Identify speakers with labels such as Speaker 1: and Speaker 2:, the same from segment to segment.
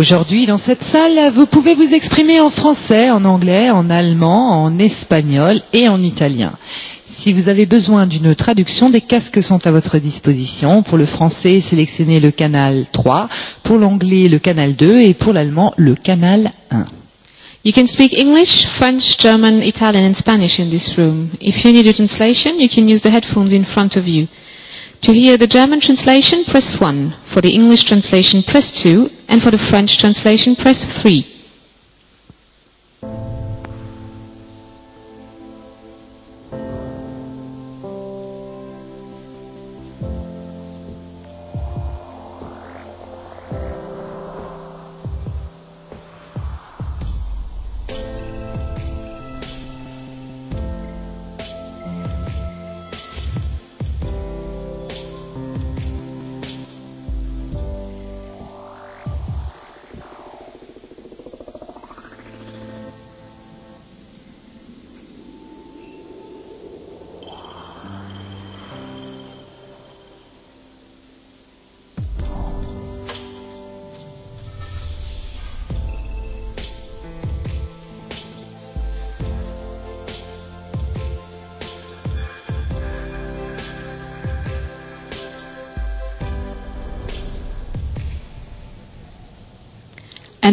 Speaker 1: Aujourd'hui, dans cette salle, vous pouvez vous exprimer en français, en anglais, en allemand, en espagnol et en italien. Si vous avez besoin d'une traduction, des casques sont à votre disposition. Pour le français, sélectionnez le canal 3, pour l'anglais, le canal 2 et pour l'allemand, le canal 1.
Speaker 2: You can speak English, French, German, Italian and Spanish in this room. If you need a translation, you can use the headphones in front of you. To hear the German translation, press 1. For the English translation, press 2 and for the French translation, press 3.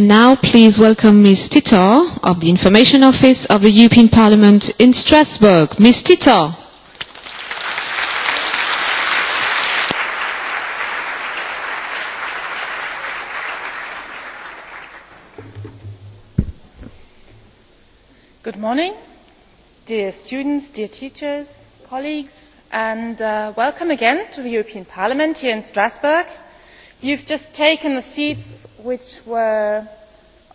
Speaker 2: now please welcome Ms. Titor of the Information Office of the European Parliament in Strasbourg. Ms. Titor.
Speaker 3: Good morning, dear students, dear teachers, colleagues, and welcome again to the European Parliament here in Strasbourg. You've just taken the seats which were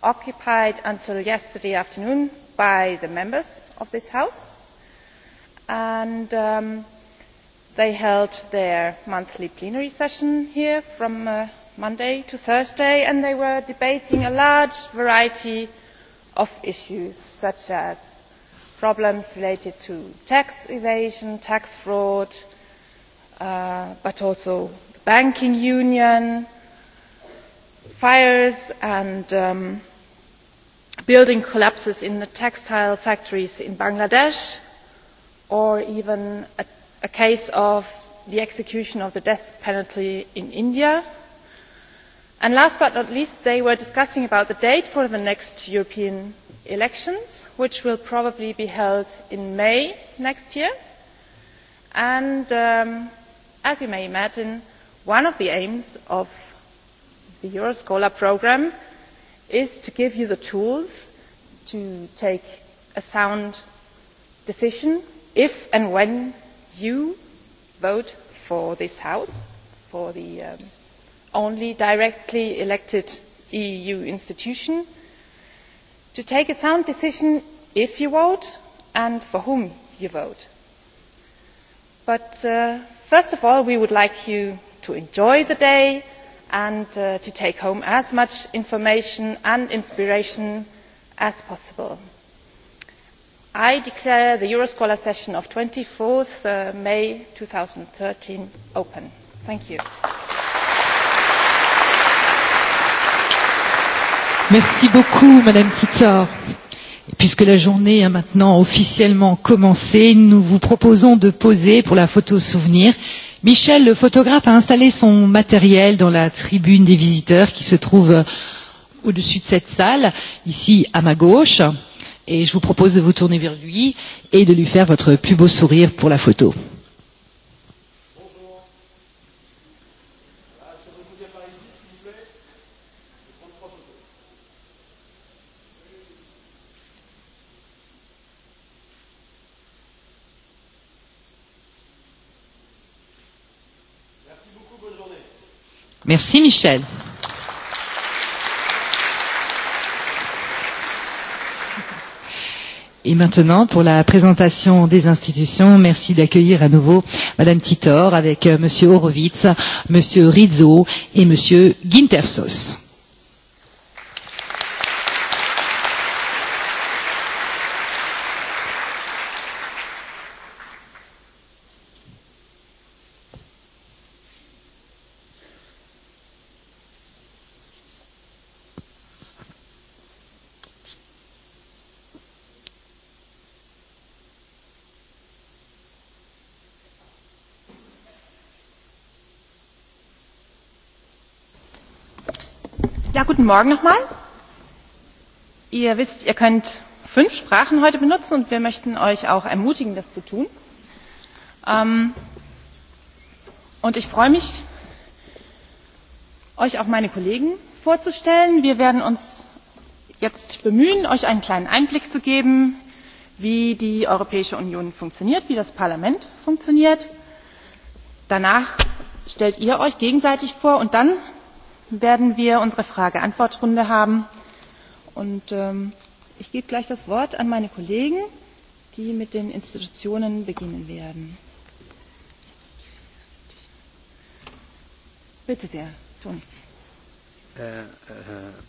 Speaker 3: occupied until yesterday afternoon by the members of this house and they held their monthly plenary session here from monday to thursday and they were debating a large variety of issues such as problems related to tax evasion tax fraud but also the banking union fires and building collapses in the textile factories in Bangladesh or even a case of the execution of the death penalty in India. And last but not least, they were discussing about the date for the next European elections, which will probably be held in May next year. And as you may imagine, one of the aims of the euroscholar programme is to give you the tools to take a sound decision if and when you vote for this house for the only directly elected eu institution to take a sound decision if you vote and for whom you vote. but first of all we would like you to enjoy the day and to take home as much information and inspiration as possible. I declare the Euroscholar session of 24 four May 2013 open. Thank you.
Speaker 1: Merci beaucoup, Madame Titor. Puisque la journée a maintenant officiellement commencé, nous vous proposons de poser pour la photo souvenir Michel, le photographe, a installé son matériel dans la tribune des visiteurs qui se trouve au-dessus de cette salle, ici à ma gauche. Et je vous propose de vous tourner vers lui et de lui faire votre plus beau sourire pour la photo. Merci Michel. Et maintenant, pour la présentation des institutions, merci d'accueillir à nouveau Madame Titor avec Monsieur Horowitz, Monsieur Rizzo et Monsieur Gintersos.
Speaker 3: guten morgen nochmal ihr wisst ihr könnt fünf sprachen heute benutzen und wir möchten euch auch ermutigen das zu tun und ich freue mich euch auch meine kollegen vorzustellen wir werden uns jetzt bemühen euch einen kleinen einblick zu geben wie die europäische union funktioniert wie das parlament funktioniert danach stellt ihr euch gegenseitig vor und dann werden wir unsere Frage Antwort Runde haben. Und ich gebe gleich das Wort an meine Kollegen, die mit den Institutionen beginnen werden. Bitte sehr, Ton.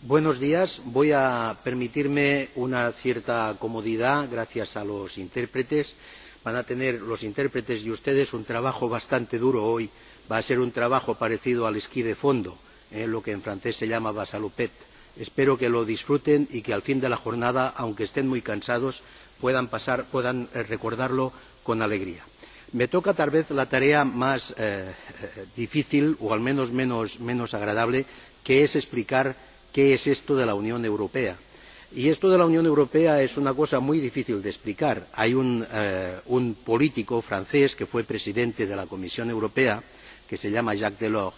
Speaker 4: Buenos días. Voy a permitirme una cierta comodidad gracias a los intérpretes. Van a tener los intérpretes y ustedes un trabajo bastante duro hoy. Va a ser un trabajo parecido al esquí de fondo lo que en francés se llama basalupet. espero que lo disfruten y que al fin de la jornada aunque estén muy cansados puedan recordarlo con alegría. me toca tal vez la tarea más difícil o al menos menos agradable que es explicar qué es esto de la unión europea. y esto de la unión europea es una cosa muy difícil de explicar. hay un político francés que fue presidente de la comisión europea que se llama jacques delors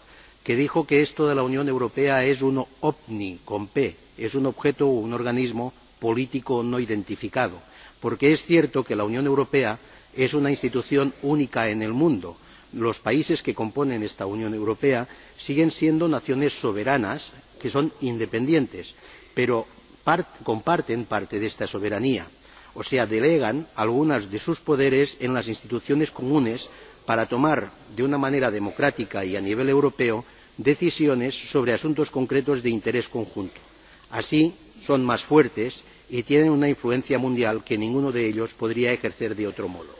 Speaker 4: que dijo que esto de la unión europea es un ovni con p es un objeto o un organismo político no identificado porque es cierto que la unión europea es una institución única en el mundo los países que componen esta unión europea siguen siendo naciones soberanas que son independientes pero comparten parte de esta soberanía o sea delegan algunos de sus poderes en las instituciones comunes para tomar de una manera democrática y a nivel europeo decisiones sobre asuntos concretos de interés conjunto. así son más fuertes y tienen una influencia mundial que ninguno de ellos podría ejercer de otro modo.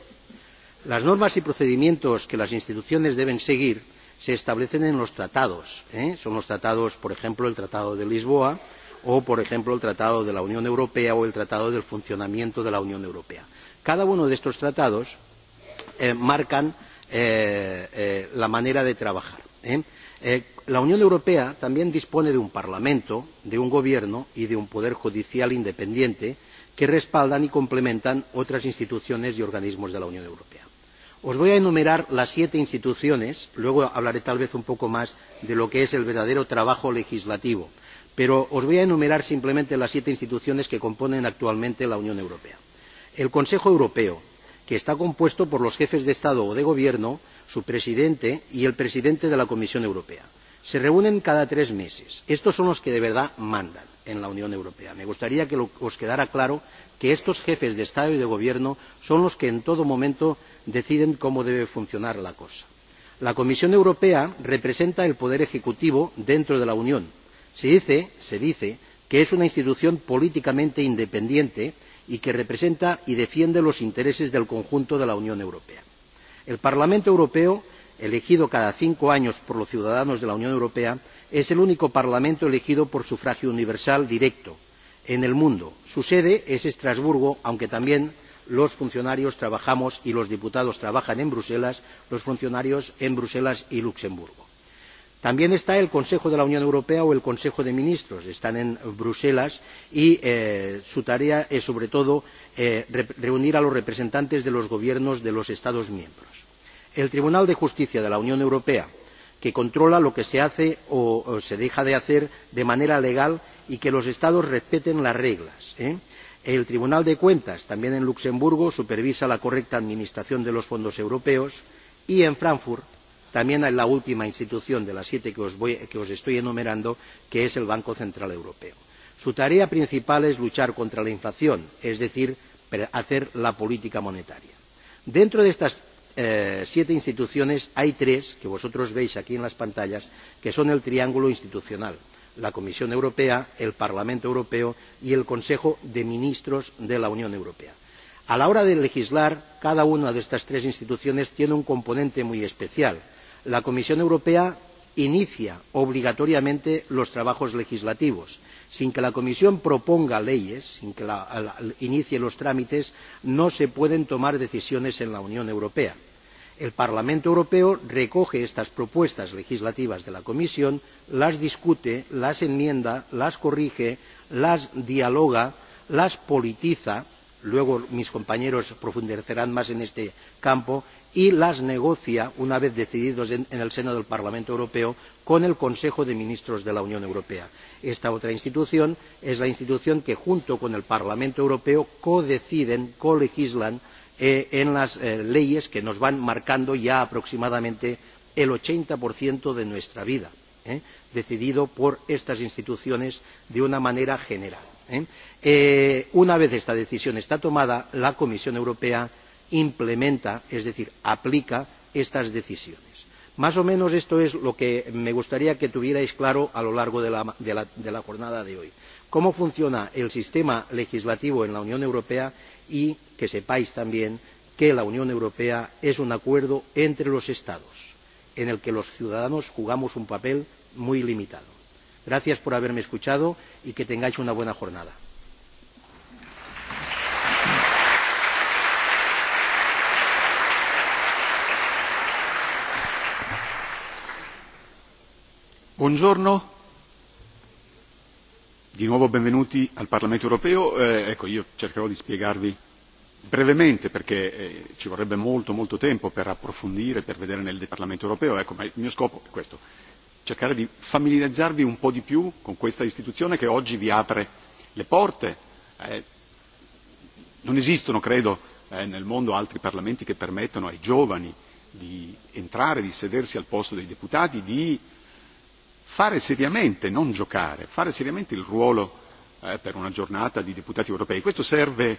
Speaker 4: las normas y procedimientos que las instituciones deben seguir se establecen en los tratados son los tratados por ejemplo el tratado de lisboa o por ejemplo el tratado de la unión europea o el tratado del funcionamiento de la unión europea. cada uno de estos tratados marca la manera de trabajar la unión europea también dispone de un parlamento de un gobierno y de un poder judicial independiente que respaldan y complementan otras instituciones y organismos de la unión europea. os voy a enumerar las siete instituciones luego hablaré tal vez un poco más de lo que es el verdadero trabajo legislativo pero os voy a enumerar simplemente las siete instituciones que componen actualmente la unión europea el consejo europeo que está compuesto por los jefes de estado o de gobierno su presidente y el presidente de la comisión europea. se reúnen cada tres meses. estos son los que de verdad mandan en la unión europea. me gustaría que os quedara claro que estos jefes de estado y de gobierno son los que en todo momento deciden cómo debe funcionar la cosa. la comisión europea representa el poder ejecutivo dentro de la unión. se dice que es una institución políticamente independiente y que representa y defiende los intereses del conjunto de la unión europea. el parlamento europeo elegido cada cinco años por los ciudadanos de la unión europea es el único parlamento elegido por sufragio universal directo en el mundo. su sede es estrasburgo aunque también los funcionarios trabajamos y los diputados trabajan en bruselas los funcionarios en bruselas y luxemburgo. También está el Consejo de la Unión Europea o el Consejo de Ministros, están en Bruselas y su tarea es, sobre todo, reunir a los representantes de los gobiernos de los Estados miembros. El Tribunal de Justicia de la Unión Europea, que controla lo que se hace o se deja de hacer de manera legal y que los Estados respeten las reglas. El Tribunal de Cuentas, también en Luxemburgo, supervisa la correcta administración de los fondos europeos y en Frankfurt también a la última institución de las siete que os estoy enumerando que es el banco central europeo. su tarea principal es luchar contra la inflación es decir hacer la política monetaria. dentro de estas siete instituciones hay tres que vosotros veis aquí en las pantallas que son el triángulo institucional la comisión europea el parlamento europeo y el consejo de ministros de la unión europea. a la hora de legislar cada una de estas tres instituciones tiene un componente muy especial la comisión europea inicia obligatoriamente los trabajos legislativos. sin que la comisión proponga leyes sin que inicie los trámites no se pueden tomar decisiones en la unión europea. el parlamento europeo recoge estas propuestas legislativas de la comisión las discute las enmienda las corrige las dialoga las politiza luego mis compañeros profundizarán más en este campo y las negocia una vez decididos en el seno del parlamento europeo con el consejo de ministros de la unión europea. esta otra institución es la institución que junto con el parlamento europeo codecide colegisla en las leyes que nos van marcando ya aproximadamente el ochenta de nuestra vida decidido por estas instituciones de una manera general. una vez esta decisión está tomada la comisión europea implementa, es decir, aplica estas decisiones. Más o menos esto es lo que me gustaría que tuvierais claro a lo largo de la jornada de hoy. Cómo funciona el sistema legislativo en la Unión Europea y que sepáis también que la Unión Europea es un acuerdo entre los Estados, en el que los ciudadanos jugamos un papel muy limitado. Gracias por haberme escuchado y que tengáis una buena jornada.
Speaker 5: Buongiorno. Di nuovo benvenuti al Parlamento europeo. Ecco, io cercherò di spiegarvi brevemente perché ci vorrebbe molto molto tempo per approfondire, per vedere nel Parlamento europeo, ecco, ma il mio scopo è questo, cercare di familiarizzarvi un po' di più con questa istituzione che oggi vi apre le porte. Non esistono, credo, nel mondo altri parlamenti che permettono ai giovani di entrare, di sedersi al posto dei deputati, di fare seriamente, non giocare, fare seriamente il ruolo per una giornata di deputati europei. Questo serve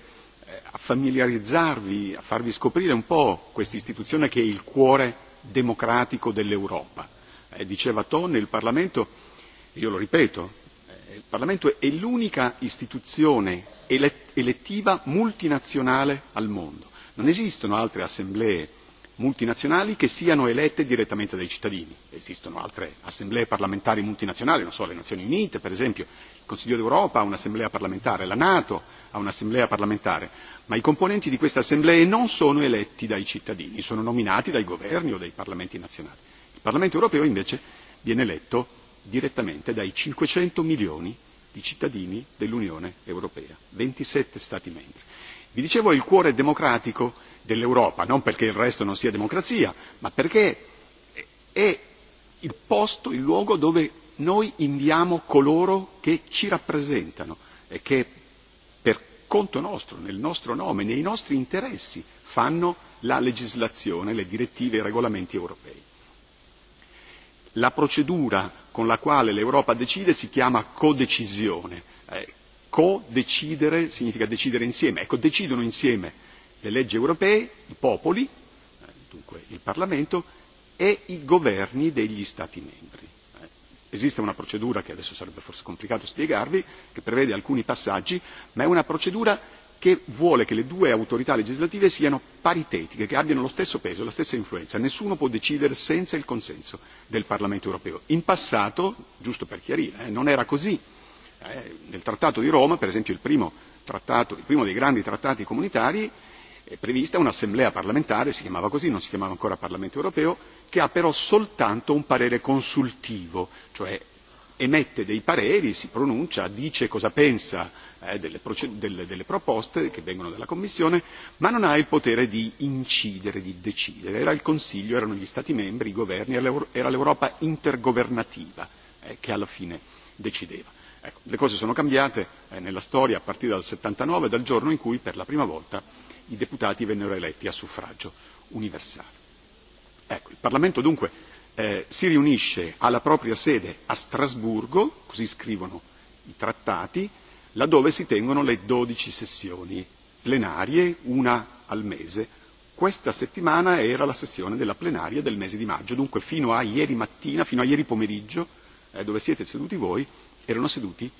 Speaker 5: a familiarizzarvi, a farvi scoprire un po' questa istituzione che è il cuore democratico dell'Europa. Diceva Tonne, il Parlamento, e io lo ripeto, il Parlamento è l'unica istituzione elettiva multinazionale al mondo. Non esistono altre assemblee multinazionali che siano elette direttamente dai cittadini. Esistono altre assemblee parlamentari multinazionali, non so, le Nazioni Unite per esempio, il Consiglio d'Europa ha un'assemblea parlamentare, la Nato ha un'assemblea parlamentare, ma i componenti di queste assemblee non sono eletti dai cittadini, sono nominati dai governi o dai parlamenti nazionali. Il Parlamento europeo invece viene eletto direttamente dai 500 milioni di cittadini dell'Unione europea, 27 Stati membri. Vi dicevo il cuore democratico dell'Europa, non perché il resto non sia democrazia, ma perché è il posto, il luogo dove noi inviamo coloro che ci rappresentano e che per conto nostro, nel nostro nome, nei nostri interessi fanno la legislazione, le direttive e i regolamenti europei. La procedura con la quale l'Europa decide si chiama codecisione. co-decidere significa decidere insieme. Ecco, decidono insieme le leggi europee i popoli dunque il Parlamento e i governi degli Stati membri. Esiste una procedura che adesso sarebbe forse complicato spiegarvi, che prevede alcuni passaggi, ma è una procedura che vuole che le due autorità legislative siano paritetiche, che abbiano lo stesso peso, la stessa influenza. Nessuno può decidere senza il consenso del Parlamento europeo. In passato, giusto per chiarire, non era così. Nel Trattato di Roma, per esempio il il primo dei grandi trattati comunitari, È prevista un'assemblea parlamentare si chiamava così non si chiamava ancora parlamento europeo che ha però soltanto un parere consultivo cioè emette dei pareri si pronuncia dice cosa pensa delle proposte che vengono dalla commissione ma non ha il potere di incidere di decidere era il consiglio erano gli stati membri i governi era l'europa intergovernativa che alla fine decideva. le cose sono cambiate nella storia a partire dal 79, dal giorno in cui per la prima volta i deputati vennero eletti a suffragio universale. Ecco, il Parlamento dunque si riunisce alla propria sede a Strasburgo, così scrivono i trattati, laddove si tengono le 12 sessioni plenarie, una al mese. Questa settimana era la sessione della plenaria del mese di maggio, dunque fino a ieri mattina, fino a ieri pomeriggio, dove siete seduti voi, erano seduti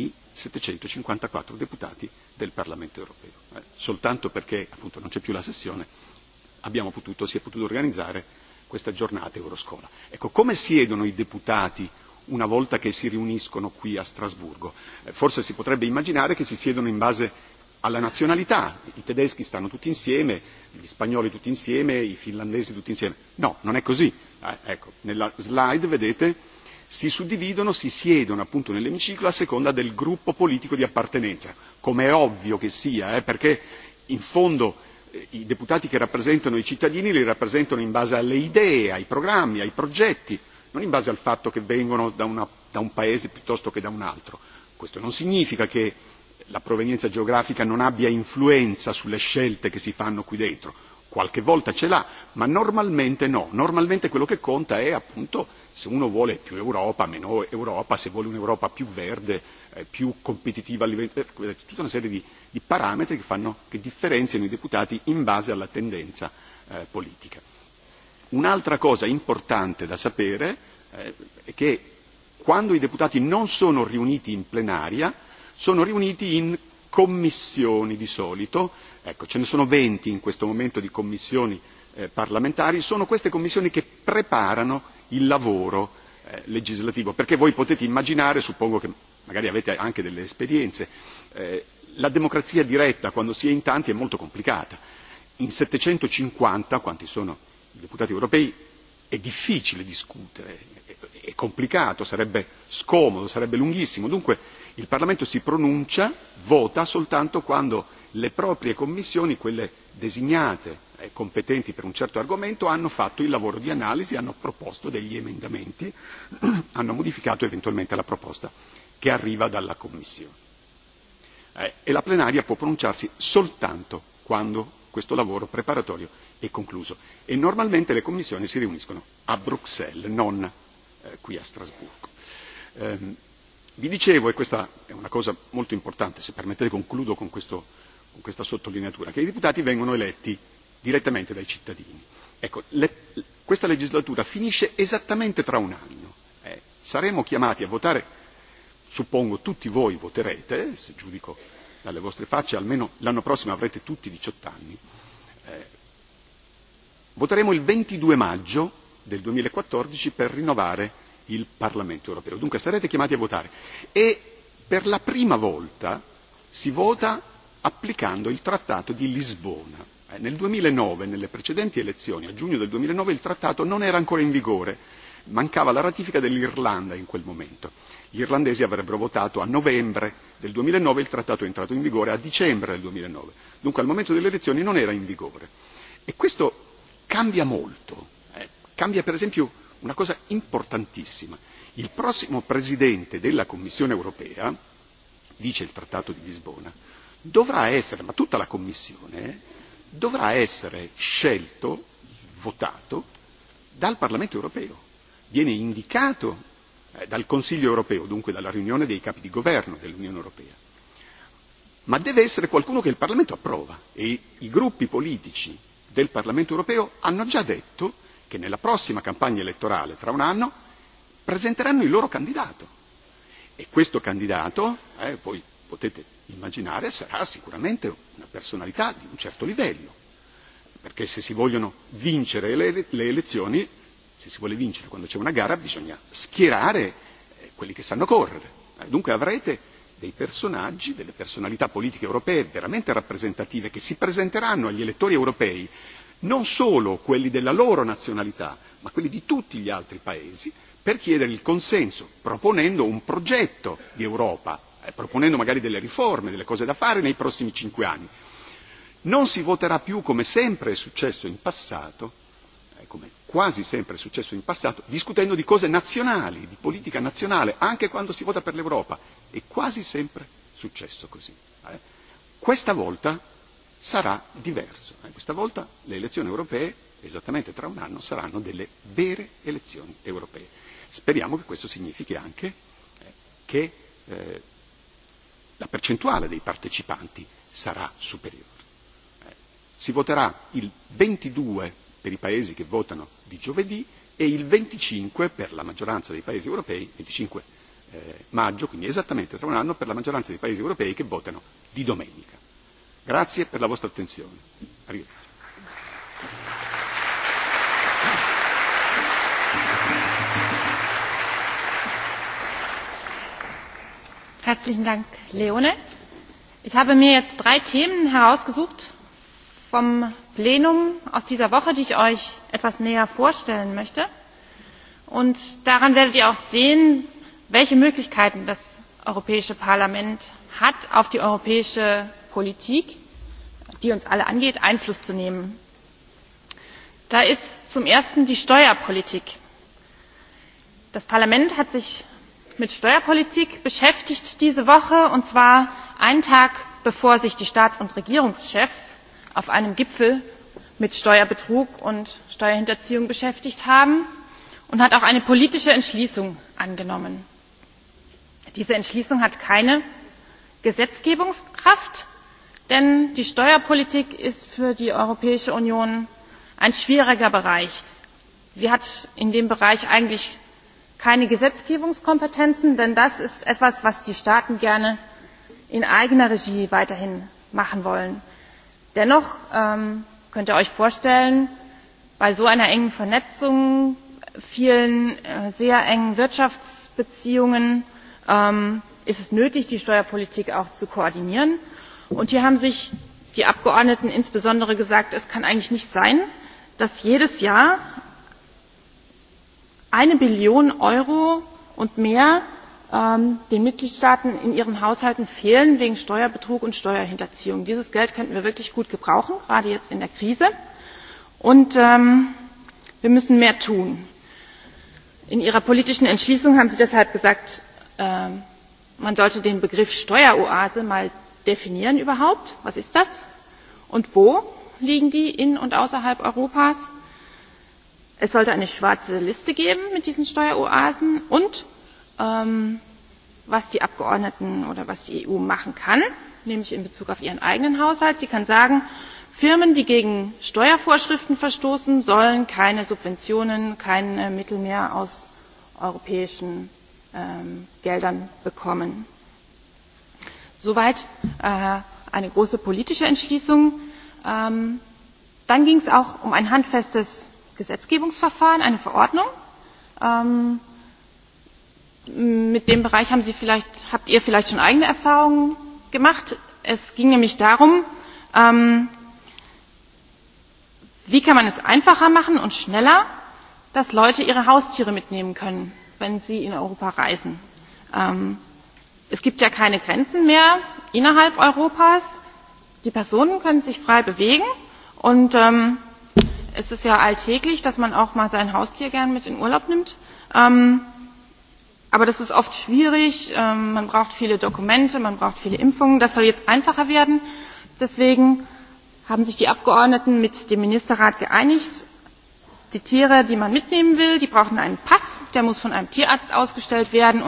Speaker 5: i 754 deputati del Parlamento europeo. Soltanto perché appunto non c'è più la sessione abbiamo potuto, si è potuto organizzare questa giornata Euroscola. Ecco, come siedono i deputati una volta che si riuniscono qui a Strasburgo? Forse si potrebbe immaginare che si siedono in base alla nazionalità. I tedeschi stanno tutti insieme, gli spagnoli tutti insieme, i finlandesi tutti insieme. No, non è così. Ecco, nella slide vedete si suddividono, si siedono appunto nell'emiciclo a seconda del gruppo politico di appartenenza, come è ovvio che sia, perché in fondo i deputati che rappresentano i cittadini li rappresentano in base alle idee, ai programmi, ai progetti, non in base al fatto che vengono da un paese piuttosto che da un altro. Questo non significa che la provenienza geografica non abbia influenza sulle scelte che si fanno qui dentro qualche volta ce l'ha ma normalmente no normalmente quello che conta è appunto se uno vuole più europa meno europa se vuole un'europa più verde più competitiva a livello tutta una serie di parametri che fanno che differenziano i deputati in base alla tendenza politica. un'altra cosa importante da sapere è che quando i deputati non sono riuniti in plenaria sono riuniti in commissioni di solito ecco ce ne sono 20 in questo momento di commissioni parlamentari sono queste commissioni che preparano il lavoro legislativo perché voi potete immaginare suppongo che magari avete anche delle esperienze la democrazia diretta quando si è in tanti è molto complicata in 750 quanti sono i deputati europei è difficile discutere è complicato sarebbe scomodo sarebbe lunghissimo dunque il Parlamento si pronuncia, vota soltanto quando le proprie commissioni, quelle designate e competenti per un certo argomento, hanno fatto il lavoro di analisi, hanno proposto degli emendamenti, hanno modificato eventualmente la proposta che arriva dalla Commissione. E la plenaria può pronunciarsi soltanto quando questo lavoro preparatorio è concluso. E normalmente le commissioni si riuniscono a Bruxelles, non qui a Strasburgo vi dicevo e questa è una cosa molto importante se permettete concludo con questa sottolineatura che i deputati vengono eletti direttamente dai cittadini. ecco questa legislatura finisce esattamente tra un anno saremo chiamati a votare suppongo tutti voi voterete se giudico dalle vostre facce almeno l'anno prossimo avrete tutti 18 anni voteremo il 22 maggio del 2014 per rinnovare il Parlamento europeo. Dunque sarete chiamati a votare e per la prima volta si vota applicando il Trattato di Lisbona. Nel 2009, nelle precedenti elezioni, a giugno del 2009, il Trattato non era ancora in vigore, mancava la ratifica dell'Irlanda in quel momento. Gli irlandesi avrebbero votato a novembre del 2009, il Trattato è entrato in vigore a dicembre del 2009. Dunque al momento delle elezioni non era in vigore. E questo cambia molto. Cambia per esempio una cosa importantissima il prossimo presidente della commissione europea dice il trattato di lisbona dovrà essere ma tutta la commissione dovrà essere scelto votato dal parlamento europeo viene indicato dal consiglio europeo dunque dalla riunione dei capi di governo dell'unione europea ma deve essere qualcuno che il parlamento approva e i gruppi politici del parlamento europeo hanno già detto che nella prossima campagna elettorale tra un anno presenteranno il loro candidato e questo candidato voi potete immaginare sarà sicuramente una personalità di un certo livello perché se si vogliono vincere le elezioni se si vuole vincere quando c'è una gara bisogna schierare quelli che sanno correre dunque avrete dei personaggi delle personalità politiche europee veramente rappresentative che si presenteranno agli elettori europei non solo quelli della loro nazionalità, ma quelli di tutti gli altri paesi, per chiedere il consenso, proponendo un progetto di Europa, proponendo magari delle riforme, delle cose da fare nei prossimi cinque anni. Non si voterà più, come sempre è successo in passato, come quasi sempre è successo in passato, discutendo di cose nazionali, di politica nazionale, anche quando si vota per l'Europa. È quasi sempre successo così. Questa volta sarà diverso. Questa volta le elezioni europee, esattamente tra un anno, saranno delle vere elezioni europee. Speriamo che questo significhi anche che la percentuale dei partecipanti sarà superiore. Si voterà il 22 per i paesi che votano di giovedì e il 25 per la maggioranza dei paesi europei, 25 maggio, quindi esattamente tra un anno, per la maggioranza dei paesi europei che votano di domenica. Grazie per la vostra attenzione.
Speaker 3: Herzlichen Dank, Leone. Ich habe mir jetzt drei Themen herausgesucht vom Plenum aus dieser Woche, die ich euch etwas näher vorstellen möchte. Und daran werdet ihr auch sehen, welche Möglichkeiten das Europäische Parlament hat, auf die europäische politik die uns alle angeht einfluss zu nehmen. da ist zum ersten die steuerpolitik. das parlament hat sich mit steuerpolitik beschäftigt diese woche und zwar einen tag bevor sich die staats und regierungschefs auf einem gipfel mit steuerbetrug und steuerhinterziehung beschäftigt haben und hat auch eine politische entschließung angenommen. diese entschließung hat keine gesetzgebungskraft denn die steuerpolitik ist für die europäische union ein schwieriger bereich. sie hat in dem bereich eigentlich keine gesetzgebungskompetenzen denn das ist etwas was die staaten gerne in eigener regie weiterhin machen wollen. dennoch könnt ihr euch vorstellen bei so einer engen vernetzung vielen sehr engen wirtschaftsbeziehungen ist es nötig die steuerpolitik auch zu koordinieren und hier haben sich die abgeordneten insbesondere gesagt es kann eigentlich nicht sein dass jedes jahr eine billion euro und mehr den mitgliedstaaten in ihren haushalten fehlen wegen steuerbetrug und steuerhinterziehung. dieses geld könnten wir wirklich gut gebrauchen gerade jetzt in der krise und wir müssen mehr tun. in ihrer politischen entschließung haben sie deshalb gesagt man sollte den begriff steueroase definieren überhaupt was ist das und wo liegen die in und außerhalb europas? es sollte eine schwarze liste geben mit diesen steueroasen und was die abgeordneten oder was die eu machen kann nämlich in bezug auf ihren eigenen haushalt sie kann sagen firmen die gegen steuervorschriften verstoßen sollen keine subventionen keine mittel mehr aus europäischen geldern bekommen. Soweit eine große politische Entschließung. Dann ging es auch um ein handfestes Gesetzgebungsverfahren, eine Verordnung. Mit dem Bereich habt ihr vielleicht schon eigene Erfahrungen gemacht. Es ging nämlich darum, wie kann man es einfacher machen und schneller, dass Leute ihre Haustiere mitnehmen können, wenn sie in Europa reisen es gibt ja keine grenzen mehr innerhalb europas die personen können sich frei bewegen und es ist ja alltäglich dass man auch mal sein haustier gern mit in urlaub nimmt aber das ist oft schwierig man braucht viele dokumente man braucht viele impfungen das soll jetzt einfacher werden deswegen haben sich die abgeordneten mit dem ministerrat geeinigt die tiere die man mitnehmen will brauchen einen pass der muss von einem tierarzt ausgestellt werden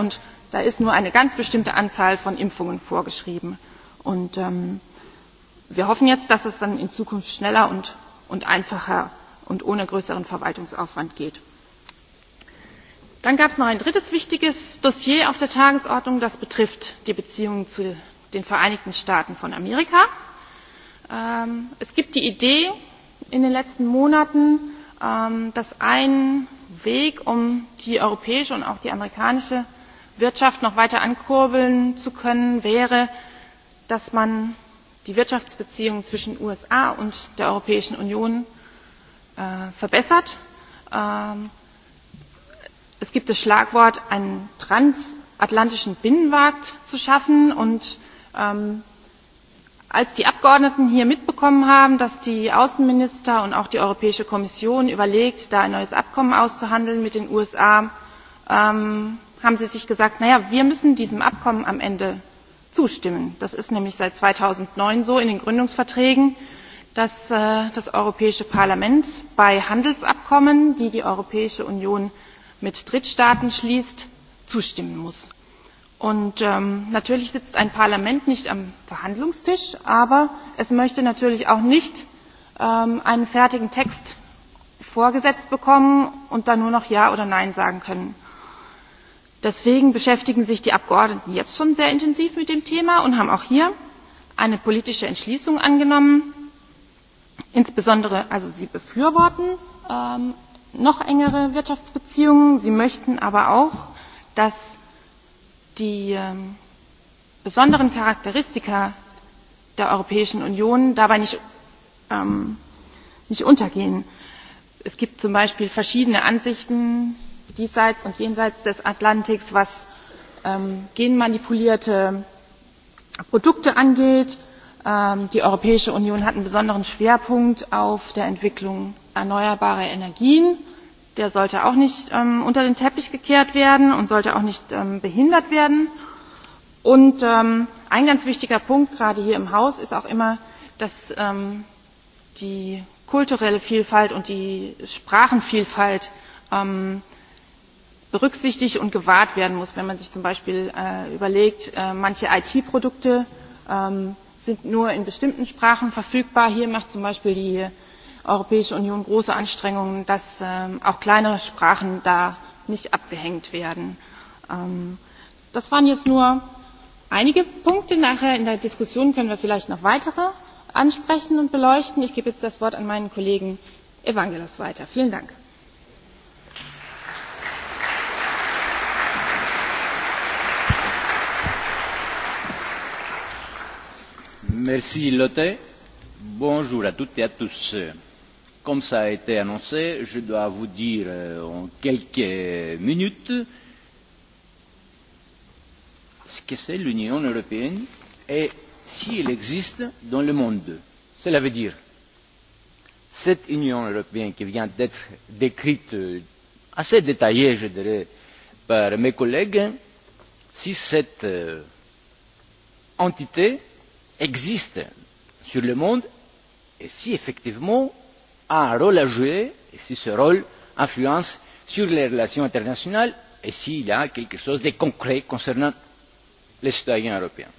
Speaker 3: da ist nur eine ganz bestimmte anzahl von impfungen vorgeschrieben. und wir hoffen jetzt dass es dann in zukunft schneller und einfacher und ohne größeren verwaltungsaufwand geht. dann gab es noch ein drittes wichtiges dossier auf der tagesordnung das betrifft die beziehungen zu den vereinigten staaten von amerika. es gibt die idee in den letzten monaten dass ein weg um die europäische und auch die amerikanische Wirtschaft noch weiter ankurbeln zu können, wäre, dass man die Wirtschaftsbeziehungen zwischen USA und der Europäischen Union verbessert. Es gibt das Schlagwort, einen transatlantischen Binnenmarkt zu schaffen. Und als die Abgeordneten hier mitbekommen haben, dass die Außenminister und auch die Europäische Kommission überlegt, da ein neues Abkommen auszuhandeln mit den USA, haben sie sich gesagt na ja wir müssen diesem abkommen am ende zustimmen. das ist nämlich seit zweitausendneun so in den gründungsverträgen dass das europäische parlament bei handelsabkommen die die europäische union mit drittstaaten schließt zustimmen muss. natürlich sitzt ein parlament nicht am verhandlungstisch aber es möchte natürlich auch nicht einen fertigen text vorgesetzt bekommen und dann nur noch ja oder nein sagen können deswegen beschäftigen sich die abgeordneten jetzt schon sehr intensiv mit dem thema und haben auch hier eine politische entschließung angenommen insbesondere also sie befürworten noch engere wirtschaftsbeziehungen sie möchten aber auch dass die besonderen charakteristika der europäischen union dabei nicht untergehen. es gibt zum beispiel verschiedene ansichten diesseits und jenseits des Atlantiks, was genmanipulierte Produkte angeht. Die Europäische Union hat einen besonderen Schwerpunkt auf der Entwicklung erneuerbarer Energien. Der sollte auch nicht unter den Teppich gekehrt werden und sollte auch nicht behindert werden. Und ein ganz wichtiger Punkt, gerade hier im Haus, ist auch immer, dass die kulturelle Vielfalt und die Sprachenvielfalt berücksichtigt und gewahrt werden muss. Wenn man sich zum Beispiel überlegt, manche IT-Produkte sind nur in bestimmten Sprachen verfügbar. Hier macht zum Beispiel die Europäische Union große Anstrengungen, dass auch kleinere Sprachen da nicht abgehängt werden. Das waren jetzt nur einige Punkte. Nachher in der Diskussion können wir vielleicht noch weitere ansprechen und beleuchten. Ich gebe jetzt das Wort an meinen Kollegen Evangelos weiter. Vielen Dank.
Speaker 6: Merci Lotte. Bonjour à toutes et à tous. Comme ça a été annoncé, je dois vous dire en quelques minutes ce que c'est l'Union européenne et si elle existe dans le monde. Cela veut dire cette Union européenne qui vient d'être décrite assez détaillée, je dirais, par mes collègues, si cette entité existe sur le monde et si effectivement a un rôle à jouer et si ce rôle influence sur les relations internationales et s'il y a quelque chose de concret concernant les citoyens européens.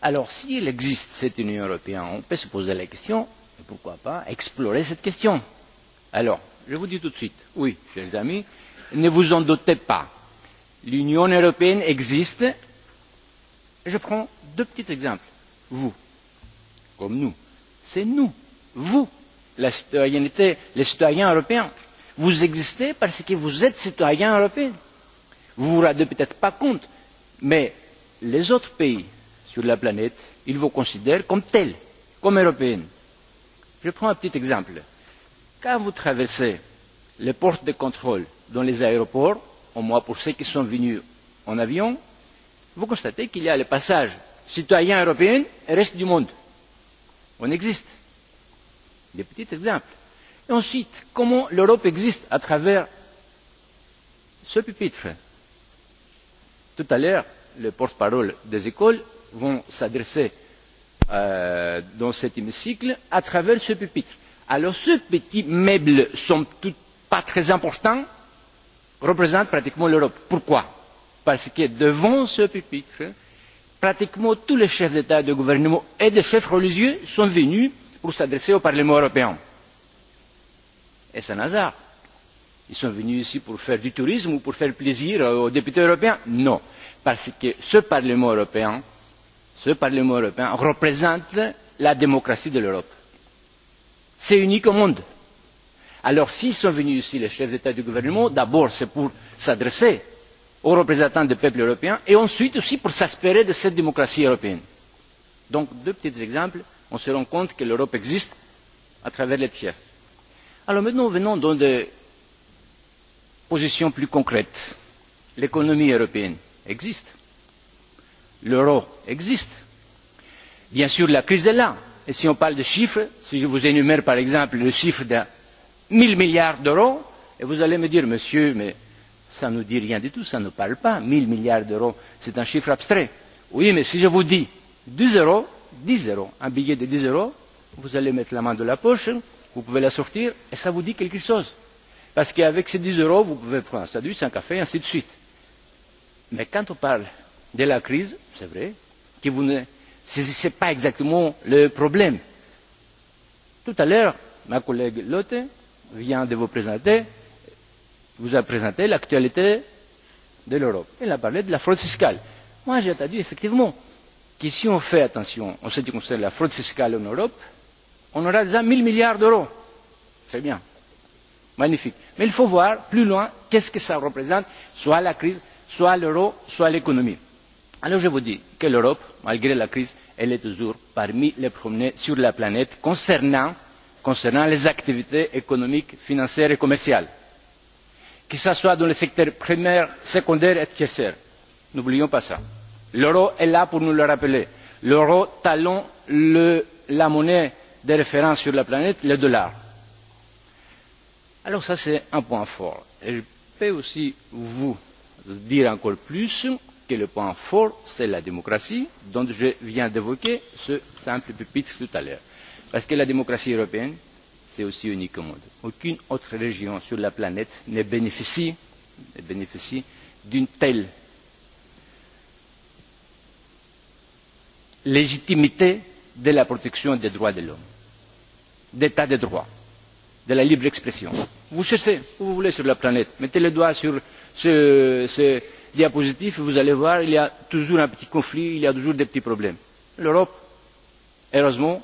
Speaker 6: Alors s'il existe cette Union européenne, on peut se poser la question, et pourquoi pas explorer cette question. Alors, je vous dis tout de suite, oui, chers amis, ne vous en doutez pas. L'Union européenne existe. Je prends deux petits exemples vous, comme nous. C'est nous, vous, la citoyenneté, les citoyens européens. Vous existez parce que vous êtes citoyens européens. Vous ne vous rendez peut-être pas compte, mais les autres pays sur la planète, ils vous considèrent comme tels, comme européens. Je prends un petit exemple. Quand vous traversez les portes de contrôle dans les aéroports, au moins pour ceux qui sont venus en avion, vous constatez qu'il y a le passage citoyens européens et reste du monde. On existe. Des petits exemples. Et ensuite, comment l'Europe existe à travers ce pupitre Tout à l'heure, les porte-parole des écoles vont s'adresser dans cet hémicycle à travers ce pupitre. Alors ce petit meuble, somme toute pas très important, représente pratiquement l'Europe. Pourquoi Parce que devant ce pupitre, pratiquement tous les chefs d'état et de gouvernement et des chefs religieux sont venus pour s'adresser au parlement européen. est c'est un hasard? ils sont venus ici pour faire du tourisme ou pour faire plaisir aux députés européens? non parce que ce parlement européen représente la démocratie de l'europe. c'est unique au monde. alors s'ils sont venus ici les chefs d'état et de gouvernement d'abord c'est pour s'adresser aux représentants des peuples européens et ensuite aussi pour s'inspirer de cette démocratie européenne. donc deux petits exemples on se rend compte que l'europe existe à travers les tiers. alors maintenant venons dans des positions plus concrètes. l'économie européenne existe. l'euro existe. bien sûr la crise est là et si on parle de chiffres si je vous énumère par exemple le chiffre de un milliards d'euros vous allez me dire monsieur ça ne dit rien du tout, ça ne parle pas. 1000 milliards d'euros, c'est un chiffre abstrait. Oui, mais si je vous dis 2 euros, 10 euros, un billet de 10 euros, vous allez mettre la main dans la poche, vous pouvez la sortir, et ça vous dit quelque chose. Parce qu'avec ces 10 euros, vous pouvez prendre un sandwich, un café, ainsi de suite. Mais quand on parle de la crise, c'est vrai, que vous ne saisissez pas exactement le problème. Tout à l'heure, ma collègue Lotte vient de vous présenter vous a présenté l'actualité de l'Europe. Il a parlé de la fraude fiscale. Moi, j'ai entendu effectivement que si on fait attention en ce qui concerne la fraude fiscale en Europe, on aura déjà 1 milliards d'euros. C'est bien. Magnifique. Mais il faut voir plus loin qu'est-ce que ça représente, soit la crise, soit l'euro, soit l'économie. Alors je vous dis que l'Europe, malgré la crise, elle est toujours parmi les premiers sur la planète concernant les activités économiques, financières et commerciales que ce soit dans les secteurs primaire secondaire et tertiaire. n'oublions pas cela. l'euro est là pour nous le rappeler. l'euro talon la monnaie de référence sur la planète le dollar. alors ça c'est un point fort. et je peux aussi vous dire encore plus que le point fort c'est la démocratie dont je viens d'évoquer ce simple pupitre tout à l'heure. parce que la démocratie européenne c'est aussi unique au monde. Aucune autre région sur la planète ne bénéficie d'une telle légitimité de la protection des droits de l'homme, d'état de droit, de la libre expression. Vous cherchez où vous voulez sur la planète, mettez le doigt sur ce diapositif et vous allez voir, il y a toujours un petit conflit, il y a toujours des petits problèmes. L'Europe, heureusement,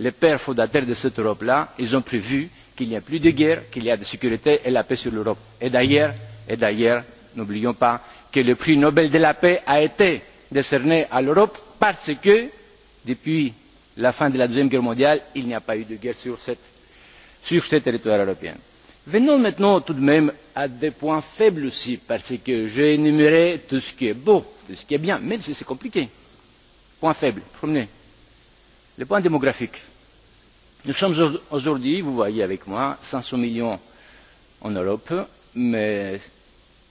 Speaker 6: les pères fondateurs de cette Europe là, ils ont prévu qu'il n'y ait plus de guerre, qu'il y a de sécurité et la paix sur l'Europe. Et d'ailleurs, et d'ailleurs, n'oublions pas que le prix Nobel de la paix a été décerné à l'Europe parce que, depuis la fin de la Deuxième Guerre mondiale, il n'y a pas eu de guerre sur ce territoire européen. Venons maintenant tout de même à des points faibles aussi, parce que j'ai énuméré tout ce qui est beau, tout ce qui est bien, même si c'est compliqué. Point faible, promenez. Le point démographique. Nous sommes aujourd'hui, vous voyez avec moi, 500 millions en Europe, mais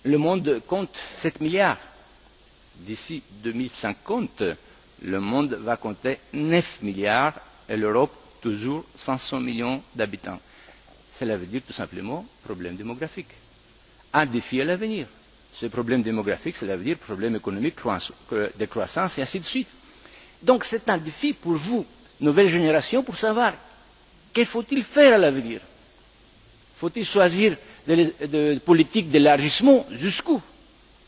Speaker 6: le monde compte 7 milliards. D'ici 2050, le monde va compter 9 milliards et l'Europe toujours 500 millions d'habitants. Cela veut dire tout simplement problème démographique. Un défi à l'avenir. Ce problème démographique, cela veut dire problème économique, de croissance et ainsi de suite. Donc c'est un défi pour vous, nouvelle génération, pour savoir Que faut-il faire à l'avenir Faut-il choisir des politiques d'élargissement jusqu'où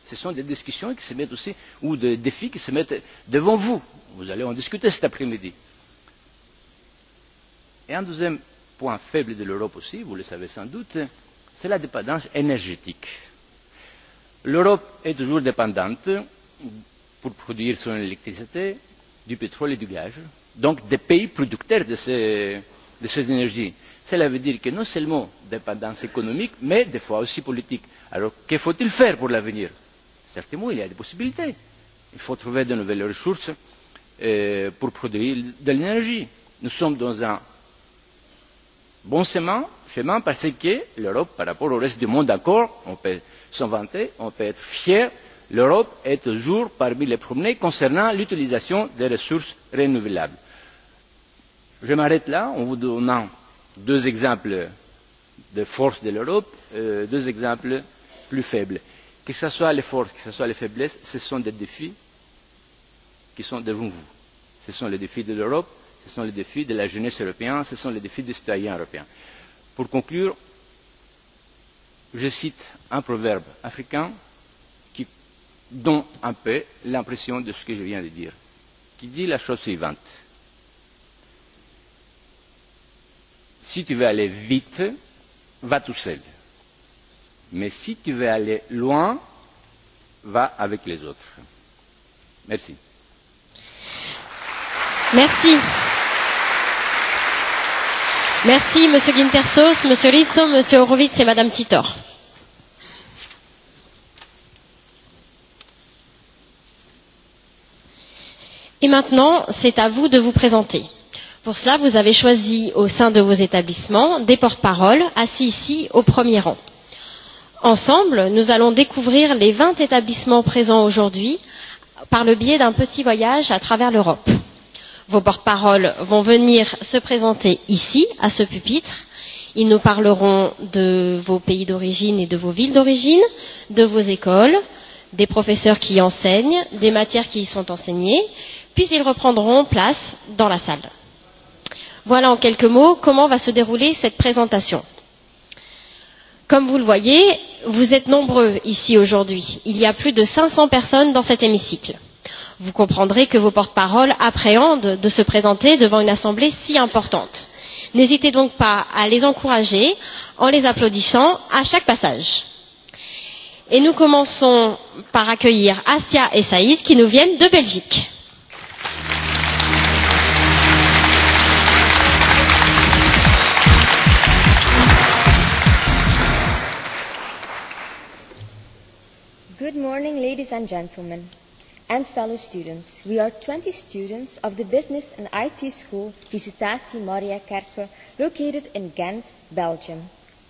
Speaker 6: Ce sont des discussions qui se mettent aussi, ou des défis qui se mettent devant vous. Vous allez en discuter cet après-midi. Et un deuxième point faible de l'Europe aussi, vous le savez sans doute, c'est la dépendance énergétique. L'Europe est toujours dépendante, pour produire son électricité, du pétrole et du gaz, donc des pays producteurs de ces de ces énergies. Cela veut dire que non seulement dépendance économique, mais des fois aussi politique. Alors, que faut-il faire pour l'avenir Certainement, il y a des possibilités. Il faut trouver de nouvelles ressources pour produire de l'énergie. Nous sommes dans un bon chemin parce que l'Europe, par rapport au reste du monde encore, on peut s'en vanter, on peut être fier, l'Europe est toujours parmi les premiers concernant l'utilisation des ressources renouvelables. Je m'arrête là en vous donnant deux exemples de force de l'Europe, deux exemples plus faibles. Que ce soit les forces, que ce soit les faiblesses, ce sont des défis qui sont devant vous. Ce sont les défis de l'Europe, ce sont les défis de la jeunesse européenne, ce sont les défis des citoyens européens. Pour conclure, je cite un proverbe africain qui donne un peu l'impression de ce que je viens de dire, qui dit la chose suivante si tu veux aller vite, va tout seul. Mais si tu veux aller loin, va avec les autres. Merci.
Speaker 7: Merci. Merci, Monsieur Gintersos, Monsieur Rizzo, Monsieur Horowitz et Madame Titor. Et maintenant, c'est à vous de vous présenter. Pour cela, vous avez choisi au sein de vos établissements des porte-paroles assis ici au premier rang. Ensemble, nous allons découvrir les 20 établissements présents aujourd'hui par le biais d'un petit voyage à travers l'Europe. Vos porte-paroles vont venir se présenter ici, à ce pupitre. Ils nous parleront de vos pays d'origine et de vos villes d'origine, de vos écoles, des professeurs qui y enseignent, des matières qui y sont enseignées, puis ils reprendront place dans la salle. Voilà en quelques mots comment va se dérouler cette présentation. Comme vous le voyez, vous êtes nombreux ici aujourd'hui. Il y a plus de 500 personnes dans cet hémicycle. Vous comprendrez que vos porte-paroles appréhendent de se présenter devant une assemblée si importante. N'hésitez donc pas à les encourager en les applaudissant à chaque passage. Et nous commençons par accueillir Asia et Saïd qui nous viennent de Belgique.
Speaker 8: morning, ladies and gentlemen, and fellow students. We are 20 students of the Business and IT School Visitatie Kerke, located in Ghent, Belgium.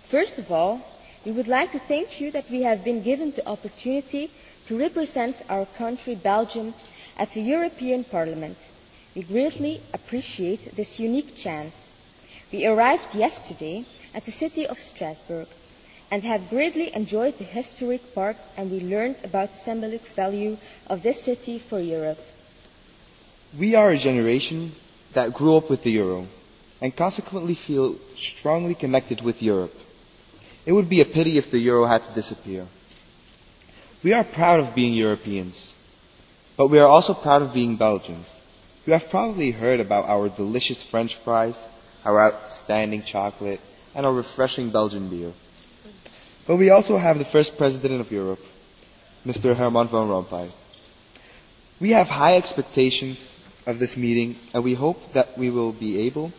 Speaker 8: First of all, we would like to thank you that we have been given the opportunity to represent our country, Belgium, at the European Parliament. We greatly appreciate this unique chance. We arrived yesterday at the city of Strasbourg and have greatly enjoyed the historic park and we learned about the symbolic value of this city for Europe.
Speaker 9: We are a generation that grew up with the euro and consequently feel strongly connected with Europe. It would be a pity if the euro had to disappear. We are proud of being Europeans, but we are also proud of being Belgians. You have probably heard about our delicious French fries, our outstanding chocolate, and our refreshing Belgian beer. But we also have the first president of Europe, Mr. Herman Van Rompuy. We have high expectations of this meeting, and we hope that we will be able,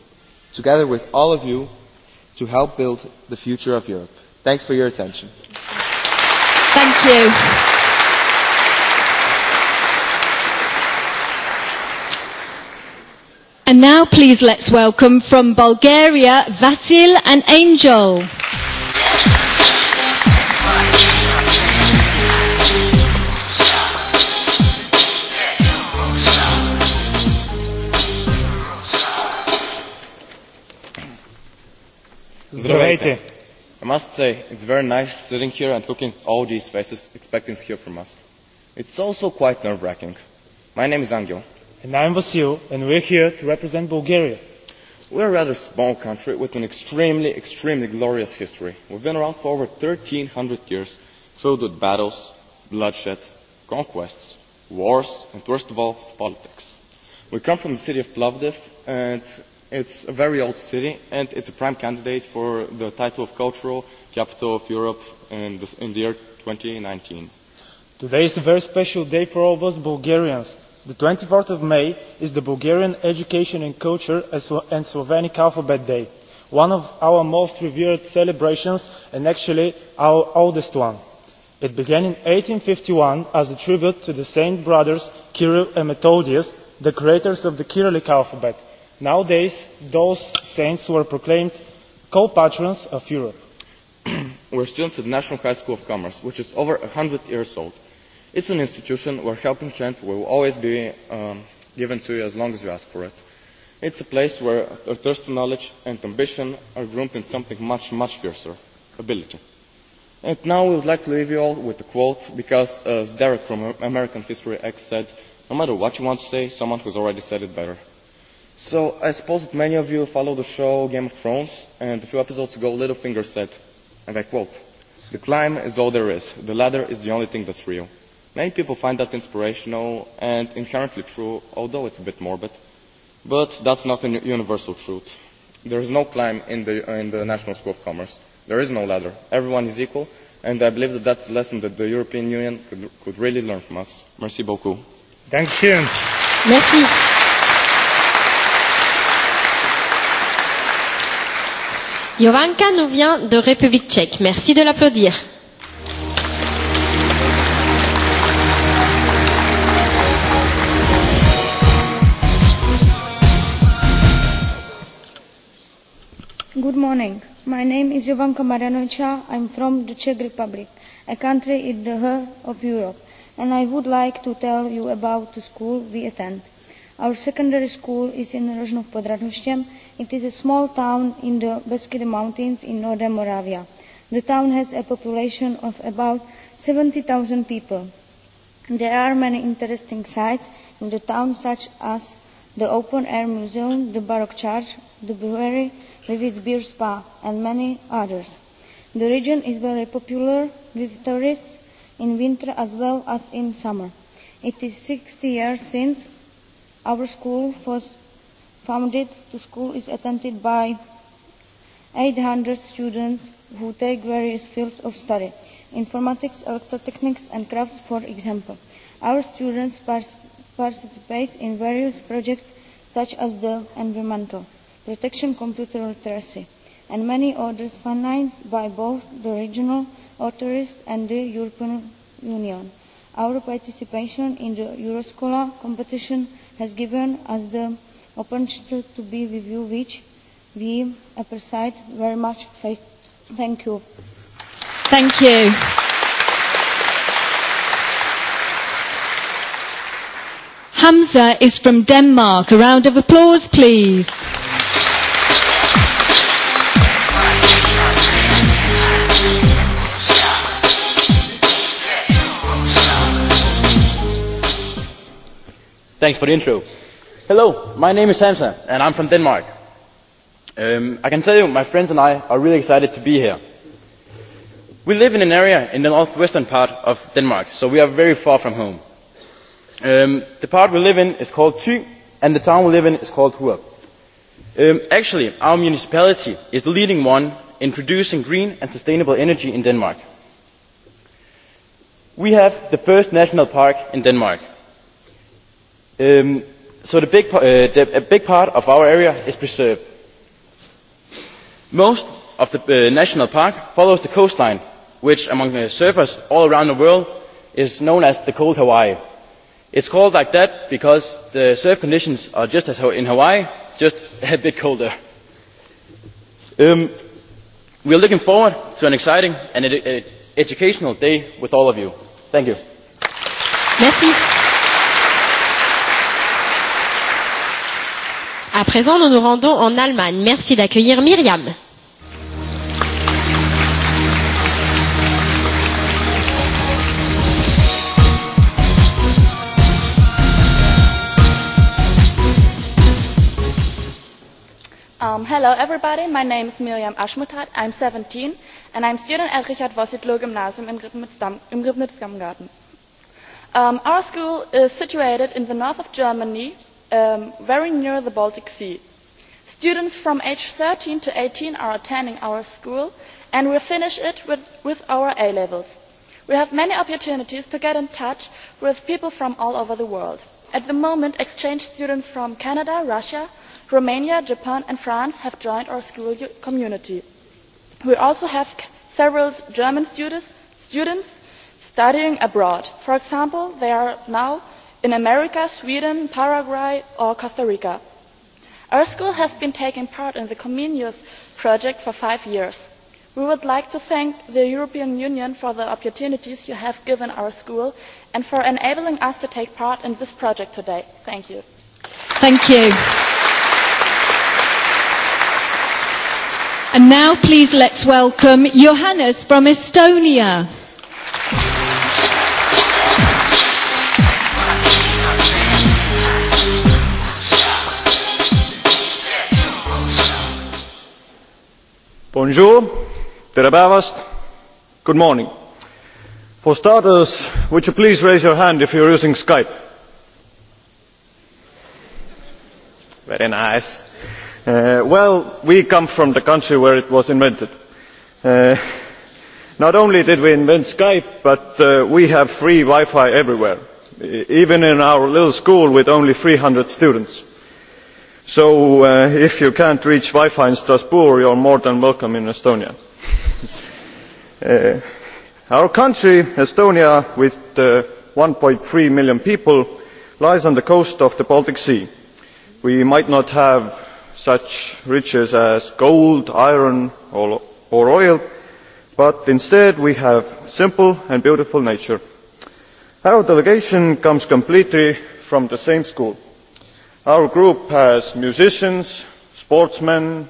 Speaker 9: together with all of you, to help build the future of Europe. Thanks for your attention.
Speaker 10: Thank you. And now please let's welcome from Bulgaria, Vasil and Angel.
Speaker 11: Здравейте. I must say, it's very nice sitting here and looking at all these faces expecting to hear from us. It's also quite nerve-wracking. My name is Angel. And
Speaker 12: I'm Vasil, and we're here to represent Bulgaria.
Speaker 11: We're a rather small country with an extremely, extremely glorious history. We've been around for over 1,300 years, filled with battles, bloodshed, conquests, wars, and worst of all, politics. We come from the city of Plovdiv, and It's a very old city and it's a prime candidate for the title of cultural capital of Europe in the year 2019.
Speaker 12: Today is a very special day for all of us Bulgarians. The 24th of May is the Bulgarian Education and Culture and Slovenic Alphabet Day, one of our most revered celebrations and actually our oldest one. It began in 1851 as a tribute to the Saint Brothers Kirill and Methodius, the creators of the Kyrillic alphabet Nowadays, those saints were proclaimed co-patrons of Europe.
Speaker 11: We're students at the National High School of Commerce, which is over 100 years old. It's an institution where helping hand will always be given to you as long as you ask for it. It's a place where a thirst for knowledge and ambition are groomed in something much, much fiercer, ability. And now we would like to leave you all with a quote, because as Derek from American History X said, no matter what you want to say, someone has already said it better. So I suppose that many of you follow the show Game of Thrones, and a few episodes ago Littlefinger said, and I quote, The climb is all there is, the ladder is the only thing that's real. Many people find that inspirational and inherently true, although it's a bit morbid. But that's not a universal truth. There is no climb in the, in the National School of Commerce. There is no ladder. Everyone is equal, and I believe that that's a lesson that the European Union could, could really learn from us. Merci beaucoup.
Speaker 12: Merci.
Speaker 7: Jovanka nous vient de République tchèque. Merci de l'applaudir.
Speaker 8: Good morning. My name is Jovanka Marjanovica. I'm from the Czech Republic, a country in the heart of Europe, and I would like to tell you about the school we attend. Our secondary school is in Rožnov pod It is a small town in the Beskid Mountains in northern Moravia. The town has a population of about 70,000 people. There are many interesting sites in the town such as the open air museum, the baroque church, the brewery with its beer spa and many others. The region is very popular with tourists in winter as well as in summer. It is 60 years since Our school was founded. The school is attended by 800 students who take various fields of study, informatics, electrotechnics and crafts, for example. Our students participate in various projects such as the environmental protection, computer literacy, and many others financed by both the regional authorities and the European Union. Our participation in the Euroscola competition has given us the opportunity to be with you, which we appreciate very much. Thank you.
Speaker 10: Thank you. Hamza is from Denmark. A round of applause, please.
Speaker 13: Thanks for the intro. Hello, my name is Samsa, and I'm from Denmark. Um, I can tell you, my friends and I are really excited to be here. We live in an area in the northwestern part of Denmark, so we are very far from home. Um, the part we live in is called Thy, and the town we live in is called Huop. Um, actually, our municipality is the leading one in producing green and sustainable energy in Denmark. We have the first national park in Denmark so a big part of our area is preserved. Most of the national park follows the coastline, which among surfers all around the world is known as the cold Hawaii. It's called like that because the surf conditions are just as in Hawaii, just a bit colder. We are looking forward to an exciting and educational day with all of you. Thank you.
Speaker 7: À présent, nous nous rendons en Allemagne. Merci d'accueillir Myriam.
Speaker 14: Hello everybody, my name is Miriam Aschmutat, I'm 17 and I'm student at Richard Vossitlo Gymnasium in Gribnitz-Gamgarten. Our school is situated in the north of Germany very near the Baltic Sea. Students from age 13 to 18 are attending our school and we finish it with our A levels. We have many opportunities to get in touch with people from all over the world. At the moment, exchange students from Canada, Russia, Romania, Japan and France have joined our school community. We also have several German students studying abroad. For example, they are in america sweden paraguay or costa rica. our school has been taking part in the comenius project for five years. we would like to thank the european union for the opportunities you have given our school and for enabling us to take part in this project today. thank you.
Speaker 10: Thank you. And now please let's welcome Johannes from Estonia.
Speaker 15: Bonjour, Terabavast, good morning. For starters, would you please raise your hand if you are using Skype? Very nice. Well, we come from the country where it was invented. Not only did we invent Skype, but we have free Wi-Fi everywhere, even in our little school with only 300 students So if you can't reach Wi-Fi in Strasbourg, you are more than welcome in Estonia. Our country, Estonia, with 1.3 million people, lies on the coast of the Baltic Sea. We might not have such riches as gold, iron or oil, but instead we have simple and beautiful nature. Our delegation comes completely from the same school. Our group has musicians, sportsmen,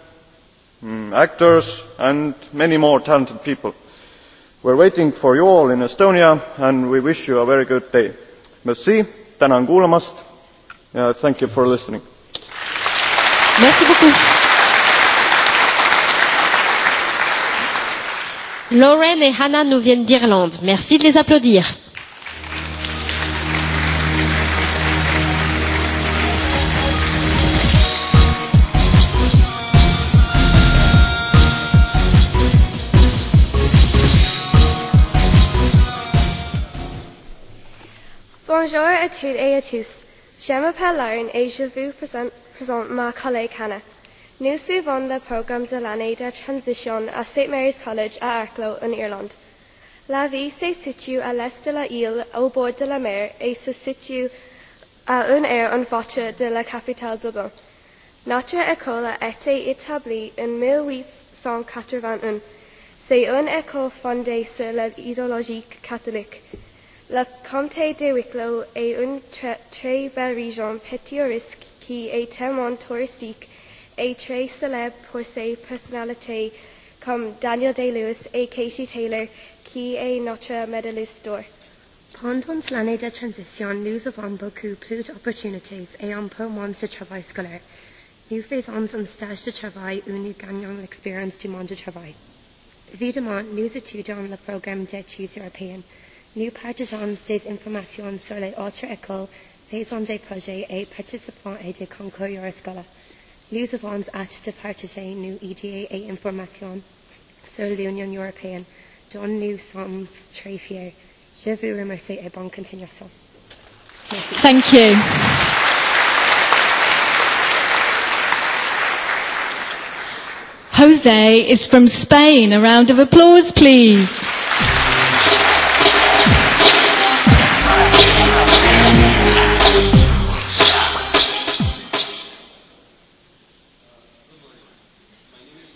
Speaker 15: actors and many more talented people. We are waiting for you all in Estonia and we wish you a very good day. Merci, tänan ja thank you for listening.
Speaker 16: Merci beaucoup.
Speaker 7: Lauren et Hannah nous viennent d'Irlande. Merci de les applaudir.
Speaker 17: Gratitude é a tús. Seama present má cholé cena. Nusú van le program de lenaid de transition a St Mary's College a Arklow in Ireland. La vi se situ a l'est de la île au bord de la mer et se situ à un air en voiture de la capitale Dublin. Notre école a été établie en 1881. C'est une école fondée sur l'idéologie catholique. Le comté de Wicklow est une très belle région pittoresque qui est tellement touristique et très célèbre pour ses personnalités comme Daniel Day-Lewis et Katie Taylor, qui est notre médailliste d'or.
Speaker 18: Pendant l'année de transition, nous avons beaucoup plus d'opportunités et un peu moins de travail scolaire. Nous faisons un stage de travail où nous gagnons l'expérience du monde du travail. Évidemment, nous étudions le programme d'études européennes New partageons des informations sur les autres écoles, faisons des projets et participants à des concours Euroscola. Nous avons hâte de partager nos idées et informations sur l'Union européenne, dont nous sommes très fiers. Je vous remercie et bonne continuation. Thank you.
Speaker 10: Jose is from Spain. A round of applause, please.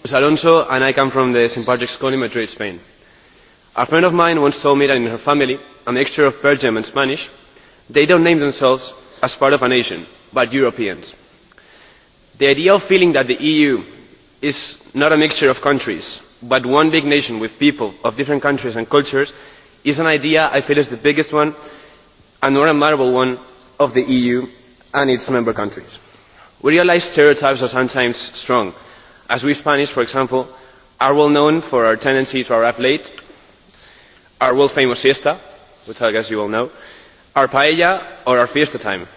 Speaker 19: is Alonso and I come from the St. Patrick's Colony, Madrid, Spain. A friend of mine once told me that in her family, a mixture of Belgium and Spanish, they don't name themselves as part of a nation, but Europeans. The idea of feeling that the EU is not a mixture of countries, but one big nation with people of different countries and cultures is an idea I feel is the biggest one and more admirable one of the EU and its member countries. We realise stereotypes are sometimes strong as we Spanish, for example, are well known for our tendency to arrive late, our world famous siesta, which I guess you all know, our paella or our fiesta time.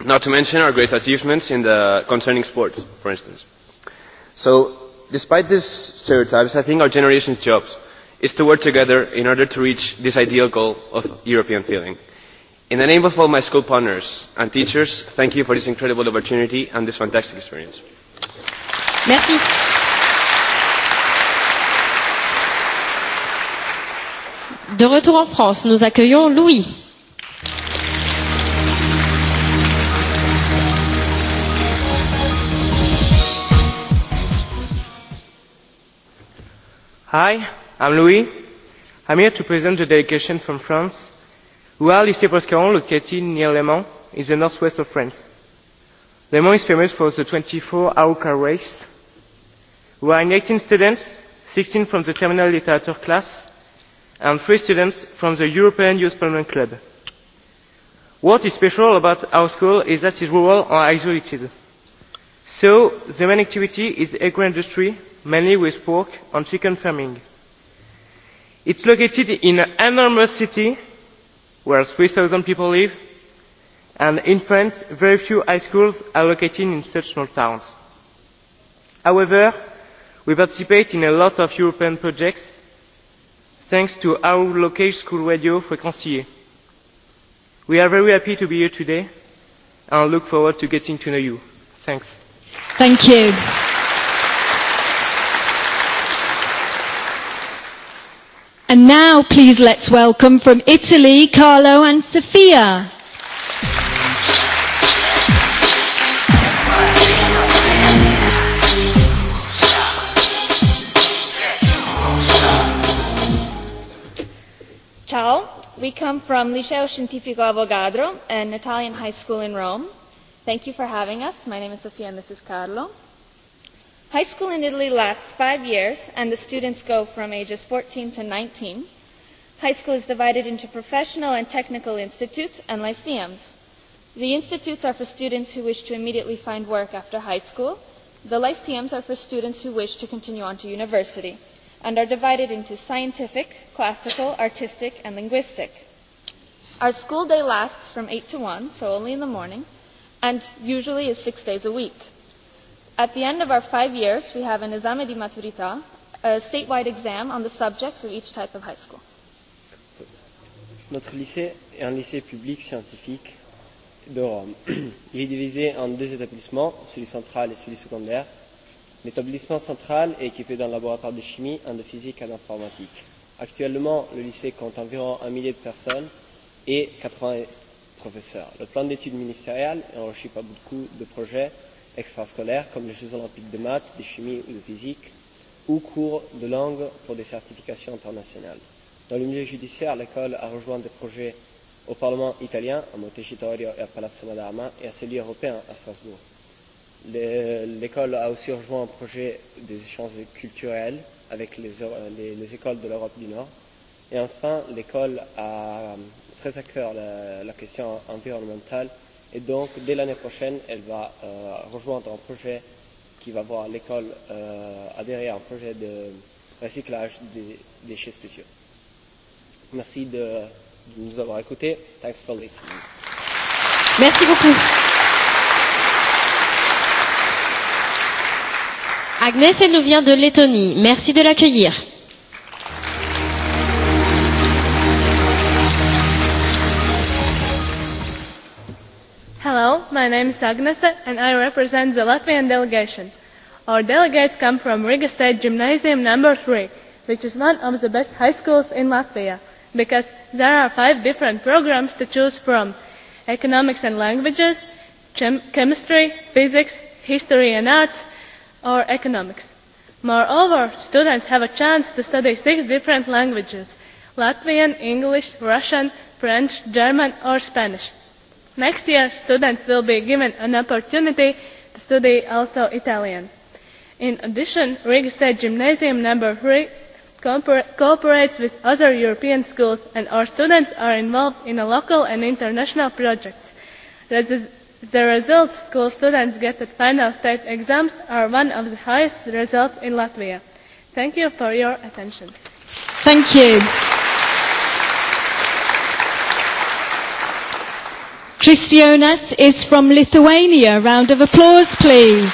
Speaker 19: Not to mention our great achievements in the concerning sports, for instance. So, despite these stereotypes, I think our generation's job is to work together in order to reach this ideal goal of European feeling. In the name of all my school partners and teachers, thank you for this incredible opportunity and this fantastic experience.
Speaker 3: Merci.
Speaker 7: De retour en France, nous accueillons Louis.
Speaker 16: Hi, I'm Louis. I'm here to present the delegation from France. Well, lycée Proscaron, located near Le Mans, in the northwest of France. Le Mans is famous for the 24-hour car race We are 18 students, 16 from the terminal literature class, and three students from the European Youth Parliament Club. What is special about our school is that it is rural and isolated. So the main activity is agro-industry, mainly with pork and chicken farming. It's located in an enormous city where 3,000 people live, and in France, very few high schools are located in such small towns. However, We participate in a lot of European projects thanks to our local school radio Fréquencier. We are very happy to be here today and look forward to getting to know you. Thanks.
Speaker 10: Thank you. And now please let's welcome from Italy Carlo and Sofia.
Speaker 14: Ciao, we come from Liceo Scientifico Avogadro, an Italian high school in Rome. Thank you for having us. My name is Sofia and this is Carlo. High school in Italy lasts five years and the students go from ages 14 to 19. High school is divided into professional and technical institutes and lyceums. The institutes are for students who wish to immediately find work after high school. The lyceums are for students who wish to continue on to university and are divided into scientific classical artistic and linguistic. our school day lasts from 8 to 1 so only in the morning and usually is six days a week. at the end of our five years we have an esame di maturita a statewide exam on the subjects of each type of high school.
Speaker 20: Notre lycée est un lycée public scientifique de Rome. Il est divisé en deux établissements, celui central et celui secondaire L'établissement central est équipé d'un laboratoire de chimie, un de physique et d'informatique. Actuellement, le lycée compte environ un millier de personnes et 80 professeurs. Le plan d'études ministériel est enrichi par beaucoup de projets extrascolaires comme les Jeux olympiques de maths, de chimie ou de physique, ou cours de langue pour des certifications internationales. Dans le milieu judiciaire, l'école a rejoint des projets au Parlement italien, à Montecitorio et à Palazzo Madama, et à celui européen, à Strasbourg. L'école a aussi rejoint un projet des échanges culturels avec les écoles de l'Europe du Nord. Et enfin, l'école a très à cœur la question environnementale. Et donc, dès l'année prochaine, elle va rejoindre un projet qui va voir l'école adhérer à un projet de recyclage des déchets spéciaux. Merci de nous avoir écoutés. Thanks for listening. Merci beaucoup.
Speaker 7: Agnès, nous vient de Lettonie. Merci de l'accueillir.
Speaker 17: Hello, my name is Agnese and I represent the Latvian delegation. Our delegates come from Riga State Gymnasium number 3, which is one of the best high schools in Latvia, because there are five different programs to choose from. Economics and languages, chemistry, physics, history and arts, or economics. Moreover, students have a chance to study six different languages Latvian, English, Russian, French, German or Spanish. Next year, students will be given an opportunity to study also Italian. In addition, Riga State Gymnasium No 3 cooperates with other European schools and our students are involved in local and international projects The results school students get at final state exams are one of the highest results in Latvia. Thank you for your attention.
Speaker 10: Thank you. Christianas is from Lithuania. Round of applause, please.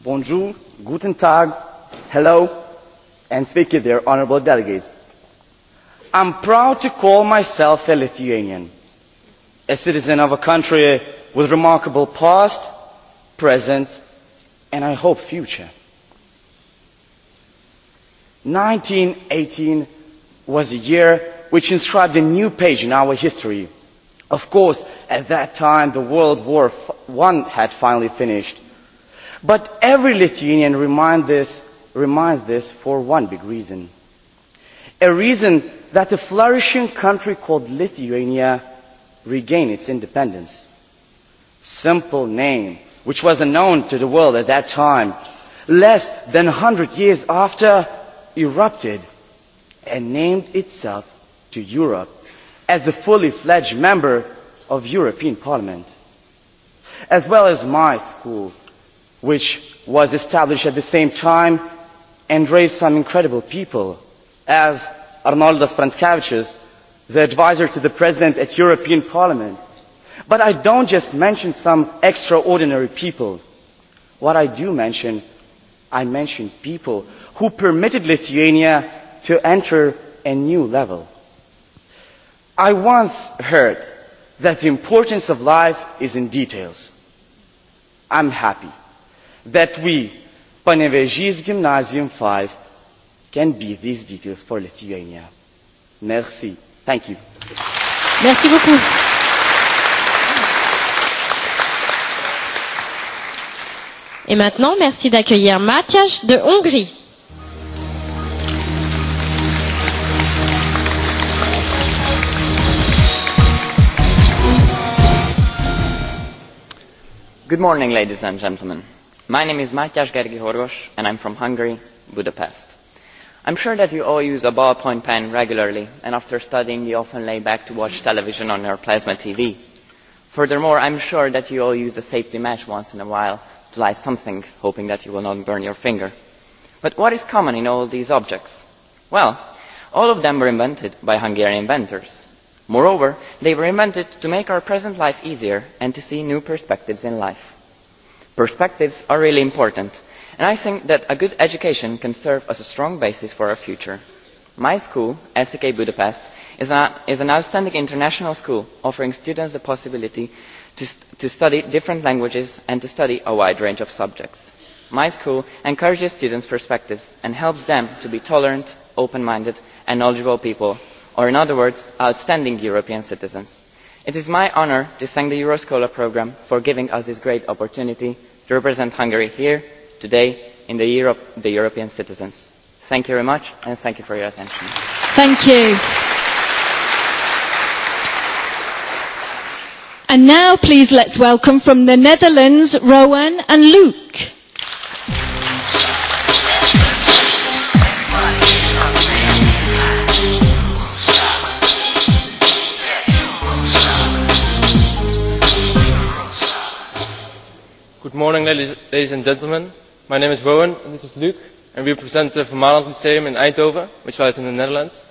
Speaker 18: Bonjour, guten Tag, hello, and you, dear honorable delegates am proud to call myself a Lithuanian, a citizen of a country with remarkable past, present, and I hope future. 1918 was a year which inscribed a new page in our history. Of course, at that time, the World War I had finally finished. But every Lithuanian reminds this for one big reason – a reason that a flourishing country called Lithuania regained its independence. Simple name, which was unknown to the world at that time, less than 100 years after erupted and named itself to Europe as a fully fledged member of European Parliament. As well as my school, which was established at the same time and raised some incredible people as arnoldas pranckavicius the advisor to the president at european parliament but i don't just mention some extraordinary people what i do mention i mention people who permitted lithuania to enter a new level i once heard that the importance of life is in details i'm happy that we panevėžys gymnasium 5 can be these details for Lithuania. Merci. Thank you. Merci beaucoup.
Speaker 7: Et maintenant, merci d'accueillir Matias de Hongrie.
Speaker 21: Good morning, ladies and gentlemen. My name is Matias Gergi Horgos, and I'm from Hungary, Budapest i am sure that you all use a ballpoint pen regularly and after studying you often lay back to watch television on your plasma tv. furthermore i am sure that you all use a safety match once in a while to light something hoping that you will not burn your finger. but what is common in all these objects? well all of them were invented by hungarian inventors. moreover they were invented to make our present life easier and to see new perspectives in life. perspectives are really important i think that a good education can serve as a strong basis for our future. my school SK budapest is an outstanding international school offering students the possibility to study different languages and to study a wide range of subjects. my school encourages students' perspectives and helps them to be tolerant open minded and knowledgeable people or in other words outstanding european citizens. it is my honour to thank the euroscholar programme for giving us this great opportunity to represent hungary here today in the of the European citizens. Thank you very much and thank you for your attention.
Speaker 10: Thank you. And now please let's welcome from the Netherlands Rowan and Luke.
Speaker 22: Good morning ladies and gentlemen My name is Rowan and this is Luc and we represent the Vermaland Museum in Eindhoven, which lies in the Netherlands.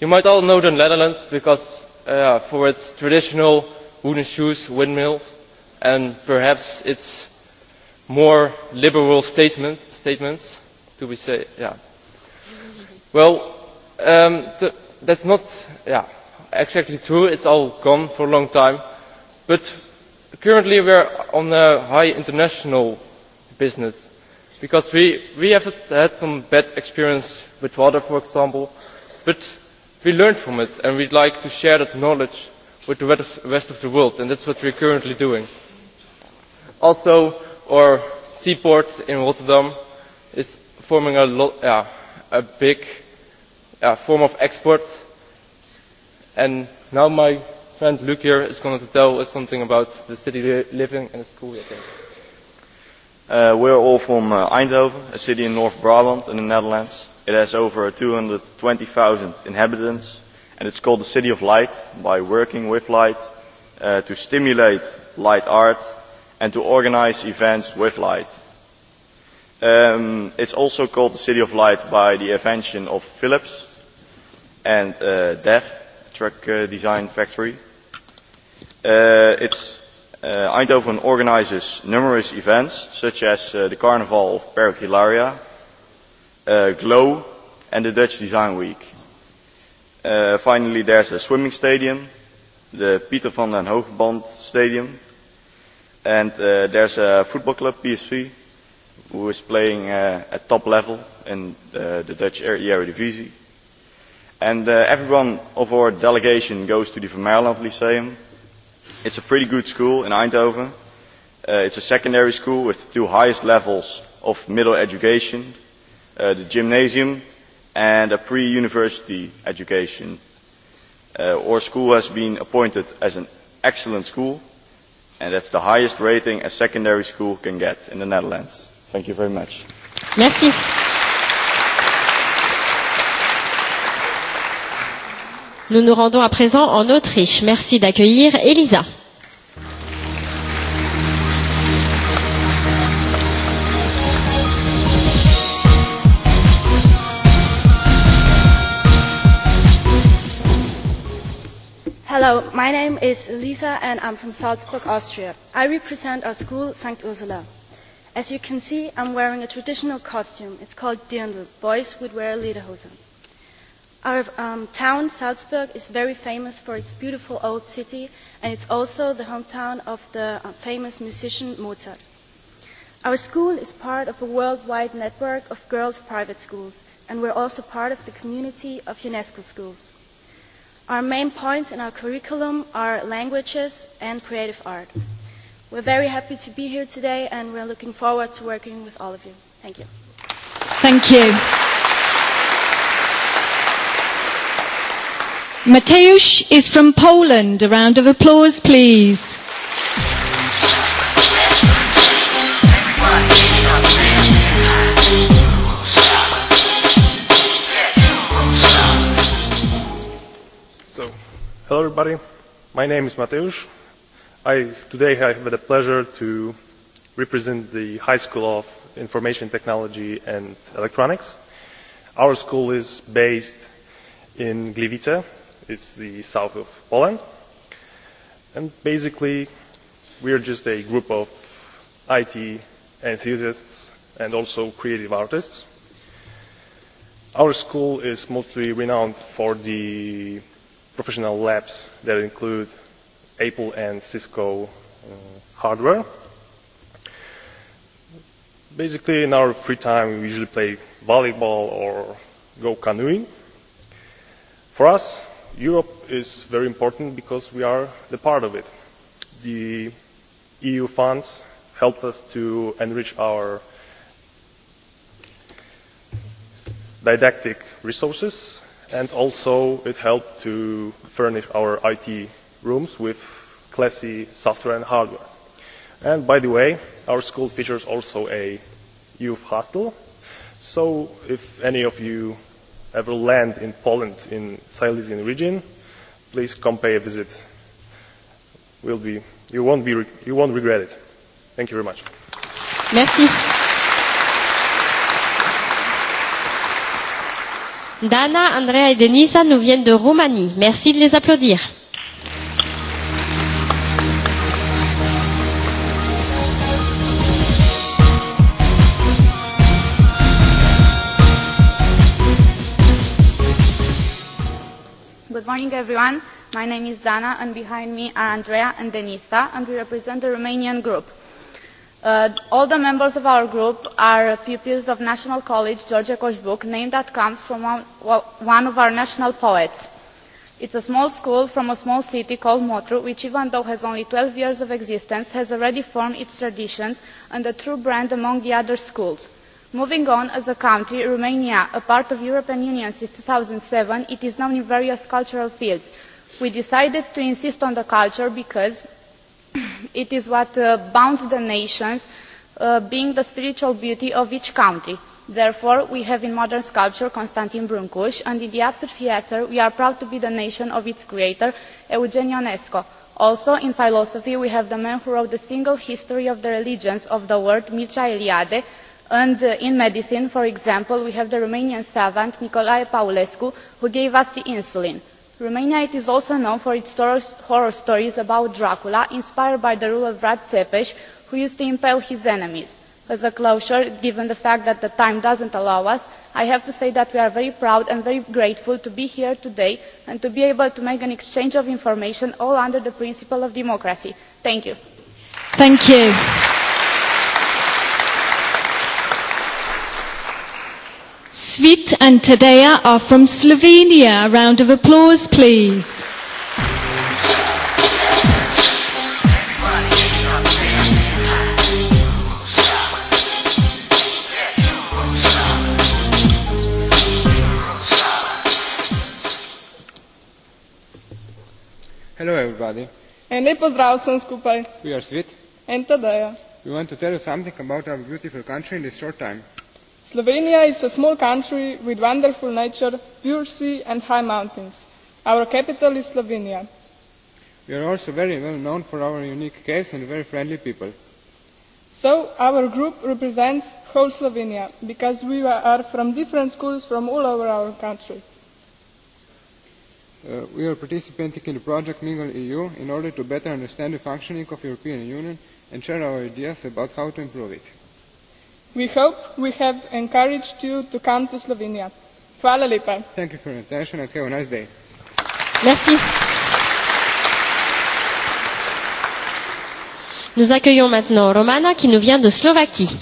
Speaker 22: You might all know the Netherlands because for its traditional wooden shoes, windmills, and perhaps its more liberal statement, statements, to be say, yeah. Well, um, that's not exactly true. It's all gone for a long time. But currently we are on a high international business because we have had some bad experience with water for example but we learned from it and we'd like to share that knowledge with the rest of the world and that's what we are currently doing. Also our seaport in Rotterdam is forming a big form of export and now my friend Luke here is going to tell us something about the city living and the school
Speaker 23: We're all from Eindhoven, a city in North Brabant in the Netherlands. It has over 220,000 inhabitants and it's called the City of Light by working with light to stimulate light art and to organize events with light. It's also called the City of Light by the invention of Philips and DEF, a truck design factory. It's Eindhoven organises numerous events such as the Carnival of Perkilaria, GLOW and the Dutch Design Week. Finally there is a swimming stadium, the Pieter van den Hoogband Stadium, and there is a football club, PSV, who is playing at top level in the Dutch Eredivisie. And everyone of our delegation goes to the Vermeerland Lyceum It's a pretty good school in Eindhoven. It's a secondary school with the two highest levels of middle education, the gymnasium and a pre-university education. Our school has been appointed as an excellent school and that's the highest rating a secondary school can get in the Netherlands. Thank you very much. Merci.
Speaker 7: Nous nous rendons à présent en Autriche. Merci d'accueillir Elisa.
Speaker 17: Hello, my name is Elisa and I'm from Salzburg, Austria. I represent our school, St. Ursula. As you can see, I'm wearing a traditional costume. It's called Dirndl. Boys would wear lederhosen. Our town, Salzburg, is very famous for its beautiful old city and it's also the hometown of the famous musician Mozart. Our school is part of a worldwide network of girls' private schools and we're also part of the community of UNESCO schools. Our main points in our curriculum are languages and creative art. We're very happy to be here today and we're looking forward to working with all of you. Thank you.
Speaker 10: Thank you. Mateusz is from Poland. A round of applause, please.
Speaker 24: So, hello everybody. My name is Mateusz. I, today I have the pleasure to represent the High School of Information Technology and Electronics. Our school is based in Gliwice, It's the south of Poland. And basically, we are just a group of IT enthusiasts and also creative artists. Our school is mostly renowned for the professional labs that include Apple and Cisco hardware. Basically, in our free time, we usually play volleyball or go canoeing. For us, Europe is very important because we are the part of it. The EU funds help us to enrich our didactic resources and also it helped to furnish our IT rooms with classy software and hardware. And by the way, our school features also a youth hostel, so if any of you ever land in Poland in Silesian region, please come pay a visit. Will be, you, won't be, you won't regret it. Thank you very much. Merci.
Speaker 7: Dana, Andrea et Denisa nous viennent de Roumanie. Merci de les applaudir.
Speaker 25: morning, everyone. My name is Dana, and behind me are Andrea and Denisa, and we represent the Romanian group. All the members of our group are pupils of National College George Coșbuc, name that comes from one of our national poets. It's a small school from a small city called Motru, which even though has only 12 years of existence, has already formed its traditions and a true brand among the other schools. Moving on, as a country, Romania, a part of the European Union since 2007, it is known in various cultural fields. We decided to insist on the culture because it is what bounds the nations, being the spiritual beauty of each country. Therefore, we have in modern sculpture Constantin Brâncuș, and in the abstract theatre we are proud to be the nation of its creator, Eugen Ionesco. Also, in philosophy, we have the man who wrote the single history of the religions of the world, Mircea Eliade, and in medicine for example we have the romanian savant nicolae paulescu who gave us the insulin. romania is also known for its horror stories about dracula inspired by the rule of vlad tepes who used to impale his enemies. as a closure given the fact that the time does not allow us i have to say that we are very proud and very grateful to be here today and to be able to make an exchange of information all under the principle of democracy. thank you.
Speaker 10: Svit and Tadeja are from Slovenia. A round of applause, please.
Speaker 26: Hello, everybody.
Speaker 27: En lep pozdrav vsem skupaj. We are Svit. And Tadeja.
Speaker 26: We want to tell you something about our beautiful country in this short time.
Speaker 27: Slovenia is a small country with wonderful nature, pure sea and high mountains. Our capital is Slovenia.
Speaker 26: We are also very well known for our unique caves and very friendly people.
Speaker 27: So our group represents whole Slovenia because we are from different schools from all over our country.
Speaker 26: We are participating in the project Mingle EU in order to better understand the functioning of the European Union and share our ideas about how to improve it
Speaker 27: we hope we have encouraged you to come to slovenia. hvala lepa.
Speaker 26: thank you for your attention and have a nice day.
Speaker 7: merci. nous accueillons maintenant romana qui nous vient de slovaquie.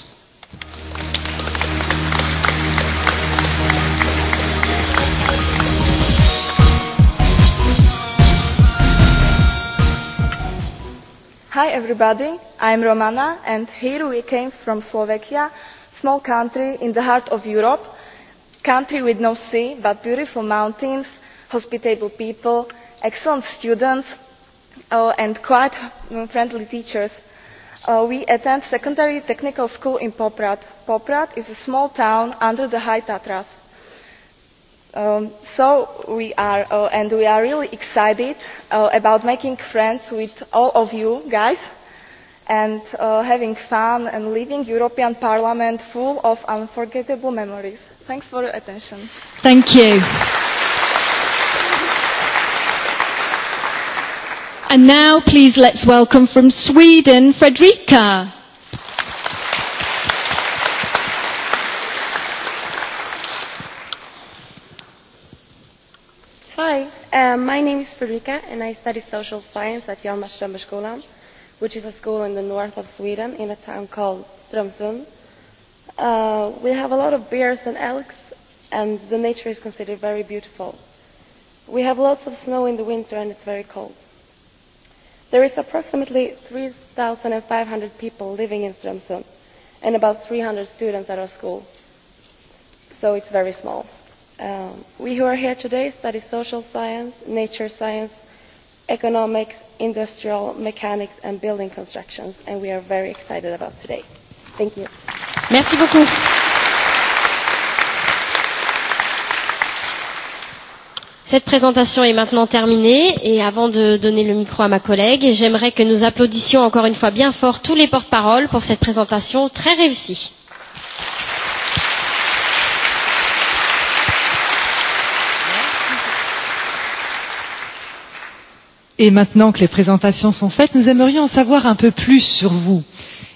Speaker 14: Hi everybody, am Romana and here we came from Slovakia, a small country in the heart of Europe, a country with no sea but beautiful mountains, hospitable people, excellent students and quite friendly teachers. We attend secondary technical school in Poprad. Poprad is a small town under the High Tatras so we are and we are really excited about making friends with all of you guys and having fun and leaving European Parliament full of unforgettable memories. Thanks for your attention.
Speaker 10: Thank you. And now please let's welcome from Sweden
Speaker 2: Frederica.
Speaker 8: Hi, my
Speaker 14: name is Fredrika and I study social science at Hjalmarströmberskolan, which is a school in the north of Sweden in a town called Strömsund. We have a lot of bears and elks and the nature is considered very beautiful. We have lots of snow in the winter and it's very cold. There is approximately 3,500 people living in Strömsund and about 300 students at our school, so it's very small. We who are here today study social science, nature science, economics, industrial mechanics and building construction, and we are very excited about today. Thank you. Merci beaucoup.
Speaker 7: Cette présentation est maintenant terminée et avant de donner le micro à ma collègue, j'aimerais que nous applaudissions encore une fois bien fort tous les porte-paroles pour cette présentation très réussie.
Speaker 1: Et maintenant que les présentations sont faites, nous aimerions en savoir un peu plus sur vous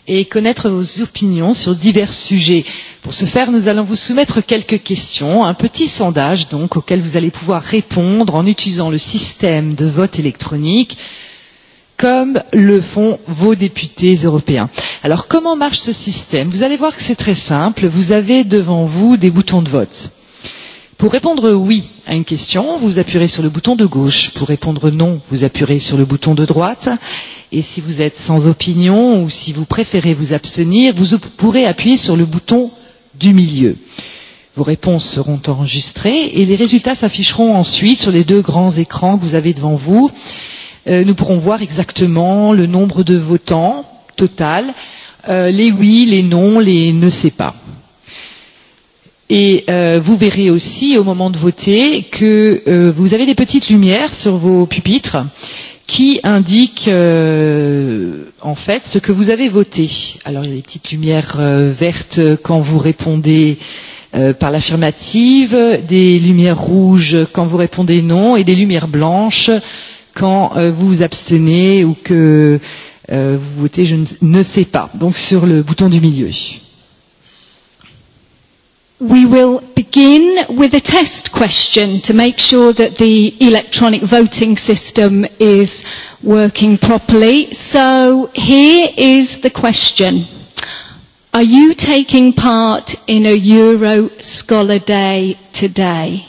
Speaker 1: et connaître vos opinions sur divers sujets. Pour ce faire, nous allons vous soumettre quelques questions, un petit sondage donc auquel vous allez pouvoir répondre en utilisant le système de vote électronique comme le font vos députés européens. Alors comment marche ce système Vous allez voir que c'est très simple, vous avez devant vous des boutons de vote Pour répondre oui à une question, vous appuierez sur le bouton de gauche. Pour répondre non, vous appuierez sur le bouton de droite. Et si vous êtes sans opinion ou si vous préférez vous abstenir, vous pourrez appuyer sur le bouton du milieu. Vos réponses seront enregistrées et les résultats s'afficheront ensuite sur les deux grands écrans que vous avez devant vous. Nous pourrons voir exactement le nombre de votants total, les oui, les non, les ne sais pas. Et vous verrez aussi au moment de voter que vous avez des petites lumières sur vos pupitres qui indiquent en fait ce que vous avez voté. Alors il y a des petites lumières vertes quand vous répondez par l'affirmative, des lumières rouges quand vous répondez non et des lumières blanches quand vous vous abstenez ou que vous votez je ne sais pas. Donc sur le bouton du milieu.
Speaker 10: We will begin with a test question to make sure that the electronic voting system is working properly. So here is the question. Are you taking part in a Euro Scholar Day today?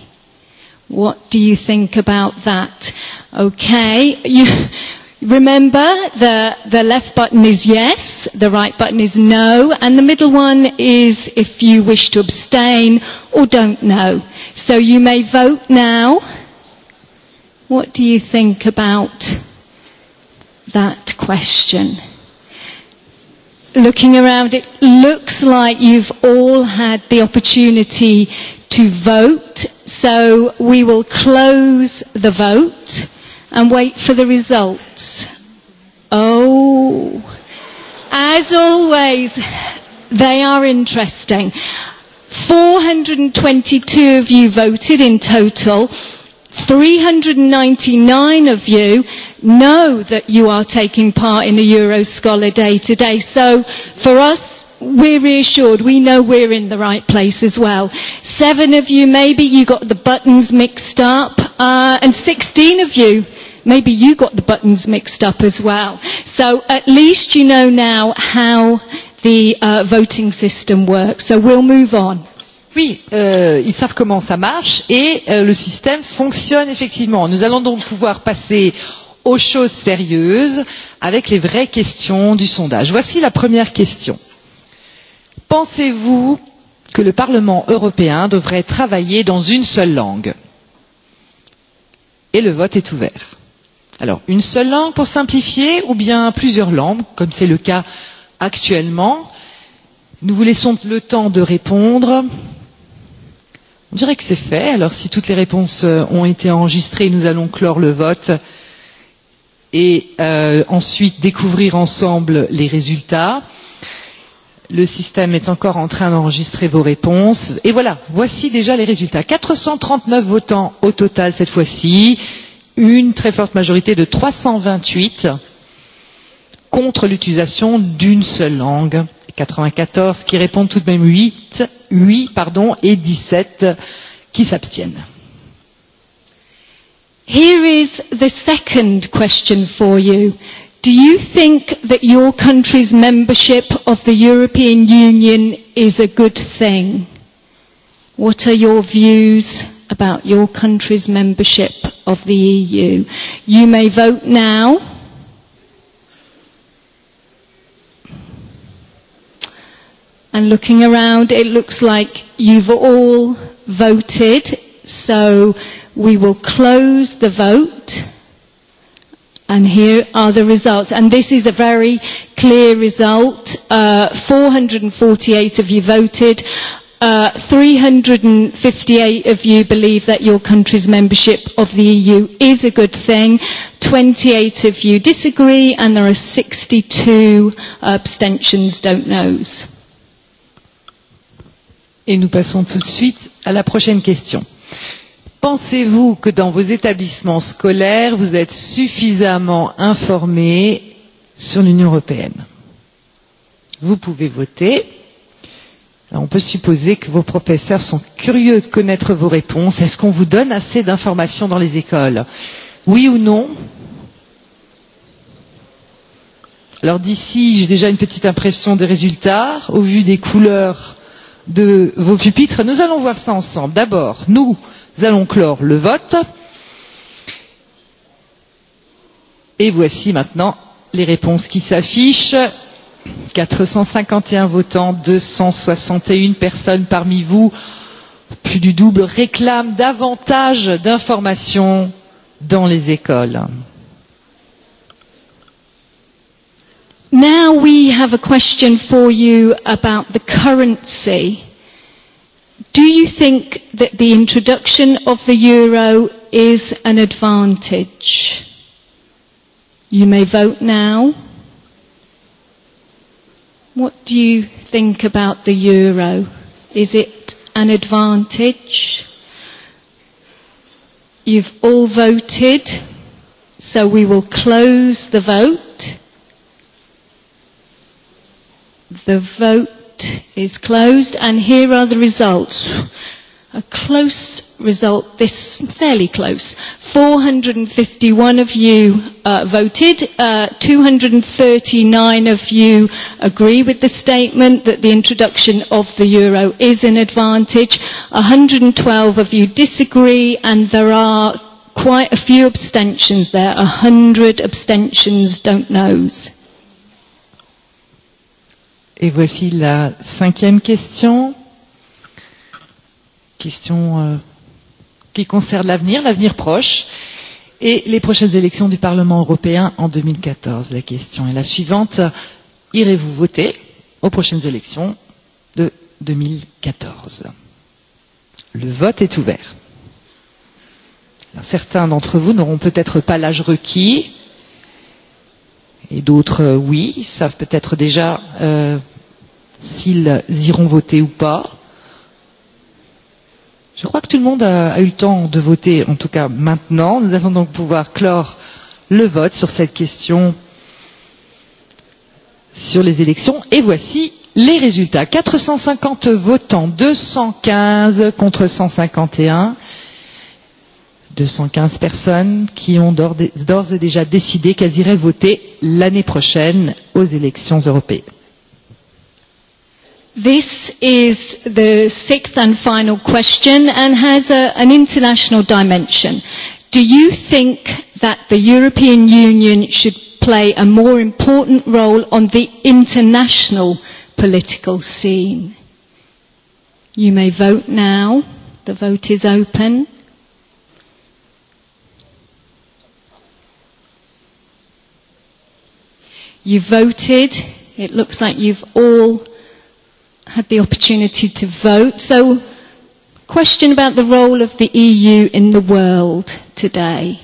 Speaker 10: What do you think about that? Okay. Remember, the, the left button is yes, the right button is no, and the middle one is if you wish to abstain or don't know. So you may vote now. What do you think about that question? Looking around, it looks like you've all had the opportunity to vote, so we will close the vote and wait for the results. Oh, as always, they are interesting. 422 of you voted in total. 399 of you know that you are taking part in a Euro Day today. So for us, we're reassured. We know we're in the right place as well. Seven of you, maybe, you got the buttons mixed up. And 16 of you Maybe you got the buttons mixed up as well. So at least you know now how the voting system works. So we'll move on.
Speaker 1: Oui, ils savent comment ça marche et le système fonctionne effectivement. Nous allons donc pouvoir passer aux choses sérieuses avec les vraies questions du sondage. Voici la première question. Pensez-vous que le Parlement européen devrait travailler dans une seule langue Et le vote est ouvert. Alors, une seule langue pour simplifier ou bien plusieurs langues, comme c'est le cas actuellement Nous vous laissons le temps de répondre. On dirait que c'est fait. Alors, si toutes les réponses ont été enregistrées, nous allons clore le vote et ensuite découvrir ensemble les résultats. Le système est encore en train d'enregistrer vos réponses. Et voilà, voici déjà les résultats. 439 votants au total cette fois-ci une très forte majorité de 328 contre l'utilisation d'une seule langue. 94 qui répondent tout de même 8, 8 pardon, et 17 qui s'abstiennent.
Speaker 10: Here is the second question for you. Do you think that your country's membership of the European Union is a good thing? What are your views about your country's membership of the EU. You may vote now. And looking around, it looks like you've all voted, so we will close the vote. And here are the results. And this is a very clear result. 448 of you voted. 358 of you believe that your country's membership of the EU is a good thing. 28 of you disagree and there are 62 abstentions, don't knows.
Speaker 1: Et nous passons tout de suite à la prochaine question. Pensez-vous que dans vos établissements scolaires, vous êtes suffisamment informés sur l'Union européenne Vous pouvez voter. On peut supposer que vos professeurs sont curieux de connaître vos réponses. Est-ce qu'on vous donne assez d'informations dans les écoles Oui ou non Alors d'ici, j'ai déjà une petite impression des résultats au vu des couleurs de vos pupitres. Nous allons voir ça ensemble. D'abord, nous allons clore le vote. Et voici maintenant les réponses qui s'affichent. 451 votants, 261 personnes parmi vous, plus du double, réclament davantage d'informations dans les écoles.
Speaker 10: Now we have a question for you about the currency. Do you think that the introduction of the euro is an advantage? You may vote now. What do you think about the euro? Is it an advantage? You've all voted, so we will close the vote. The vote is closed, and here are the results a close result, this fairly close. 451 of you voted, 239 of you agree with the statement that the introduction of the euro is an advantage, 112 of you disagree, and there are quite a few abstentions there, 100 abstentions, don't knows.
Speaker 1: Et voici la cinquième question question qui concerne l'avenir, l'avenir proche, et les prochaines élections du Parlement européen en 2014. La question est la suivante. Irez-vous voter aux prochaines élections de 2014 Le vote est ouvert. Certains d'entre vous n'auront peut-être pas l'âge requis, et d'autres, oui, savent peut-être déjà s'ils iront voter ou pas. Je crois que tout le monde a eu le temps de voter, en tout cas maintenant. Nous allons donc pouvoir clore le vote sur cette question sur les élections. Et voici les résultats. 450 votants, 215 contre 151. 215 personnes qui ont d'ores et déjà décidé qu'elles iraient voter l'année prochaine aux élections européennes.
Speaker 10: This is the sixth and final question and has an international dimension. Do you think that the European Union should play a more important role on the international political scene? You may vote now. The vote is open. You voted. It looks like you've all had the opportunity to vote. So, question about the role of the EU in the world today.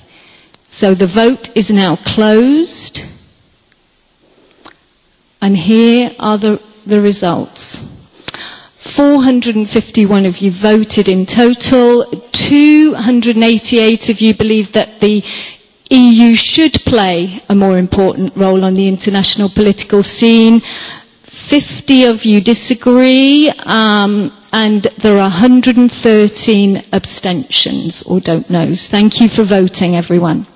Speaker 10: So the vote is now closed. And here are the, the results. 451 of you voted in total. 288 of you believe that the EU should play a more important role on the international political scene. 50 of you disagree um, and there are 113 abstentions or don't knows. Thank you for voting everyone.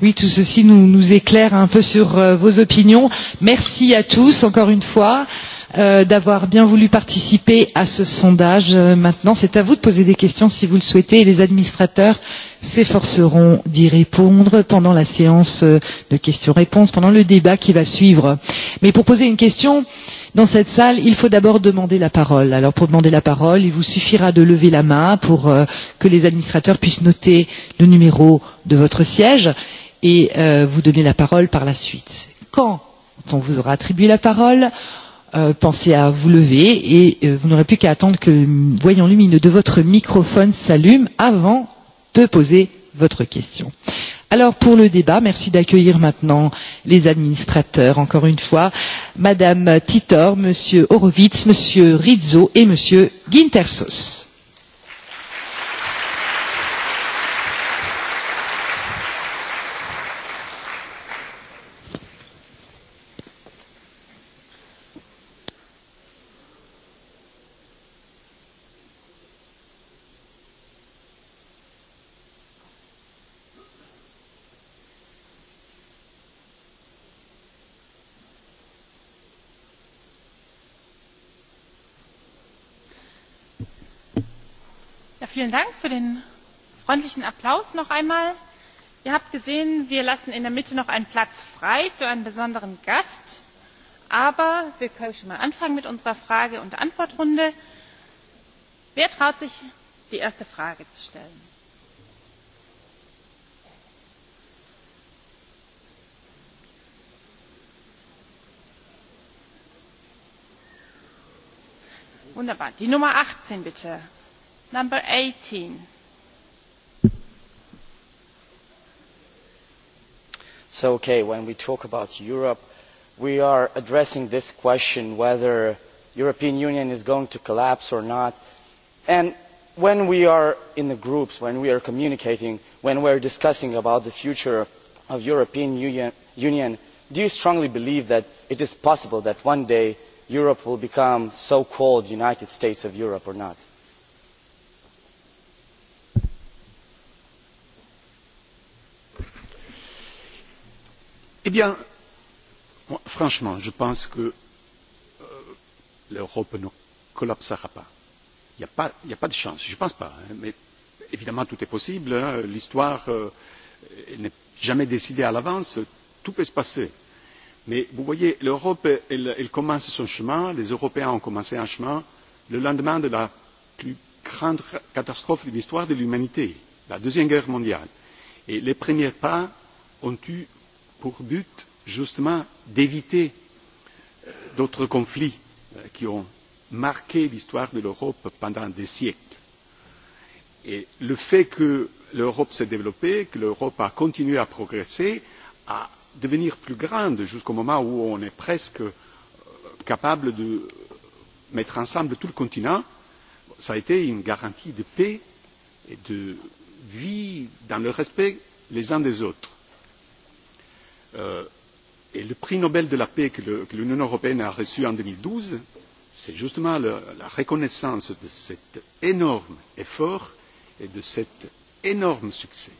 Speaker 1: Oui, tout ceci nous, nous éclaire un peu sur vos opinions. Merci à tous encore une fois d'avoir bien voulu participer à ce sondage. Maintenant, c'est à vous de poser des questions si vous le souhaitez et les administrateurs s'efforceront d'y répondre pendant la séance de questions-réponses, pendant le débat qui va suivre. Mais pour poser une question dans cette salle, il faut d'abord demander la parole. Alors pour demander la parole, il vous suffira de lever la main pour que les administrateurs puissent noter le numéro de votre siège et vous donner la parole par la suite. Quand on vous aura attribué la parole, pensez à vous lever et vous n'aurez plus qu'à attendre que le voyant lumineux de votre microphone s'allume avant de poser votre question. Alors pour le débat, merci d'accueillir maintenant les administrateurs, encore une fois, Madame Titor, Monsieur Horowitz, Monsieur Rizzo et Monsieur Gintersos.
Speaker 3: vielen Dank für den freundlichen Applaus noch einmal. Ihr habt gesehen, wir lassen in der Mitte noch einen Platz frei für einen besonderen Gast. Aber wir können schon mal anfangen mit unserer Frage- und Antwortrunde. Wer traut sich, die erste Frage zu stellen? Wunderbar. Die Nummer 18 bitte number 18
Speaker 18: so okay when we talk about europe we are addressing this question whether the european union is going to collapse or not and when we are in the groups when we are communicating when we are discussing about the future of the european union do you strongly believe that it is possible that one day europe will become so called united states of europe or not?
Speaker 5: bien, franchement, je pense que l'Europe ne collapsera pas. Il n'y a pas de chance, je ne pense pas. Mais évidemment, tout est possible. L'histoire n'est jamais décidée à l'avance. Tout peut se passer. Mais vous voyez, l'Europe, elle commence son chemin. Les Européens ont commencé un chemin le lendemain de la plus grande catastrophe de l'histoire de l'humanité, la Deuxième Guerre mondiale. Et les premiers pas ont eu pour but justement d'éviter d'autres conflits qui ont marqué l'histoire de l'Europe pendant des siècles. Et le fait que l'Europe s'est développée, que l'Europe a continué à progresser, à devenir plus grande jusqu'au moment où on est presque capable de mettre ensemble tout le continent, ça a été une garantie de paix et de vie dans le respect les uns des autres et le prix nobel de la paix que l'union européenne a reçu en deux mille douze c'est justement la reconnaissance de cet énorme effort et de cet énorme succès.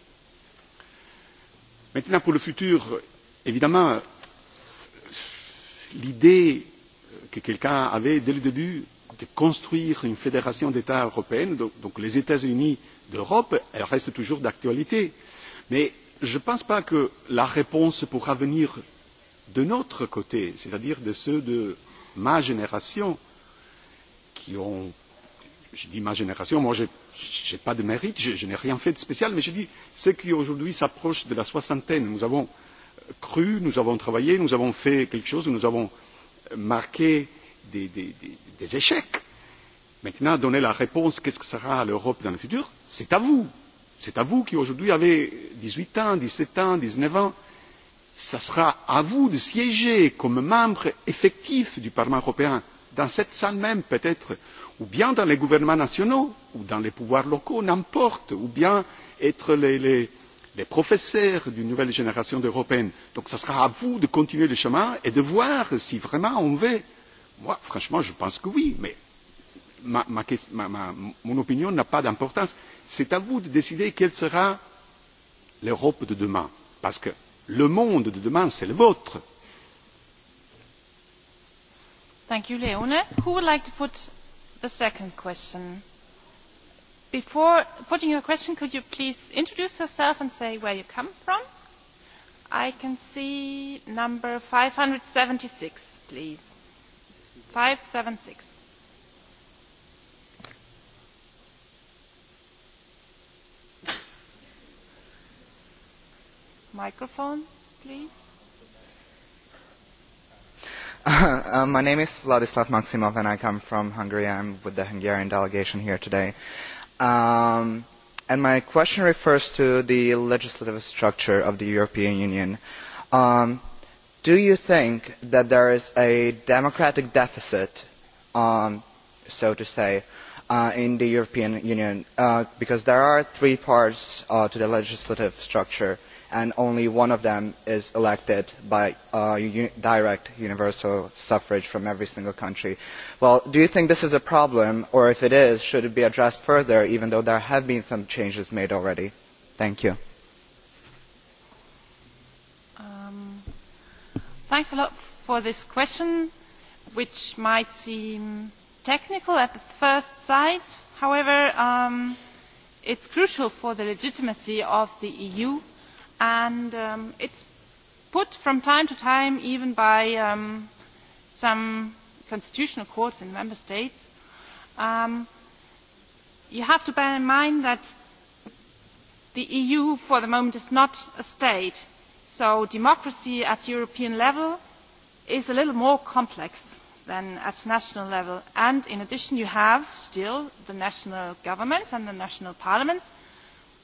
Speaker 5: maintenant pour le futur évidemment l'idée que quelqu'un avait dès le début de construire une fédération d'états européens donc les états unis d'europe reste toujours d'actualité mais je ne pense pas que la réponse pourra venir de notre côté, c'est-à-dire de ceux de ma génération, qui ont, je dis ma génération, moi je n'ai pas de mérite, je n'ai rien fait de spécial, mais je dis ceux qui aujourd'hui s'approchent de la soixantaine. Nous avons cru, nous avons travaillé, nous avons fait quelque chose, nous avons marqué des échecs. Maintenant, donner la réponse, qu'est-ce que sera l'Europe dans le futur, c'est à vous c'est à vous qui aujourd'hui avez dix huit ans dix sept ans dix neuf ans ce sera à vous de siéger comme membre effectif du parlement européen dans cette salle même peut être ou bien dans les gouvernements nationaux ou dans les pouvoirs locaux n'importe ou bien être les professeurs d'une nouvelle génération d'européens. donc ce sera à vous de continuer le chemin et de voir si vraiment on veut. moi franchement je pense que oui mais mon opinion n'a pas d'importance. C'est à vous de décider quelle sera l'Europe de demain, parce que le monde de demain, c'est le vôtre.
Speaker 3: Thank you, Leone. Who would like to put the second question? Before putting your question, could you please introduce yourself and say where you come from? I can see number 576, please. 576. Microphone, please.
Speaker 9: My name is Vladislav Maximov and I come from Hungary. I'm with the Hungarian delegation here today. And my question refers to the legislative structure of the European Union. Do you think that there is a democratic deficit, so to say, in the European Union? Because there are three parts to the legislative structure and only one of them is elected by direct universal suffrage from every single country. Well, do you think this is a problem or if it is should it be addressed further even though there have been some changes made already? thank you.
Speaker 3: thanks a lot for this question which might seem technical at first sight. However, it is crucial for the legitimacy of the EU and it's put from time to time even by some constitutional courts in member states. You have to bear in mind that the EU for the moment is not a state, so democracy at European level is a little more complex than at national level. And in addition, you have still the national governments and the national parliaments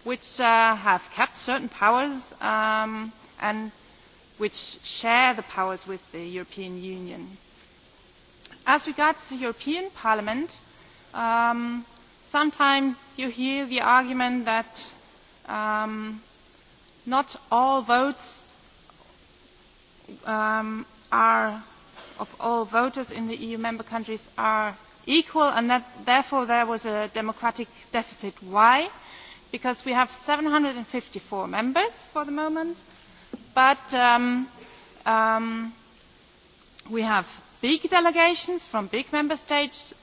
Speaker 3: which have kept certain powers and which share the powers with the European Union. As regards the European Parliament, sometimes you hear the argument that not all votes of all voters in the EU member countries are equal and that therefore there was a democratic deficit. Why? because we have 754 members for the moment, but we have big delegations from big member states.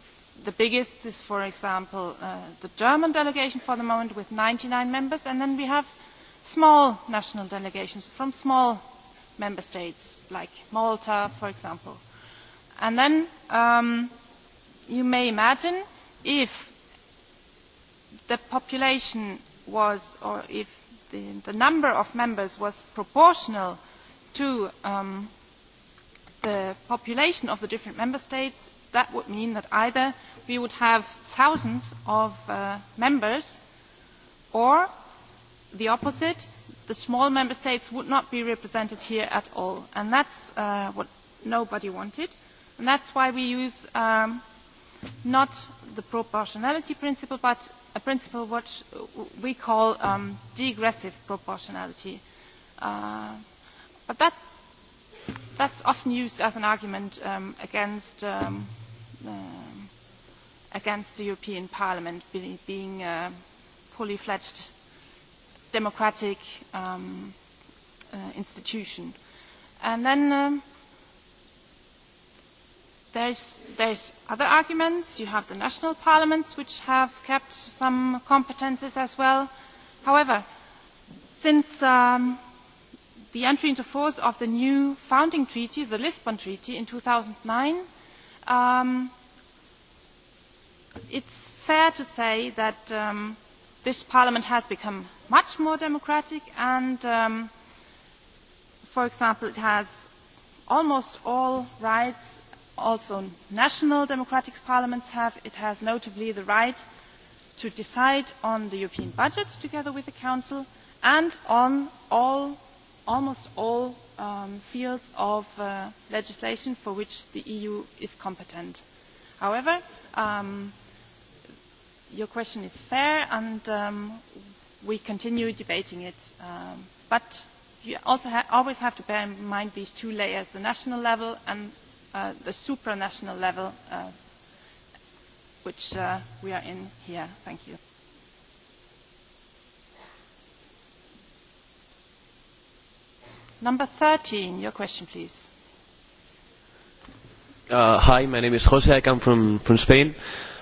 Speaker 3: The biggest is, for example, the German delegation for the moment with 99 members, and then we have small national delegations from small member states, like Malta, for example. And then you may imagine if the population was or if the number of members was proportional to the population of the different member states that would mean that either we would have thousands of members or the opposite the small member states would not be represented here at all and that's what nobody wanted and that's why we use not the proportionality principle but a principle which we call degressive proportionality. But that that's often used as an argument against against the European Parliament being a fully fledged democratic institution. And then There's other arguments. You have the national parliaments which have kept some competences as well. However, since the entry into force of the new founding treaty, the Lisbon Treaty in 2009, it's fair to say that this parliament has become much more democratic and, for example, it has almost all rights also national democratic parliaments have. It has notably the right to decide on the European budget together with the Council and on almost all fields of legislation for which the EU is competent. However, your question is fair and we continue debating it. But you also always have to bear in mind these two layers, the national level and the supranational level which we are in here. Thank you. Number 13, your question, please.
Speaker 19: Hi, my name is Jose. I come from from Spain,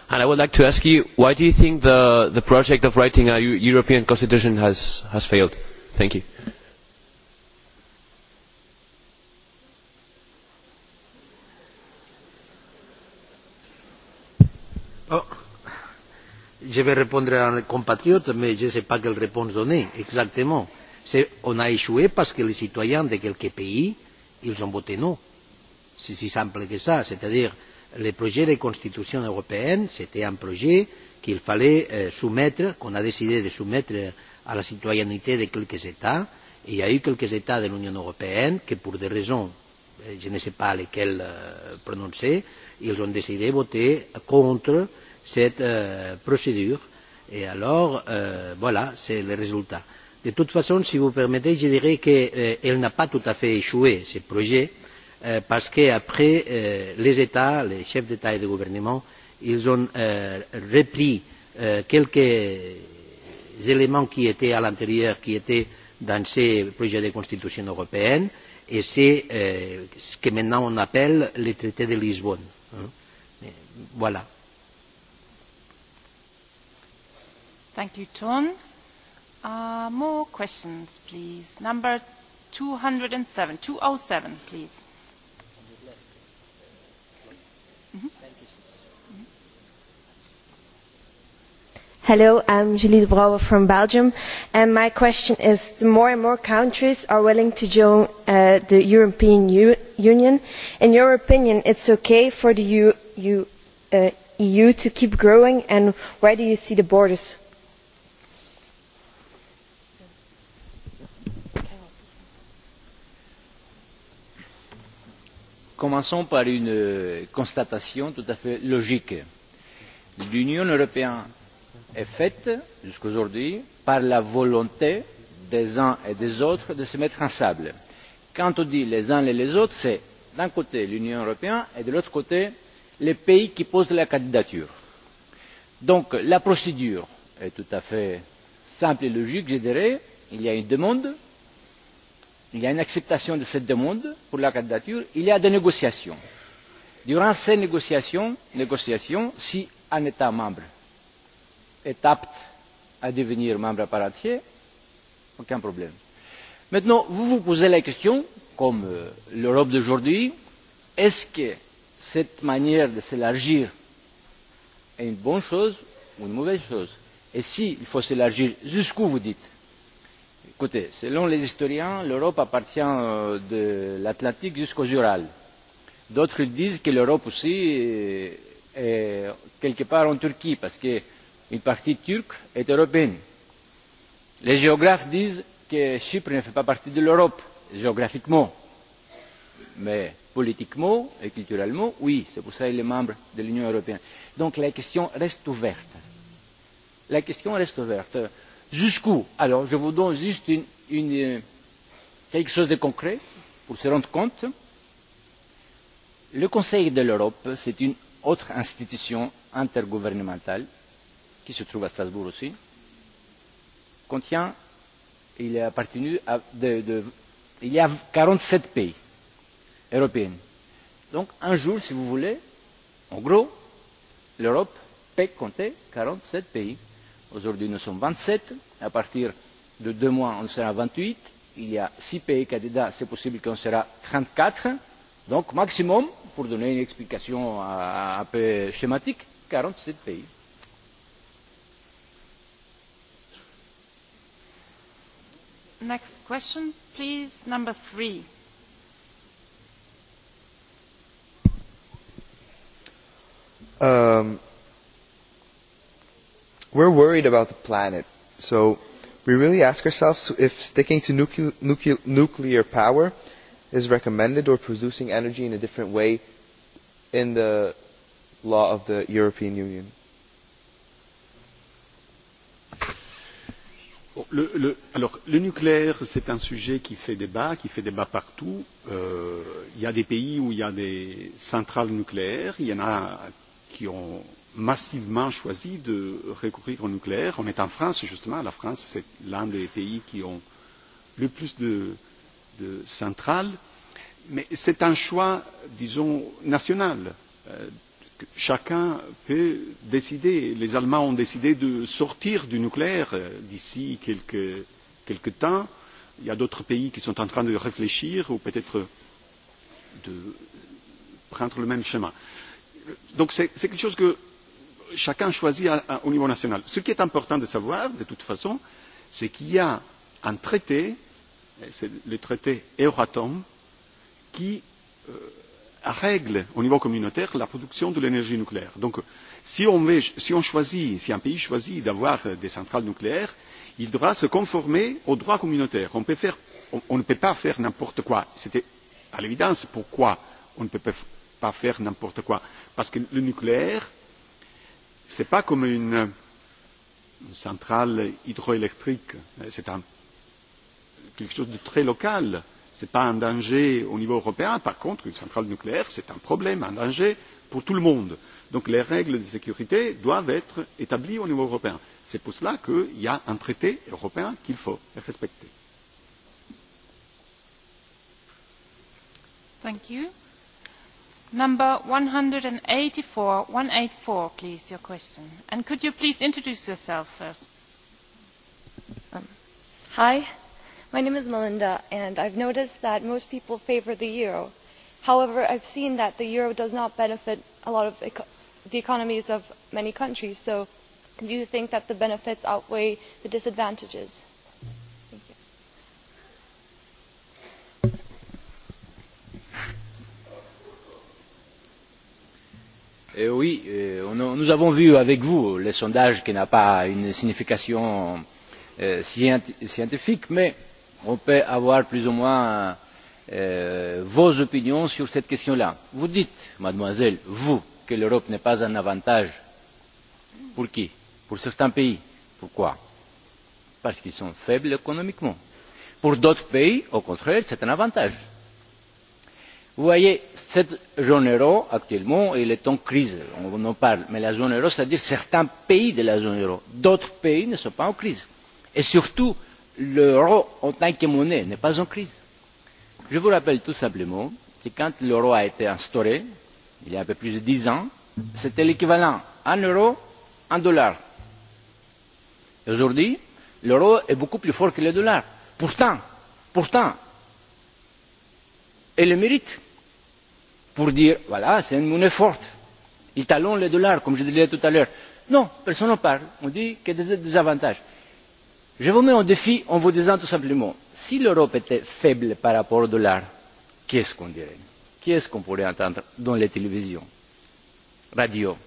Speaker 19: and I would like to ask you, why do you think the the project of writing a European Constitution has has failed? Thank you.
Speaker 4: je vais répondre à un compatriote, mais je ne sais pas quelle réponse donner exactement. On a échoué parce que les citoyens de quelques pays, ils ont voté non. C'est si simple que ça. C'est-à-dire, le projet de constitution européenne, c'était un projet qu'il fallait soumettre, qu'on a décidé de soumettre à la citoyenneté de quelques États. Et il y a eu quelques États de l'Union européenne qui, pour des raisons, je ne sais pas lesquelles prononcer, ils ont décidé de voter contre cette procédure et alors voilà c'est le résultat. de toute façon si vous permettez je dirais qu'elle n'a pas tout à fait échoué ce projet parce qu'après les états les chefs d'état et de gouvernement ils ont repris quelques éléments qui étaient à l'intérieur qui étaient dans ces projets de constitution européenne et c'est ce que maintenant on appelle le traité de lisbonne. voilà.
Speaker 3: Thank you, Ton. More questions, please. Number 207, 207, please.
Speaker 17: Hello, I I'm Julie De Brouwer from Belgium, and my question is: More and more countries are willing to join the European Union. In your opinion,
Speaker 14: it's okay for the EU to keep growing, and where do you see the borders?
Speaker 6: Commençons par une constatation tout à fait logique. L'Union européenne est faite, jusqu'à aujourd'hui, par la volonté des uns et des autres de se mettre en sable. Quand on dit les uns et les autres, c'est d'un côté l'Union européenne et de l'autre côté les pays qui posent la candidature. Donc la procédure est tout à fait simple et logique, je dirais. Il y a une demande il y a une acceptation de cette demande pour la candidature il y a des négociations. durant ces négociations si un état membre est apte à devenir membre à part entière aucun problème. maintenant vous vous posez la question comme l'europe d'aujourd'hui est ce que cette manière de s'élargir est une bonne chose ou une mauvaise chose? et s'il faut s'élargir jusqu'où vous dites? Écoutez, selon les historiens, l'Europe appartient de l'Atlantique jusqu'aux Urals. D'autres disent que l'Europe aussi est quelque part en Turquie, parce qu'une partie turque est européenne. Les géographes disent que Chypre ne fait pas partie de l'Europe, géographiquement. Mais politiquement et culturellement, oui, c'est pour cela qu'il est membre de l'Union européenne. Donc la question reste ouverte. La question reste ouverte. Jusqu'où Alors, je vous donne juste quelque chose de concret pour se rendre compte. Le Conseil de l'Europe, c'est une autre institution intergouvernementale, qui se trouve à Strasbourg aussi, contient, il est appartenu à, il y a 47 pays européens. Donc, un jour, si vous voulez, en gros, l'Europe peut compter 47 pays. Aujourd'hui, nous sommes 27. À partir de 2 mois, on sera 28. Il y a six pays candidats. C'est possible qu'on sera 34. Donc, maximum, pour donner une explication un peu schématique, 47 pays.
Speaker 3: Next question, please. Number three.
Speaker 9: Um, we're worried about the planet so we really ask ourselves if sticking to nuclear power is recommended or producing energy in a different way in the law of the European Union. Alors, le nucléaire, c'est un sujet
Speaker 5: qui fait débat, qui fait débat partout. Il y a des pays où il y a des centrales nucléaires, il y en a qui ont massivement choisi de recourir au nucléaire. On est en France, justement. La France, c'est l'un des pays qui ont le plus de centrales. Mais c'est un choix, disons, national. Chacun peut décider. Les Allemands ont décidé de sortir du nucléaire d'ici quelques temps. Il y a d'autres pays qui sont en train de réfléchir ou peut-être de prendre le même chemin. Donc c'est quelque chose que chacun choisit au niveau national. Ce qui est important de savoir, de toute façon, c'est qu'il y a un traité, c'est le traité Euratom, qui règle au niveau communautaire la production de l'énergie nucléaire. Donc, si on, si on choisit, si un pays choisit d'avoir des centrales nucléaires, il devra se conformer aux droits communautaires. On, peut faire, on, ne peut pas faire n'importe quoi. C'était à l'évidence pourquoi on ne peut pas faire n'importe quoi. Parce que le nucléaire Ce n'est pas comme une centrale hydroélectrique, c'est quelque chose de très local, ce n'est pas un danger au niveau européen, par contre, une centrale nucléaire, c'est un problème, un danger pour tout le monde. Donc les règles de sécurité doivent être établies au niveau européen. C'est pour cela qu'il y a un traité européen qu'il faut respecter.
Speaker 3: Number 184, four, please, your question. And could you please introduce yourself first?
Speaker 14: Hi, my name is Melinda, and I've noticed that most people favor the euro. However, I've seen that the euro does not benefit a lot of the economies of many countries. So, do you think that the benefits outweigh the disadvantages?
Speaker 6: Oui, nous avons vu avec vous le sondage qui n'a pas une signification scientifique, mais on peut avoir plus ou moins vos opinions sur cette question là. Vous dites, mademoiselle, vous, que l'Europe n'est pas un avantage pour qui? Pour certains pays. Pourquoi? Parce qu'ils sont faibles économiquement. Pour d'autres pays, au contraire, c'est un avantage Vous voyez, cette zone euro, actuellement, elle est en crise, on en parle, mais la zone euro, c'est-à-dire certains pays de la zone euro. D'autres pays ne sont pas en crise. Et surtout, l'euro, en tant que monnaie, n'est pas en crise. Je vous rappelle tout simplement que quand l'euro a été instauré, il y a un peu plus de dix ans, c'était l'équivalent un euro, en dollar. Aujourd'hui, l'euro est beaucoup plus fort que le dollar. Pourtant, pourtant, elle le mérite pour dire voilà, c'est une monnaie forte. Ils talonnent le dollar, comme je disais tout à l'heure. Non, personne n'en parle. On dit qu'il y a des désavantages. Je vous mets un défi en vous disant tout simplement, si l'Europe était faible par rapport au dollar, qu'est-ce qu'on dirait Qu'est-ce qu'on pourrait entendre dans les télévisions, radio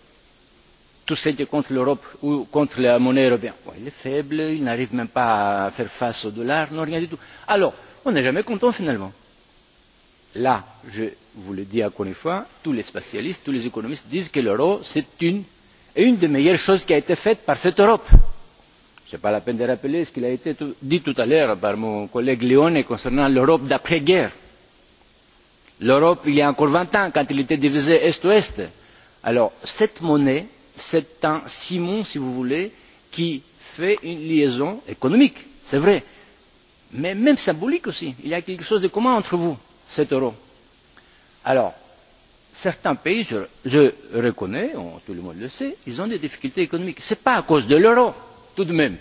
Speaker 6: Tout ce qui est contre l'Europe ou contre la monnaie européenne. Il est faible, il n'arrive même pas à faire face au dollar, non, rien du tout. Alors, on n'est jamais content finalement. Là, je vous le dis encore une fois tous les spécialistes tous les économistes disent que l'euro c'est une des meilleures choses qui a été faite par cette europe. ce n'est pas la peine de rappeler ce qui a été dit tout à l'heure par mon collègue leone concernant l'europe d'après guerre. l'europe il y a encore vingt ans quand elle était divisée est ouest. alors cette monnaie c'est un ciment si vous voulez qui fait une liaison économique c'est vrai mais même symbolique aussi. il y a quelque chose de commun entre vous cet euro Alors, certains pays, je reconnais, tout le monde le sait, ils ont des difficultés économiques. Ce n'est pas à cause de l'euro, tout de même.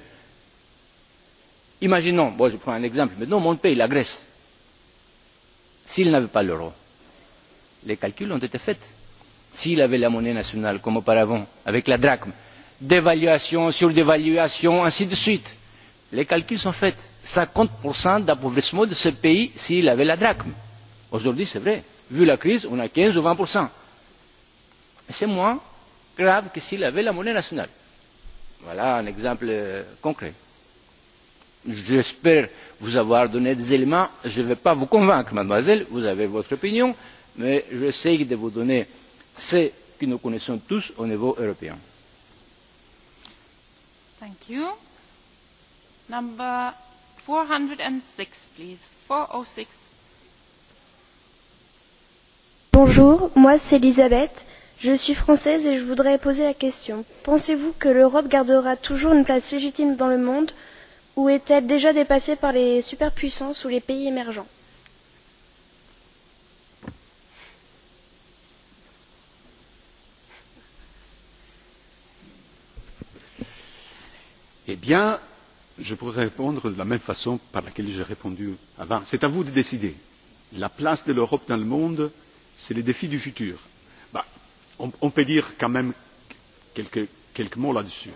Speaker 6: Imaginons, je prends un exemple maintenant, mon pays, la Grèce. S'il n'avait pas l'euro, les calculs ont été faits. S'il avait la monnaie nationale, comme auparavant, avec la drachme, dévaluation, sur d'évaluation, ainsi de suite, les calculs sont faits. 50% d'appauvrissement de ce pays s'il avait la drachme. Aujourd'hui, c'est vrai vu la crise on a 15 ou vingt c'est moins grave que s'il avait la monnaie nationale. voilà un exemple concret. j'espère vous avoir donné des éléments je ne vais pas vous convaincre mademoiselle vous avez votre opinion mais j'essaie de vous donner ce que nous connaissons tous au niveau européen.
Speaker 3: Thank you. Number 406, please. 406.
Speaker 7: Bonjour, moi c'est Elisabeth. Je suis française et je voudrais poser la question. Pensez-vous que l'Europe gardera toujours une place légitime dans le monde ou est-elle déjà dépassée par les superpuissances ou les pays émergents
Speaker 5: Eh bien, je pourrais répondre de la même façon par laquelle j'ai répondu avant. C'est à vous de décider. La place de l'Europe dans le monde c'est les défis du futur. on peut dire quand même quelques mots là dessus.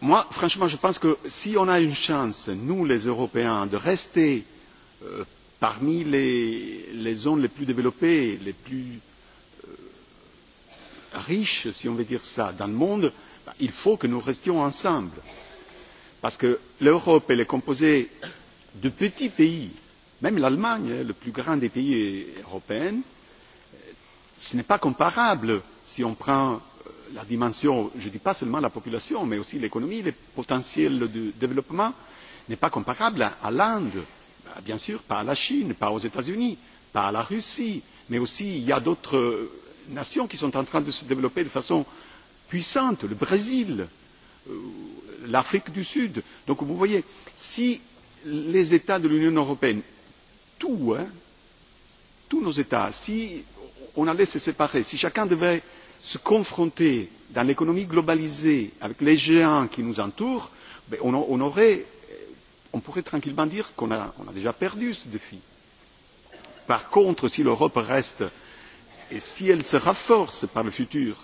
Speaker 5: moi franchement je pense que si on a une chance nous les européens de rester parmi les zones les plus développées les plus riches si on veut dire cela dans le monde il faut que nous restions ensemble parce que l'europe est composée de petits pays même l'allemagne le plus grand des pays européens ce n'est pas comparable si on prend la dimension je ne dis pas seulement la population mais aussi l'économie le potentiel de développement n'est pas comparable à l'inde bien sûr pas à la chine pas aux états unis pas à la russie mais aussi il y a d'autres nations qui sont en train de se développer de façon puissante le brésil l'afrique du sud. donc vous voyez si les états de l'union européenne tous nos états si on allait se séparer. Si chacun devait se confronter dans l'économie globalisée avec les géants qui nous entourent, on pourrait tranquillement dire qu'on a déjà perdu ce défi. Par contre, si l'Europe reste et si elle se renforce par le futur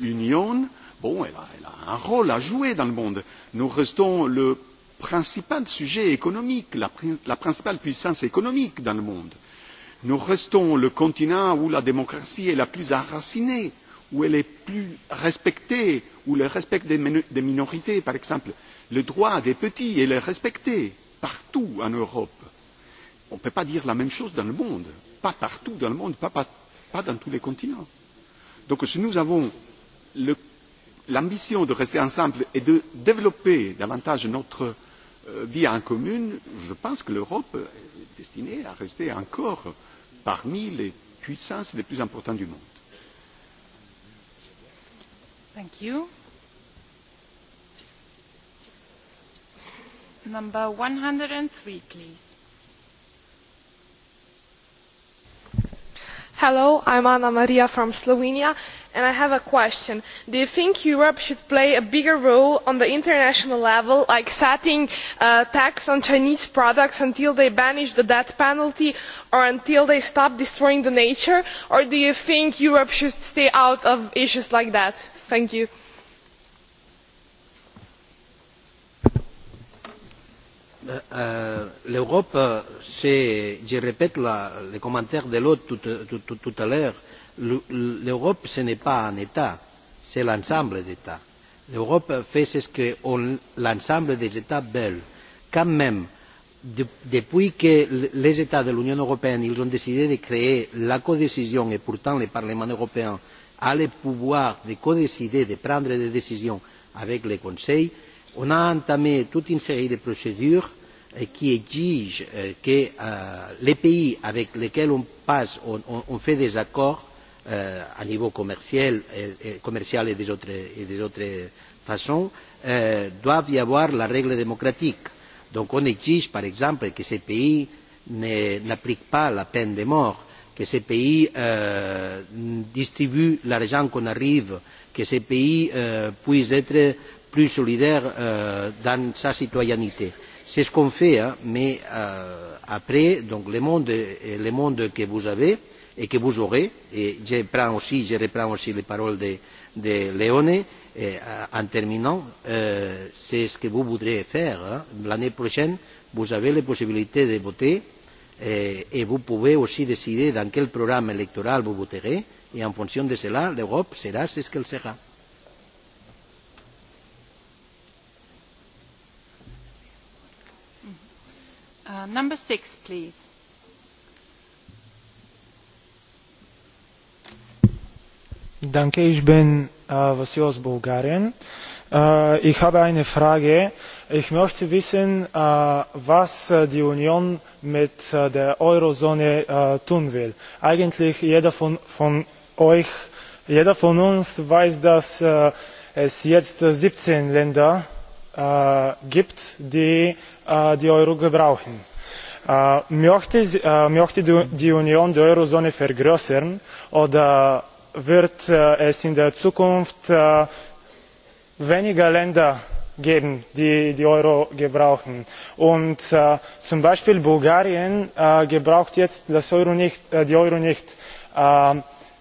Speaker 5: union, elle a un rôle à jouer dans le monde. Nous restons le principal sujet économique, la principale puissance économique dans le monde nous restons le continent où la démocratie est la plus enracinée où elle est plus respectée où le respect des minorités par exemple le droit des petits est respecté partout en europe. on ne peut pas dire la même chose dans le monde pas partout dans le monde pas dans tous les continents. donc si nous avons l'ambition de rester ensemble et de développer davantage notre via en commune, je pense que l'Europe est destinée à rester encore parmi les puissances les plus importantes du monde.
Speaker 17: Hello, am Anna Maria from Slovenia and I have a question. Do you think Europe should play a bigger role on the international level, like setting a tax on Chinese products until they banish the death penalty or until they stop destroying the nature, or do you think Europe should stay out of issues like that? Thank you.
Speaker 4: l'Europe, c'est, je répète le commentaire de l'autre tout à l'heure, l'Europe, ce n'est pas un État, c'est l'ensemble d'États. L'Europe fait ce que l'ensemble des États veulent. Quand même, depuis que les États de l'Union européenne ils ont décidé de créer la codécision et pourtant le Parlement européen a le pouvoir de codécider, de prendre des décisions avec le Conseil, on a entamé toute une série de procédures qui exigent que les pays avec lesquels on fait des accords à niveau commercial et d'autres façons doivent y avoir la règle démocratique. donc on exige par exemple que ces pays n'appliquent pas la peine de mort que ces pays distribuent l'argent qu'on arrive que ces pays puissent être plus solidaire dans sa citoyenneté. C'est ce qu'on fait, mais après, le monde que vous avez et que vous aurez, et je reprends aussi les paroles de Léone en terminant, c'est ce que vous voudrez faire. L'année prochaine, vous avez la possibilité de voter et vous pouvez aussi décider dans quel programme électoral vous voterez et en fonction de cela, l'Europe sera ce qu'elle sera.
Speaker 12: danke ich bin Vassil bulgarien ich habe eine frage ich möchte wissen was die union mit der eurozone tun will eigentlich jeder von von euch jeder von uns weiß dass es jetzt 17 länder gibt die die euro gebrauchen Möchte die Union die Eurozone vergrößern oder wird es in der Zukunft weniger Länder geben, die die Euro gebrauchen? Und zum Beispiel Bulgarien gebraucht jetzt das Euro nicht, die Euro nicht.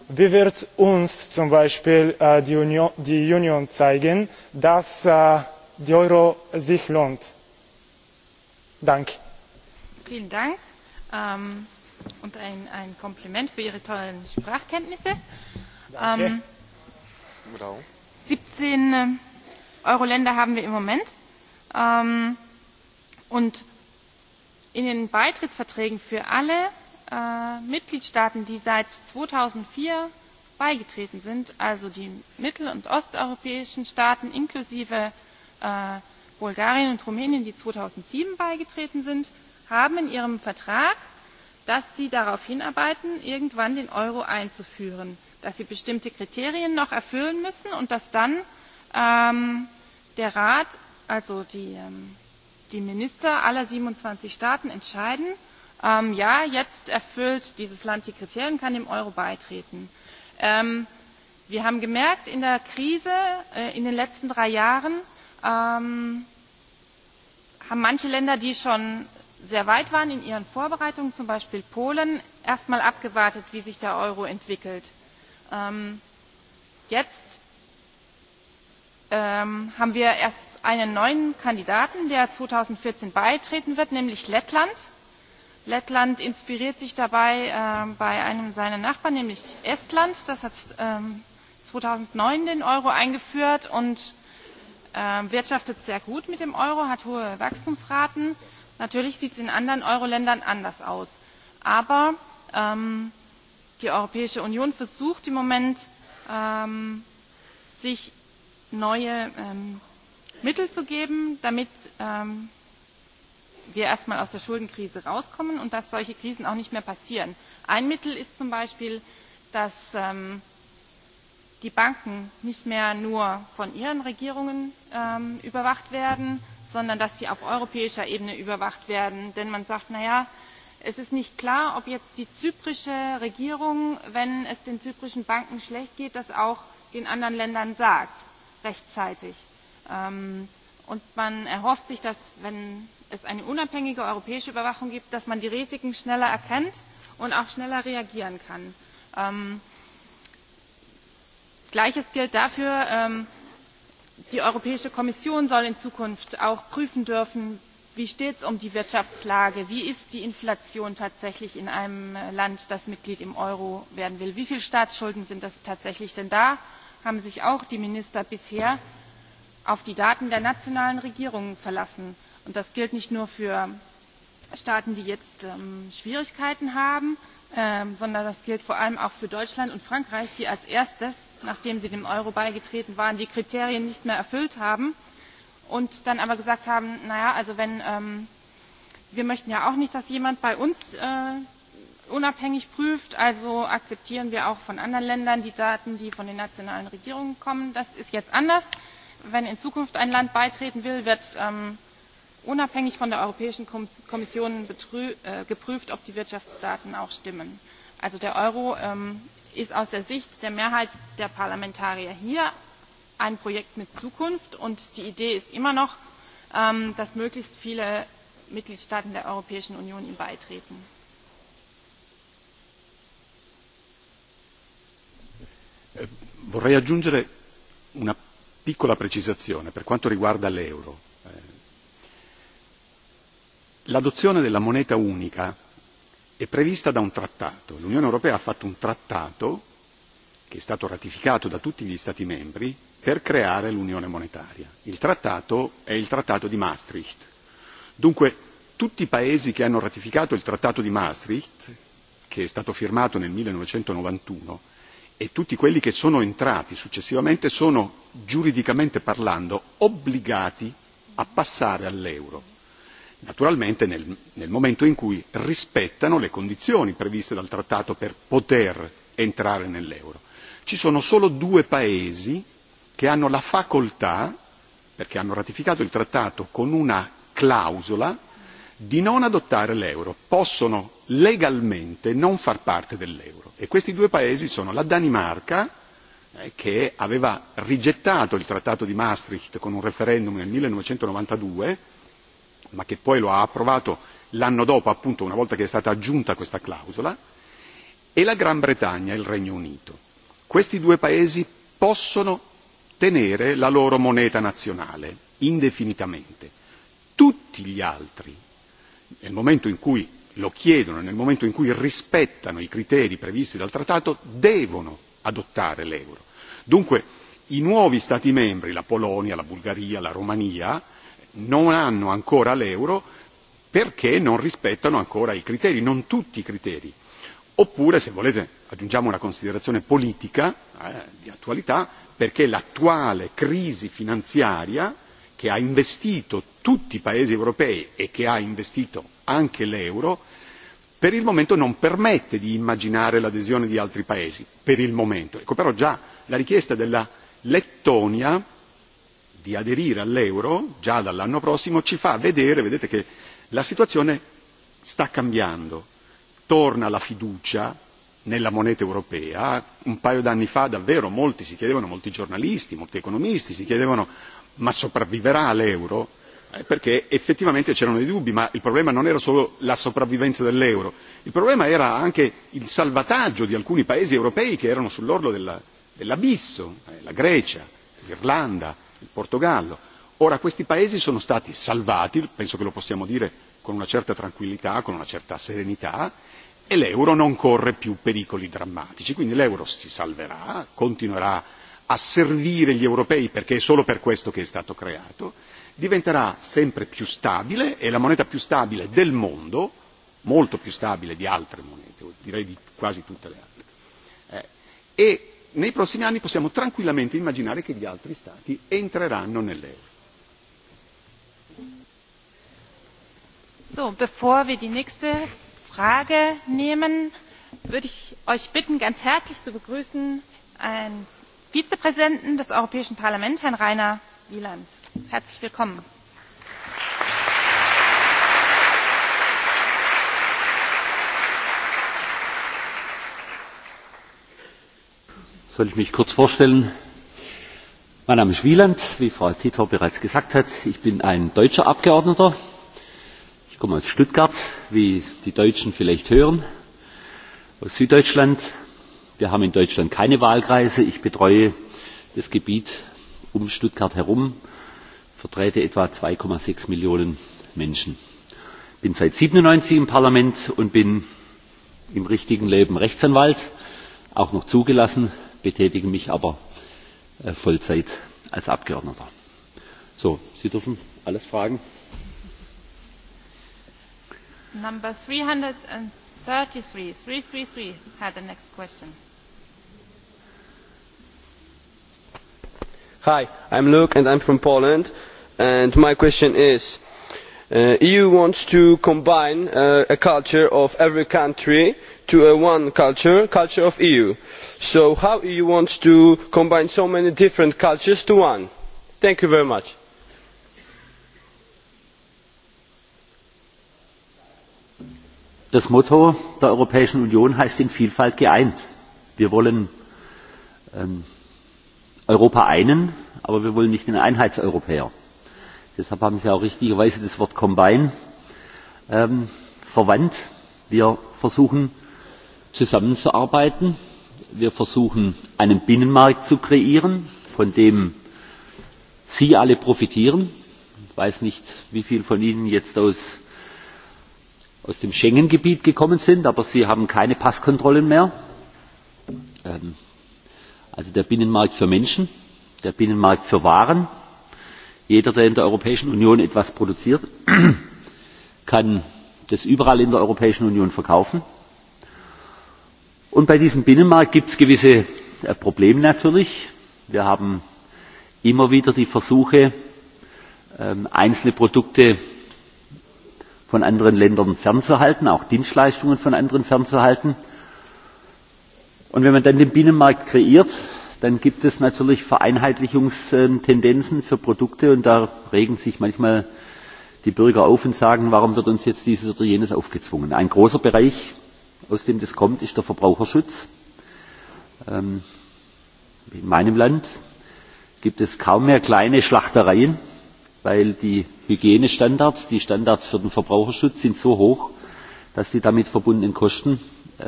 Speaker 12: Wie wird uns zum Beispiel die Union zeigen, dass die Euro sich lohnt? Danke.
Speaker 3: Vielen Dank und ein Kompliment für Ihre tollen Sprachkenntnisse. 17 Euro-Länder haben wir im Moment. Und in den Beitrittsverträgen für alle Mitgliedstaaten, die seit 2004 beigetreten sind, also die mittel- und osteuropäischen Staaten inklusive Bulgarien und Rumänien, die 2007 beigetreten sind, haben in ihrem vertrag dass sie darauf hinarbeiten irgendwann den euro einzuführen dass sie bestimmte kriterien noch erfüllen müssen und dass dann der rat also die minister aller 27 staaten entscheiden ja jetzt erfüllt dieses land die kriterien kann dem euro beitreten. wir haben gemerkt in der krise in den letzten drei jahren haben manche länder die schon sehr weit waren in ihren vorbereitungen zum beispiel polen erst mal abgewartet wie sich der euro entwickelt. jetzt haben wir erst einen neuen kandidaten der 2014 beitreten wird nämlich lettland. lettland inspiriert sich dabei bei einem seiner nachbarn nämlich estland das hat 2009 den euro eingeführt und wirtschaftet sehr gut mit dem euro hat hohe wachstumsraten natürlich sieht es in anderen euro ländern anders aus aber die europäische union versucht im moment sich neue mittel zu geben damit wir erst einmal aus der schuldenkrise herauskommen und dass solche krisen auch nicht mehr passieren. ein mittel ist zum beispiel dass die banken nicht mehr nur von ihren regierungen überwacht werden sondern dass sie auf europäischer Ebene überwacht werden. Denn man sagt, Na ja, es ist nicht klar, ob jetzt die zyprische Regierung, wenn es den zyprischen Banken schlecht geht, das auch den anderen Ländern sagt, rechtzeitig. Und man erhofft sich, dass, wenn es eine unabhängige europäische Überwachung gibt, dass man die Risiken schneller erkennt und auch schneller reagieren kann. Gleiches gilt dafür, die europäische kommission soll in zukunft auch prüfen dürfen wie steht es um die wirtschaftslage wie ist die inflation tatsächlich in einem land das mitglied im euro werden will wie viele staatsschulden sind das tatsächlich denn da haben sich auch die minister bisher auf die daten der nationalen regierungen verlassen und das gilt nicht nur für staaten die jetzt schwierigkeiten haben sondern das gilt vor allem auch für deutschland und frankreich die als erstes nachdem sie dem euro beigetreten waren die kriterien nicht mehr erfüllt haben und dann aber gesagt haben na ja also wenn wir möchten ja auch nicht dass jemand bei uns unabhängig prüft also akzeptieren wir auch von anderen ländern die daten die von den nationalen regierungen kommen. das ist jetzt anders. wenn in zukunft ein land beitreten will wird unabhängig von der europäischen kommission geprüft ob die wirtschaftsdaten auch stimmen. also der euro ist aus der Sicht der Mehrheit der Parlamentarier hier ein Projekt mit Zukunft. Und die Idee ist immer noch, dass möglichst viele Mitgliedstaaten der Europäischen Union ihm beitreten.
Speaker 5: Vorrei aggiungere una piccola precisazione per quanto riguarda l'euro. L'adozione della moneta unica è prevista da un trattato. L'Unione Europea ha fatto un trattato, che è stato ratificato da tutti gli Stati membri, per creare l'Unione Monetaria. Il trattato è il trattato di Maastricht. Dunque tutti i Paesi che hanno ratificato il trattato di Maastricht, che è stato firmato nel 1991, e tutti quelli che sono entrati successivamente sono giuridicamente parlando obbligati a passare all'euro naturalmente nel momento in cui rispettano le condizioni previste dal trattato per poter entrare nell'euro. Ci sono solo due paesi che hanno la facoltà, perché hanno ratificato il trattato con una clausola, di non adottare l'euro. Possono legalmente non far parte dell'euro e questi due paesi sono la Danimarca, che aveva rigettato il trattato di Maastricht con un referendum nel 1992 ma che poi lo ha approvato l'anno dopo appunto una volta che è stata aggiunta questa clausola e la gran bretagna e il regno unito. questi due paesi possono tenere la loro moneta nazionale indefinitamente. tutti gli altri nel momento in cui lo chiedono nel momento in cui rispettano i criteri previsti dal trattato devono adottare l'euro. dunque i nuovi stati membri la polonia la bulgaria la romania non hanno ancora l'euro perché non rispettano ancora i criteri non tutti i criteri oppure se volete aggiungiamo una considerazione politica di attualità perché l'attuale crisi finanziaria che ha investito tutti i paesi europei e che ha investito anche l'euro per il momento non permette di immaginare l'adesione di altri paesi per il momento. Ecco, però già la richiesta della lettonia di aderire all'euro già dall'anno prossimo ci fa vedere vedete che la situazione sta cambiando torna la fiducia nella moneta europea un paio d'anni fa davvero molti si chiedevano molti giornalisti molti economisti si chiedevano ma sopravviverà l'euro perché effettivamente c'erano dei dubbi ma il problema non era solo la sopravvivenza dell'euro il problema era anche il salvataggio di alcuni paesi europei che erano sull'orlo dell'abisso la grecia l'irlanda il Portogallo. Ora questi paesi sono stati salvati, penso che lo possiamo dire con una certa tranquillità, con una certa serenità, e l'euro non corre più pericoli drammatici. Quindi l'euro si salverà, continuerà a servire gli europei perché è solo per questo che è stato creato, diventerà sempre più stabile, è la moneta più stabile del mondo, molto più stabile di altre monete, direi di quasi tutte le altre. E nei prossimi anni possiamo tranquillamente immaginare che gli altri Stati entreranno nell'euro.
Speaker 3: So, bevor wir die nächste Frage nehmen, würde ich euch bitten, ganz herzlich zu begrüßen einen Vizepräsidenten des Europäischen Parlaments, Herrn Rainer Wieland. Herzlich willkommen.
Speaker 28: soll ich mich kurz vorstellen. Mein Name ist Wieland, wie Frau Titor bereits gesagt hat. Ich bin ein deutscher Abgeordneter. Ich komme aus Stuttgart, wie die Deutschen vielleicht hören, aus Süddeutschland. Wir haben in Deutschland keine Wahlkreise. Ich betreue das Gebiet um Stuttgart herum, vertrete etwa 2,6 Millionen Menschen. Ich bin seit 97 im Parlament und bin im richtigen Leben Rechtsanwalt, auch noch zugelassen betätige mich aber Vollzeit als Abgeordneter. So, Sie dürfen alles fragen.
Speaker 3: Number 333, 333 had the next question.
Speaker 19: Hi, I'm Luke and I'm from Poland. And my question is, the EU wants to combine a culture of every country to a one culture, culture of EU so how do you want to combine so many different cultures into one? thank you very much.
Speaker 28: das motto der europäischen union heißt in vielfalt geeint. wir wollen europa einen aber wir wollen nicht den einheitseuropäer. deshalb haben sie auch richtigerweise das wort combine verwandt. wir versuchen zusammenzuarbeiten wir versuchen einen binnenmarkt zu kreieren von dem sie alle profitieren. ich weiß nicht wie viele von ihnen jetzt aus dem schengen gebiet gekommen sind aber sie haben keine passkontrollen mehr. also der binnenmarkt für menschen der binnenmarkt für waren jeder der in der europäischen union etwas produziert kann das überall in der europäischen union verkaufen Und bei diesem Binnenmarkt gibt es gewisse Probleme natürlich. Wir haben immer wieder die Versuche, einzelne Produkte von anderen Ländern fernzuhalten, auch Dienstleistungen von anderen fernzuhalten. Und wenn man dann den Binnenmarkt kreiert, dann gibt es natürlich Vereinheitlichungstendenzen für Produkte und da regen sich manchmal die Bürger auf und sagen, warum wird uns jetzt dieses oder jenes aufgezwungen. Ein großer Bereich aus dem das kommt, ist der Verbraucherschutz. In meinem Land gibt es kaum mehr kleine Schlachtereien, weil die Hygienestandards, die Standards für den Verbraucherschutz sind so hoch, dass die damit verbundenen Kosten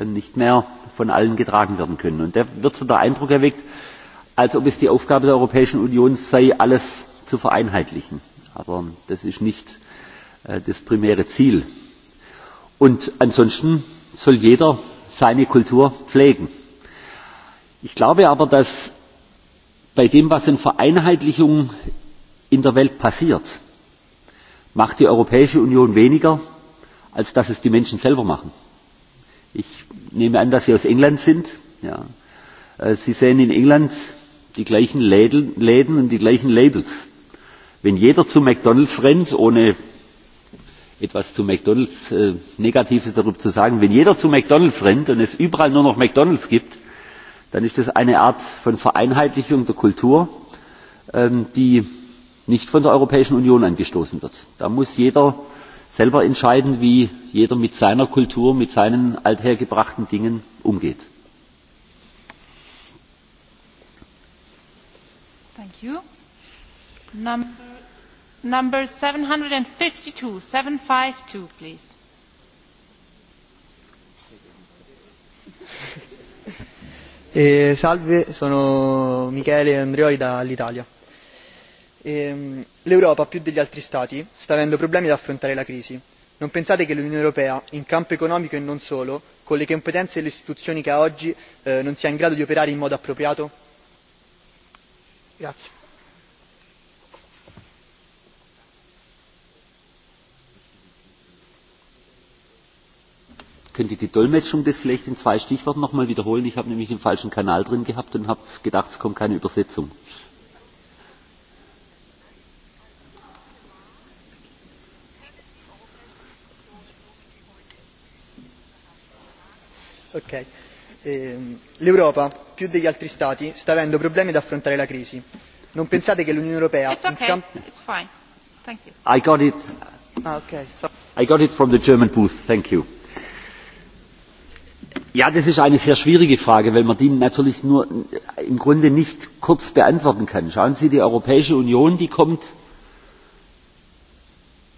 Speaker 28: nicht mehr von allen getragen werden können. Und da wird so der Eindruck erweckt, als ob es die Aufgabe der Europäischen Union sei, alles zu vereinheitlichen. Aber das ist nicht das primäre Ziel. Und ansonsten soll jeder seine Kultur pflegen. Ich glaube aber, dass bei dem, was in Vereinheitlichung in der Welt passiert, macht die Europäische Union weniger, als dass es die Menschen selber machen. Ich nehme an, dass Sie aus England sind. Sie sehen in England die gleichen Läden und die gleichen Labels. Wenn jeder zu McDonalds rennt, ohne etwas zu McDonalds Negatives darüber zu sagen. Wenn jeder zu McDonalds rennt und es überall nur noch McDonalds gibt, dann ist das eine Art von Vereinheitlichung der Kultur, die nicht von der Europäischen Union angestoßen wird. Da muss jeder selber entscheiden, wie jeder mit seiner Kultur, mit seinen althergebrachten Dingen umgeht
Speaker 20: salve sono Michele Andreoli dall'Italia l'Europa più degli altri stati sta avendo problemi ad affrontare la crisi non pensate che l'Unione Europea in campo economico e non solo con le competenze e le istituzioni che ha oggi non sia in grado di operare in modo appropriato?
Speaker 28: Könnte die Dolmetschung das vielleicht in zwei Stichworten nochmal wiederholen? Ich habe nämlich den falschen Kanal drin gehabt und habe gedacht, es kommt keine Übersetzung.
Speaker 20: L'Europa, più degli altri Stati, sta avendo problemi ad affrontare la crisi. Non pensate che l'Unione Europea...
Speaker 28: I got it from the German booth, thank you. Ja, das ist eine sehr schwierige Frage, weil man die natürlich nur im Grunde nicht kurz beantworten kann. Schauen Sie, die Europäische Union, die kommt,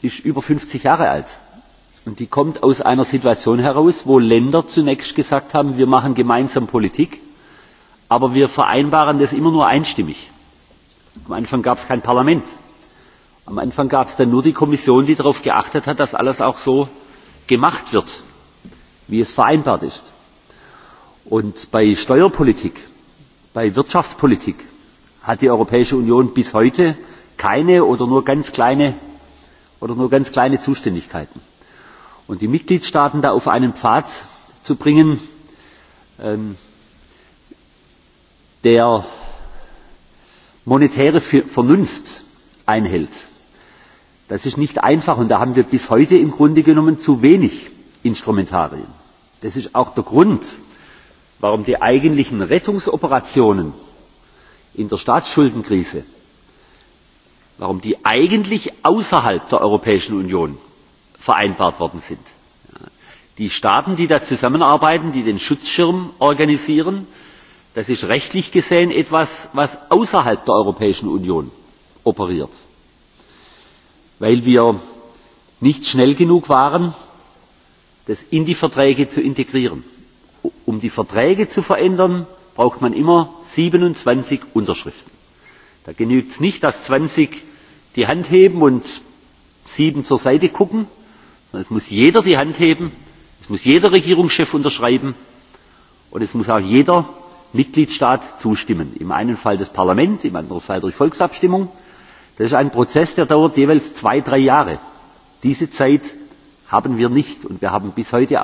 Speaker 28: die ist über 50 Jahre alt. Und die kommt aus einer Situation heraus, wo Länder zunächst gesagt haben, wir machen gemeinsam Politik, aber wir vereinbaren das immer nur einstimmig. Am Anfang gab es kein Parlament. Am Anfang gab es dann nur die Kommission, die darauf geachtet hat, dass alles auch so gemacht wird, wie es vereinbart ist. Und bei Steuerpolitik, bei Wirtschaftspolitik hat die Europäische Union bis heute keine oder nur ganz kleine oder nur ganz kleine Zuständigkeiten. Und die Mitgliedstaaten da auf einen Pfad zu bringen, der monetäre Vernunft einhält, das ist nicht einfach. Und da haben wir bis heute im Grunde genommen zu wenig Instrumentarien. Das ist auch der Grund, warum die eigentlichen Rettungsoperationen in der Staatsschuldenkrise, warum die eigentlich außerhalb der Europäischen Union vereinbart worden sind. Die Staaten, die da zusammenarbeiten, die den Schutzschirm organisieren, das ist rechtlich gesehen etwas, was außerhalb der Europäischen Union operiert. Weil wir nicht schnell genug waren, das in die Verträge zu integrieren um die Verträge zu verändern, braucht man immer 27 Unterschriften. Da genügt es nicht, dass 20 die Hand heben und sieben zur Seite gucken, sondern es muss jeder die Hand heben, es muss jeder Regierungschef unterschreiben und es muss auch jeder Mitgliedstaat zustimmen. Im einen Fall das Parlament, im anderen Fall durch Volksabstimmung. Das ist ein Prozess, der dauert jeweils zwei, drei Jahre. Diese Zeit haben wir nicht und wir haben bis heute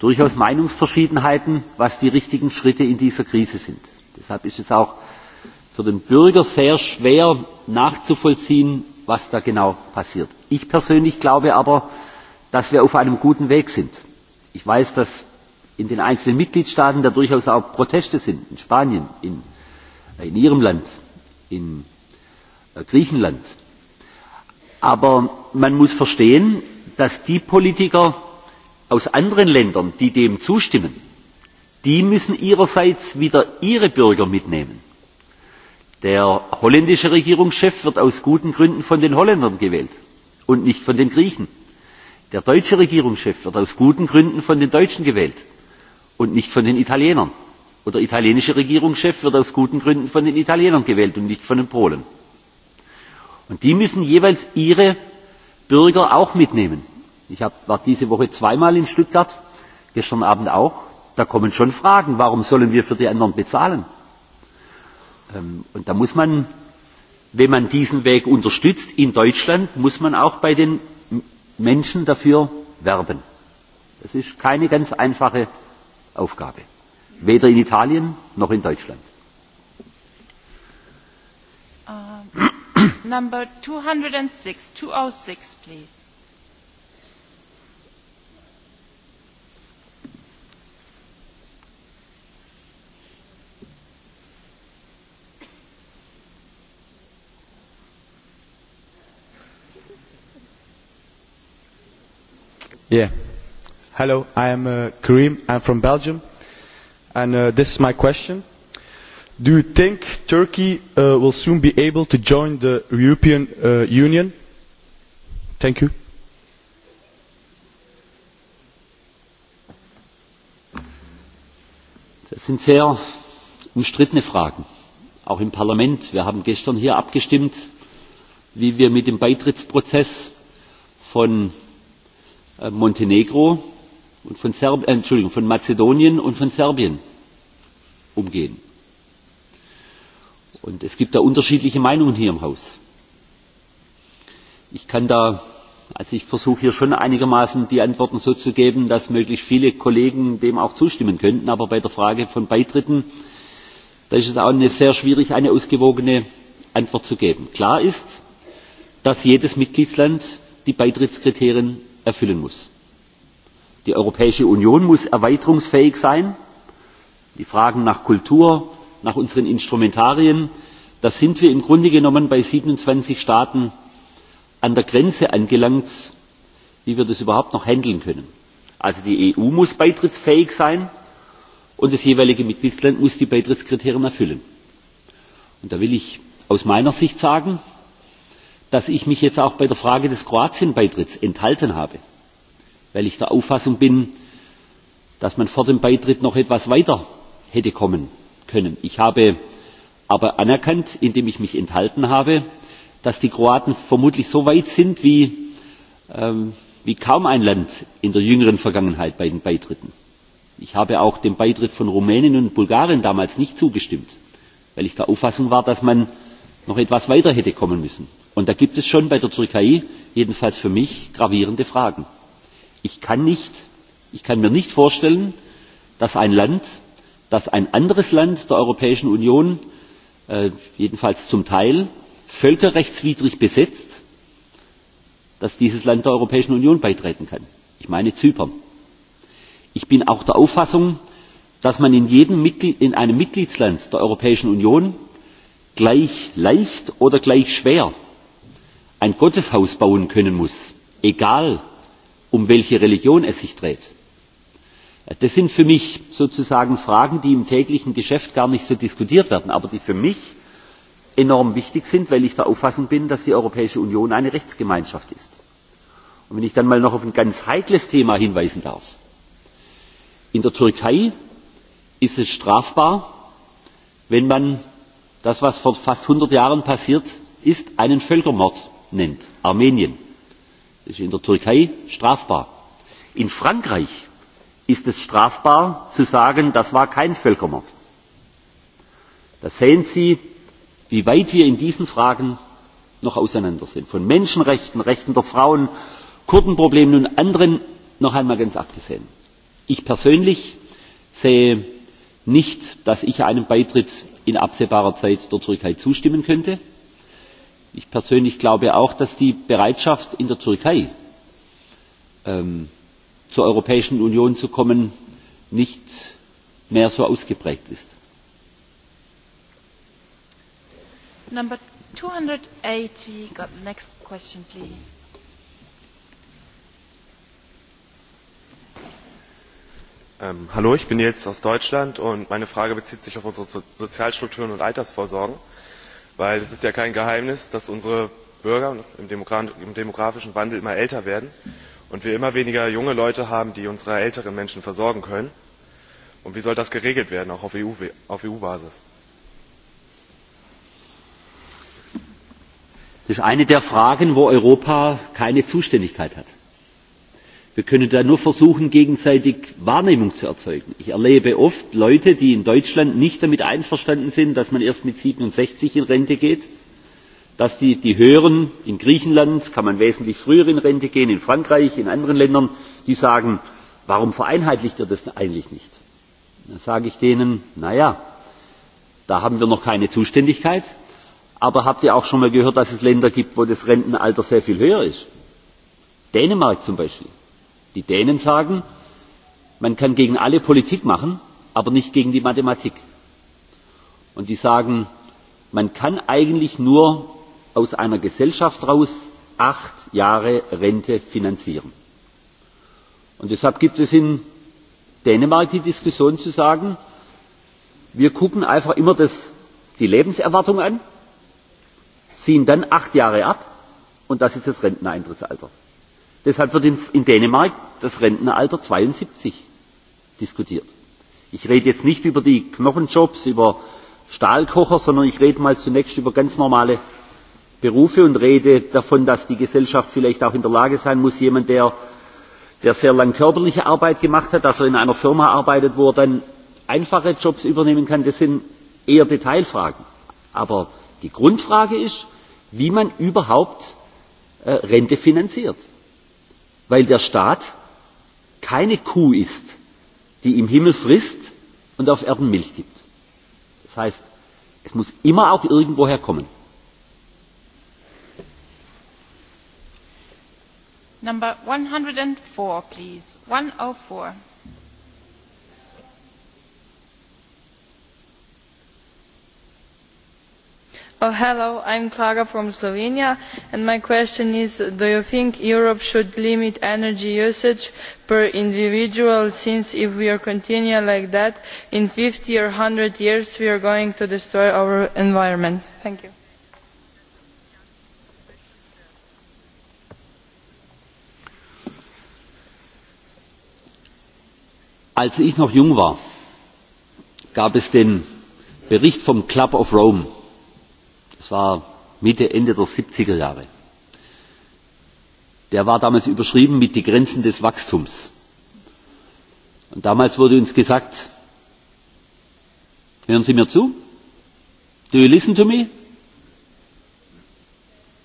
Speaker 28: durchaus Meinungsverschiedenheiten, was die richtigen Schritte in dieser Krise sind. Deshalb ist es auch für den Bürger sehr schwer nachzuvollziehen, was da genau passiert. Ich persönlich glaube aber, dass wir auf einem guten Weg sind. Ich weiß, dass in den einzelnen Mitgliedstaaten da durchaus auch Proteste sind, in Spanien, in Ihrem Land, in Griechenland. Aber man muss verstehen, dass die Politiker aus anderen Ländern, die dem zustimmen, die müssen ihrerseits wieder ihre Bürger mitnehmen. Der holländische Regierungschef wird aus guten Gründen von den Holländern gewählt und nicht von den Griechen. Der deutsche Regierungschef wird aus guten Gründen von den Deutschen gewählt und nicht von den Italienern. Und der italienische Regierungschef wird aus guten Gründen von den Italienern gewählt und nicht von den Polen. Und die müssen jeweils ihre Bürger auch mitnehmen. Ich war diese Woche zweimal in Stuttgart, gestern Abend auch. Da kommen schon Fragen, warum sollen wir für die anderen bezahlen? Und da muss man, wenn man diesen Weg unterstützt in Deutschland, muss man auch bei den Menschen dafür werben. Das ist keine ganz einfache Aufgabe, weder in Italien noch in Deutschland.
Speaker 3: Number 206,
Speaker 11: Yeah. Hello, I am Karim. I'm from Belgium. And this is my question. Do you think Turkey will soon be able to join the European Union?
Speaker 28: Thank you. Das sind sehr umstrittene Fragen. Auch im Parlament. Wir haben gestern hier abgestimmt, wie wir mit dem Beitrittsprozess von Montenegro und von Entschuldigung, von Mazedonien und von Serbien umgehen. Und es gibt da unterschiedliche Meinungen hier im Haus. Ich kann da, also ich versuche hier schon einigermaßen die Antworten so zu geben, dass möglichst viele Kollegen dem auch zustimmen könnten. Aber bei der Frage von Beitritten, da ist es auch sehr schwierig, eine ausgewogene Antwort zu geben. Klar ist, dass jedes Mitgliedsland die Beitrittskriterien erfüllen muss. Die Europäische Union muss erweiterungsfähig sein. Die Fragen nach Kultur, nach unseren Instrumentarien, da sind wir im Grunde genommen bei 27 Staaten an der Grenze angelangt, wie wir das überhaupt noch handeln können. Also die EU muss beitrittsfähig sein und das jeweilige Mitgliedsland muss die Beitrittskriterien erfüllen. Und da will ich aus meiner Sicht sagen, dass ich mich jetzt auch bei der Frage des Kroatienbeitritts enthalten habe, weil ich der Auffassung bin, dass man vor dem Beitritt noch etwas weiter hätte kommen können. Ich habe aber anerkannt, indem ich mich enthalten habe, dass die Kroaten vermutlich so weit sind wie kaum ein Land in der jüngeren Vergangenheit bei den Beitritten. Ich habe auch dem Beitritt von Rumänien und Bulgarien damals nicht zugestimmt, weil ich der Auffassung war, dass man noch etwas weiter hätte kommen müssen und da gibt es schon bei der türkei jedenfalls für mich gravierende fragen. ich kann mir nicht vorstellen dass ein land das ein anderes land der europäischen union jedenfalls zum teil völkerrechtswidrig besetzt dass dieses land der europäischen union beitreten kann. ich meine zypern. ich bin auch der auffassung dass man in einem mitgliedsland der europäischen union gleich leicht oder gleich schwer ein Gotteshaus bauen können muss, egal um welche Religion es sich dreht. Das sind für mich sozusagen Fragen, die im täglichen Geschäft gar nicht so diskutiert werden, aber die für mich enorm wichtig sind, weil ich der Auffassung bin, dass die Europäische Union eine Rechtsgemeinschaft ist. Und wenn ich dann mal noch auf ein ganz heikles Thema hinweisen darf. In der Türkei ist es strafbar, wenn man das, was vor fast 100 Jahren passiert ist, einen Völkermord nennt Armenien ist in der Türkei strafbar. In Frankreich ist es strafbar zu sagen, das war kein Völkermord. Da sehen Sie, wie weit wir in diesen Fragen noch auseinander sind. Von Menschenrechten, Rechten der Frauen, Kurdenproblemen und anderen noch einmal ganz abgesehen. Ich persönlich sehe nicht, dass ich einem Beitritt in absehbarer Zeit der Türkei zustimmen könnte. Ich persönlich glaube auch, dass die Bereitschaft in der Türkei zur Europäischen Union zu kommen nicht mehr so ausgeprägt ist.
Speaker 24: Hallo, ich bin Nils aus Deutschland und meine Frage bezieht sich auf unsere Sozialstrukturen und Altersvorsorge denn es ist ja kein geheimnis dass unsere bürger im demografischen wandel immer älter werden und wir immer weniger junge leute haben die unsere älteren menschen versorgen
Speaker 28: können. wie soll das geregelt werden auch auf eu basis? das ist eine der fragen wo europa keine zuständigkeit hat. Wir können da nur versuchen, gegenseitig Wahrnehmung zu erzeugen. Ich erlebe oft Leute, die in Deutschland nicht damit einverstanden sind, dass man erst mit 67 in Rente geht, dass die, die höheren in Griechenland, kann man wesentlich früher in Rente gehen, in Frankreich, in anderen Ländern, die sagen, warum vereinheitlicht ihr das eigentlich nicht? Dann sage ich denen, ja, da haben wir noch keine Zuständigkeit, aber habt ihr auch schon mal gehört, dass es Länder gibt, wo das Rentenalter sehr viel höher ist? Dänemark zum Beispiel Die Dänen sagen, man kann gegen alle Politik machen, aber nicht gegen die Mathematik. Und die sagen, man kann eigentlich nur aus einer Gesellschaft heraus acht Jahre Rente finanzieren. Und deshalb gibt es in Dänemark die Diskussion zu sagen, wir gucken einfach immer die Lebenserwartung an, ziehen dann acht Jahre ab und das ist das Renteneintrittsalter. Deshalb wird in Dänemark das Rentenalter 72 diskutiert. Ich rede jetzt nicht über die Knochenjobs, über Stahlkocher, sondern ich rede mal zunächst über ganz normale Berufe und rede davon, dass die Gesellschaft vielleicht auch in der Lage sein muss, jemand, der sehr lange körperliche Arbeit gemacht hat, dass er in einer Firma arbeitet, wo er dann einfache Jobs übernehmen kann, das sind eher Detailfragen. Aber die Grundfrage ist, wie man überhaupt Rente finanziert weil der Staat keine Kuh ist, die im Himmel frisst und auf Erden Milch gibt. Das heißt, es muss immer auch irgendwo herkommen.
Speaker 3: Number 104, please. 104. Hello, I'm Klara from Slovenia, and my question is: Do you think Europe should limit energy usage per individual, since if we continue like that, in 50 or 100 years we are going to destroy our environment? Thank you.
Speaker 28: Als ich noch jung war, gab es den Bericht vom Club of Rome Das war Mitte, Ende der 70er Jahre. Der war damals überschrieben mit die Grenzen des Wachstums. Und damals wurde uns gesagt, hören Sie mir zu? Do you listen to me?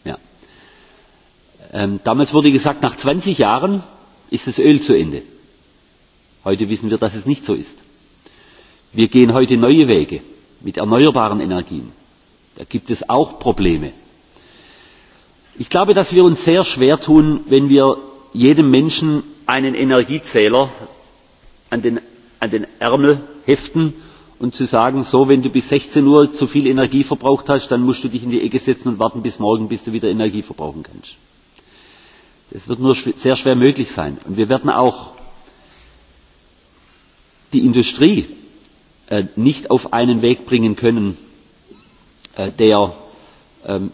Speaker 28: Ja. Damals wurde gesagt, nach 20 Jahren ist das Öl zu Ende. Heute wissen wir, dass es nicht so ist. Wir gehen heute neue Wege mit erneuerbaren Energien Da gibt es auch Probleme. Ich glaube, dass wir uns sehr schwer tun, wenn wir jedem Menschen einen Energiezähler an den, Ärmel heften und zu sagen, so, wenn du bis 16 Uhr zu viel Energie verbraucht hast, dann musst du dich in die Ecke setzen und warten bis morgen, bis du wieder Energie verbrauchen kannst. Das wird nur sehr schwer möglich sein. Und wir werden auch die Industrie nicht auf einen Weg bringen können, der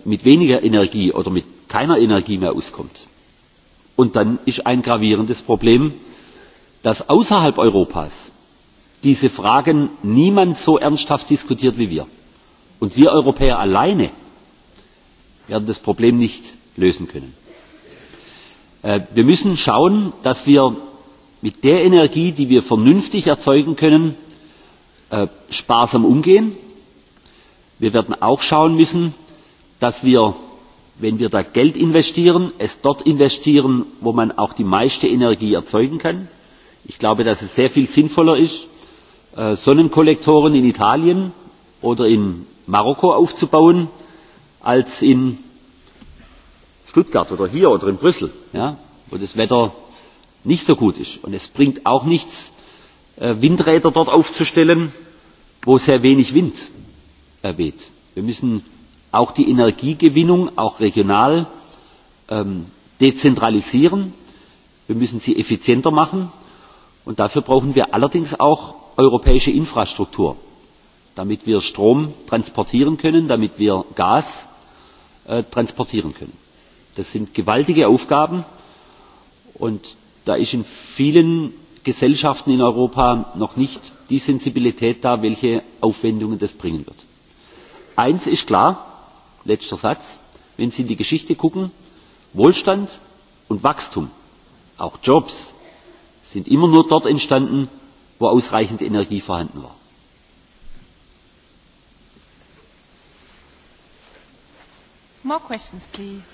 Speaker 28: mit weniger Energie oder mit keiner Energie mehr auskommt. Und dann ist ein gravierendes Problem, dass außerhalb Europas diese Fragen niemand so ernsthaft diskutiert wie wir. Und wir Europäer alleine werden das Problem nicht lösen können. Wir müssen schauen, dass wir mit der Energie, die wir vernünftig erzeugen können, sparsam umgehen wir werden auch schauen müssen dass wir wenn wir da geld investieren es dort investieren wo man auch die meiste energie erzeugen kann. ich glaube dass es sehr viel sinnvoller ist sonnenkollektoren in italien oder in marokko aufzubauen als in stuttgart oder hier oder in brüssel wo das wetter nicht so gut ist. und es bringt auch nichts windräder dort aufzustellen wo sehr wenig wind erwähnt. Wir müssen auch die Energiegewinnung, auch regional, dezentralisieren. Wir müssen sie effizienter machen. Und dafür brauchen wir allerdings auch europäische Infrastruktur, damit wir Strom transportieren können, damit wir Gas transportieren können. Das sind gewaltige Aufgaben. Und da ist in vielen Gesellschaften in Europa noch nicht die Sensibilität da, welche Aufwendungen das bringen wird. Eins ist klar, letzter Satz, wenn Sie in die Geschichte gucken, Wohlstand und Wachstum, auch Jobs, sind immer nur dort entstanden, wo ausreichend Energie vorhanden war.
Speaker 3: More questions, please.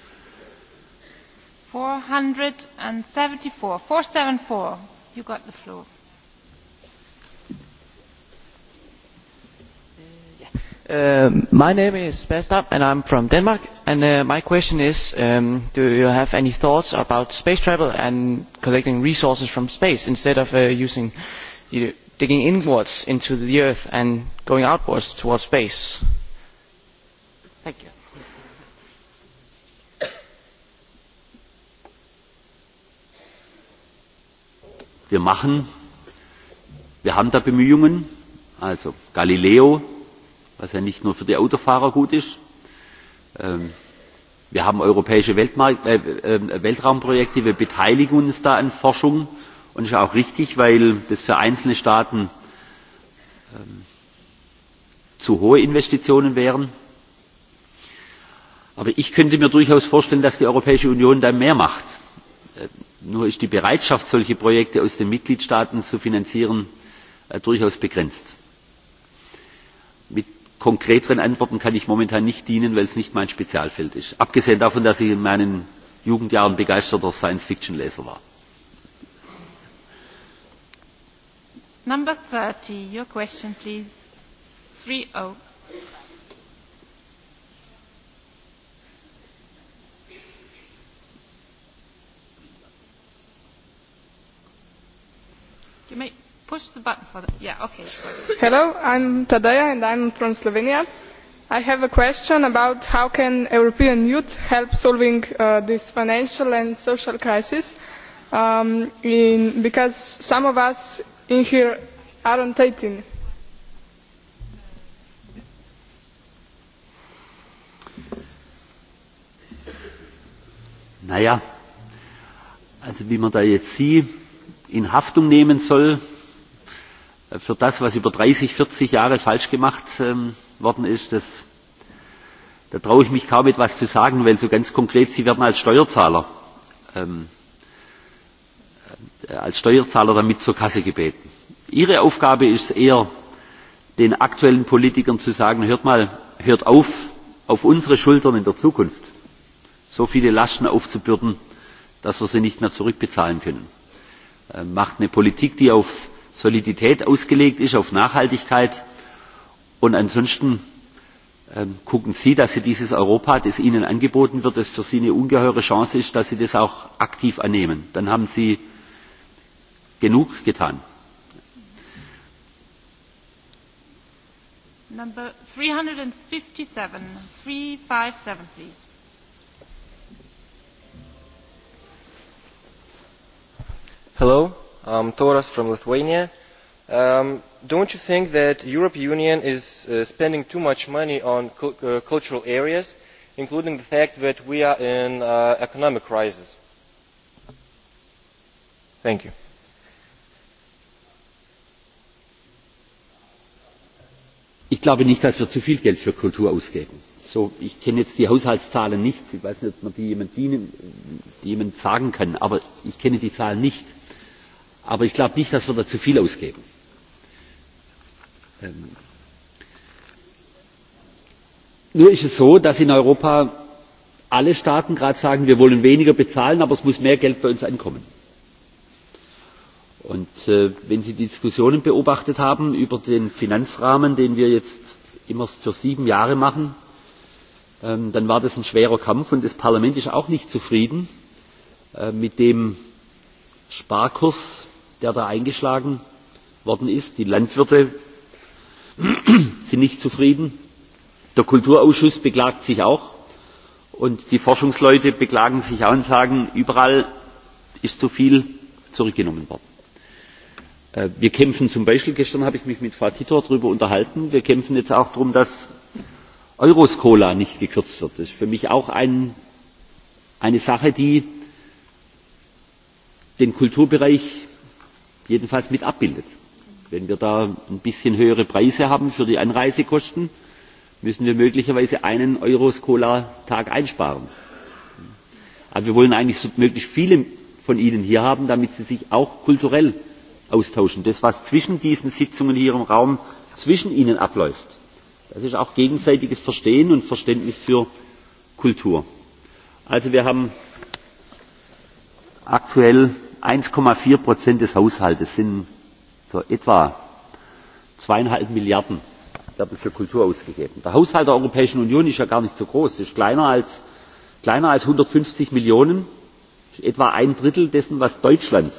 Speaker 3: 474, 474, you got the floor.
Speaker 1: My
Speaker 21: name is Bastab and I'm from Denmark and my question is do you have any thoughts about space travel and collecting resources from space instead of using digging inwards into the earth and going outwards towards space?
Speaker 6: Thank you.
Speaker 28: Wir machen, wir haben da Bemühungen, also Galileo was ja nicht nur für die Autofahrer gut ist. Wir haben europäische Weltraumprojekte, wir beteiligen uns da an Forschung und das ist auch richtig, weil das für einzelne Staaten zu hohe Investitionen wären. Aber ich könnte mir durchaus vorstellen, dass die Europäische Union da mehr macht. Nur ist die Bereitschaft, solche Projekte aus den Mitgliedstaaten zu finanzieren, durchaus begrenzt. Mit konkreteren Antworten kann ich momentan nicht dienen, weil es nicht mein Spezialfeld ist. Abgesehen davon, dass ich in meinen Jugendjahren begeisterter Science-Fiction-Leser war.
Speaker 3: Push the button for Yeah, okay.
Speaker 27: Hello, I'm Tadeja and I'm from Slovenia. I have a question about how can European youth help solving this financial and social crisis, because some of us in here aren't 18.
Speaker 28: Naja, also wie man da jetzt Sie in Haftung nehmen soll für das, was über 30, 40 Jahre falsch gemacht worden ist, da traue ich mich kaum etwas zu sagen, weil so ganz konkret, Sie werden als Steuerzahler, als Steuerzahler damit zur Kasse gebeten. Ihre Aufgabe ist eher, den aktuellen Politikern zu sagen, hört mal, hört auf, auf unsere Schultern in der Zukunft so viele Lasten aufzubürden, dass wir sie nicht mehr zurückbezahlen können. Macht eine Politik, die auf Solidität ausgelegt ist, auf Nachhaltigkeit. Und ansonsten gucken Sie, dass Sie dieses Europa, das Ihnen angeboten wird, das für Sie eine ungeheure Chance ist, dass Sie das auch aktiv annehmen. Dann haben Sie genug getan.
Speaker 3: Number
Speaker 20: um, Toras from Lithuania. Don't you think that the European Union is spending too much money on cultural areas, including the fact that we are in an economic crisis?
Speaker 28: Thank you. Ich glaube nicht, dass wir zu viel Geld für Kultur ausgeben. So, Ich kenne jetzt die Haushaltszahlen nicht. Ich weiß nicht, ob man die jemand sagen kann. Aber ich kenne die Zahlen nicht aber ich glaube nicht dass wir da zu viel ausgeben. nur ist es so dass in europa alle staaten gerade sagen wir wollen weniger bezahlen aber es muss mehr geld bei uns ankommen. und wenn sie die diskussionen beobachtet haben über den finanzrahmen den wir jetzt immer für sieben jahre machen dann war das ein schwerer kampf und das parlament ist auch nicht zufrieden mit dem sparkurs der da eingeschlagen worden ist. Die Landwirte sind nicht zufrieden. Der Kulturausschuss beklagt sich auch. Und die Forschungsleute beklagen sich auch und sagen, überall ist zu viel zurückgenommen worden. Wir kämpfen zum Beispiel, gestern habe ich mich mit Frau Titor darüber unterhalten, wir kämpfen jetzt auch darum, dass Euroscola nicht gekürzt wird. Das ist für mich auch eine Sache, die den Kulturbereich jedenfalls mit abbildet. Wenn wir da ein bisschen höhere Preise haben für die Anreisekosten, müssen wir möglicherweise einen Euroscola-Tag einsparen. Aber wir wollen eigentlich so möglichst viele von Ihnen hier haben, damit Sie sich auch kulturell austauschen. Das, was zwischen diesen Sitzungen hier im Raum zwischen Ihnen abläuft, das ist auch gegenseitiges Verstehen und Verständnis für Kultur. Also wir haben aktuell 1,4 des haushaltes sind so etwa zweieinhalb milliarden werden für kultur ausgegeben. der haushalt der europäischen union ist ja gar nicht so groß ist kleiner als 150 millionen etwa ein drittel dessen was deutschland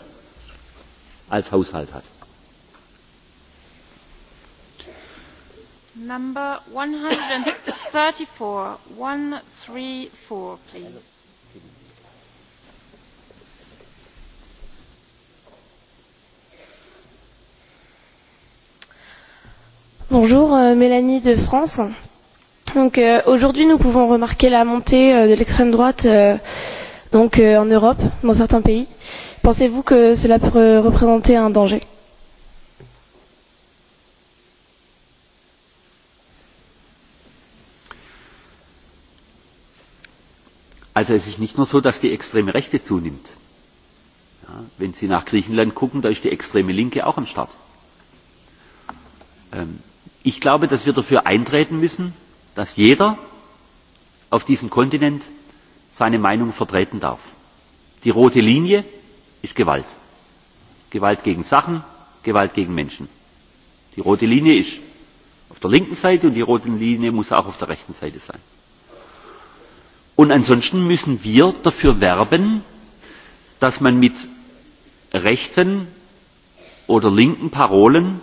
Speaker 28: als haushalt hat.
Speaker 3: number 134 134 please
Speaker 17: Bonjour, Mélanie de France. Donc aujourd'hui, nous pouvons remarquer la montée de l'extrême droite donc en Europe, dans certains pays. Pensez-vous que cela peut représenter un danger
Speaker 28: Also es ist nicht nur so, dass die extreme Rechte zunimmt. Wenn Sie nach Griechenland gucken, da ist die extreme Linke auch am Start. Ich glaube, dass wir dafür eintreten müssen, dass jeder auf diesem Kontinent seine Meinung vertreten darf. Die rote Linie ist Gewalt. Gewalt gegen Sachen, Gewalt gegen Menschen. Die rote Linie ist auf der linken Seite und die rote Linie muss auch auf der rechten Seite sein. Und ansonsten müssen wir dafür werben, dass man mit rechten oder linken Parolen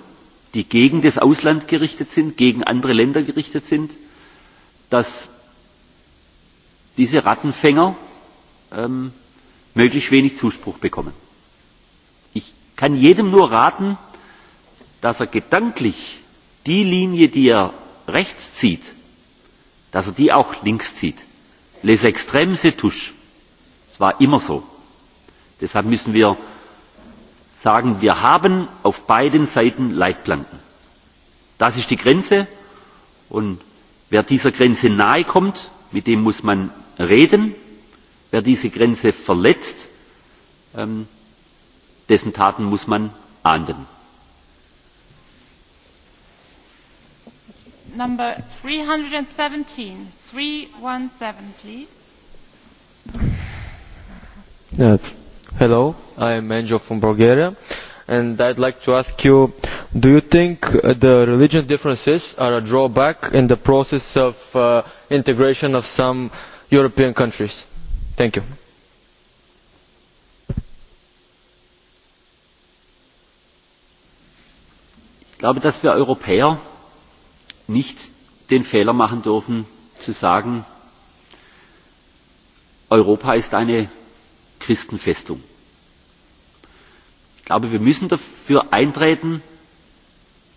Speaker 28: die gegen das Ausland gerichtet sind, gegen andere Länder gerichtet sind, dass diese Rattenfänger möglichst wenig Zuspruch bekommen. Ich kann jedem nur raten, dass er gedanklich die Linie, die er rechts zieht, dass er die auch links zieht. Les extrêmes se touchent. Es war immer so. Deshalb müssen wir sagen wir haben auf beiden seiten leitplanken. das ist die grenze und wer dieser grenze nahe kommt mit dem muss man reden wer diese grenze verletzt dessen taten muss man ahnden.
Speaker 3: number 317 317
Speaker 29: please
Speaker 22: Hello, I am Angel from Bulgaria, and I'd like to ask you, do you think the religion differences are a drawback in the process of integration of some European countries? Thank you.
Speaker 28: Ich glaube, dass wir Europäer nicht den Fehler machen dürfen, zu sagen, Europa ist eine Christenfestung. Ich glaube, wir müssen dafür eintreten,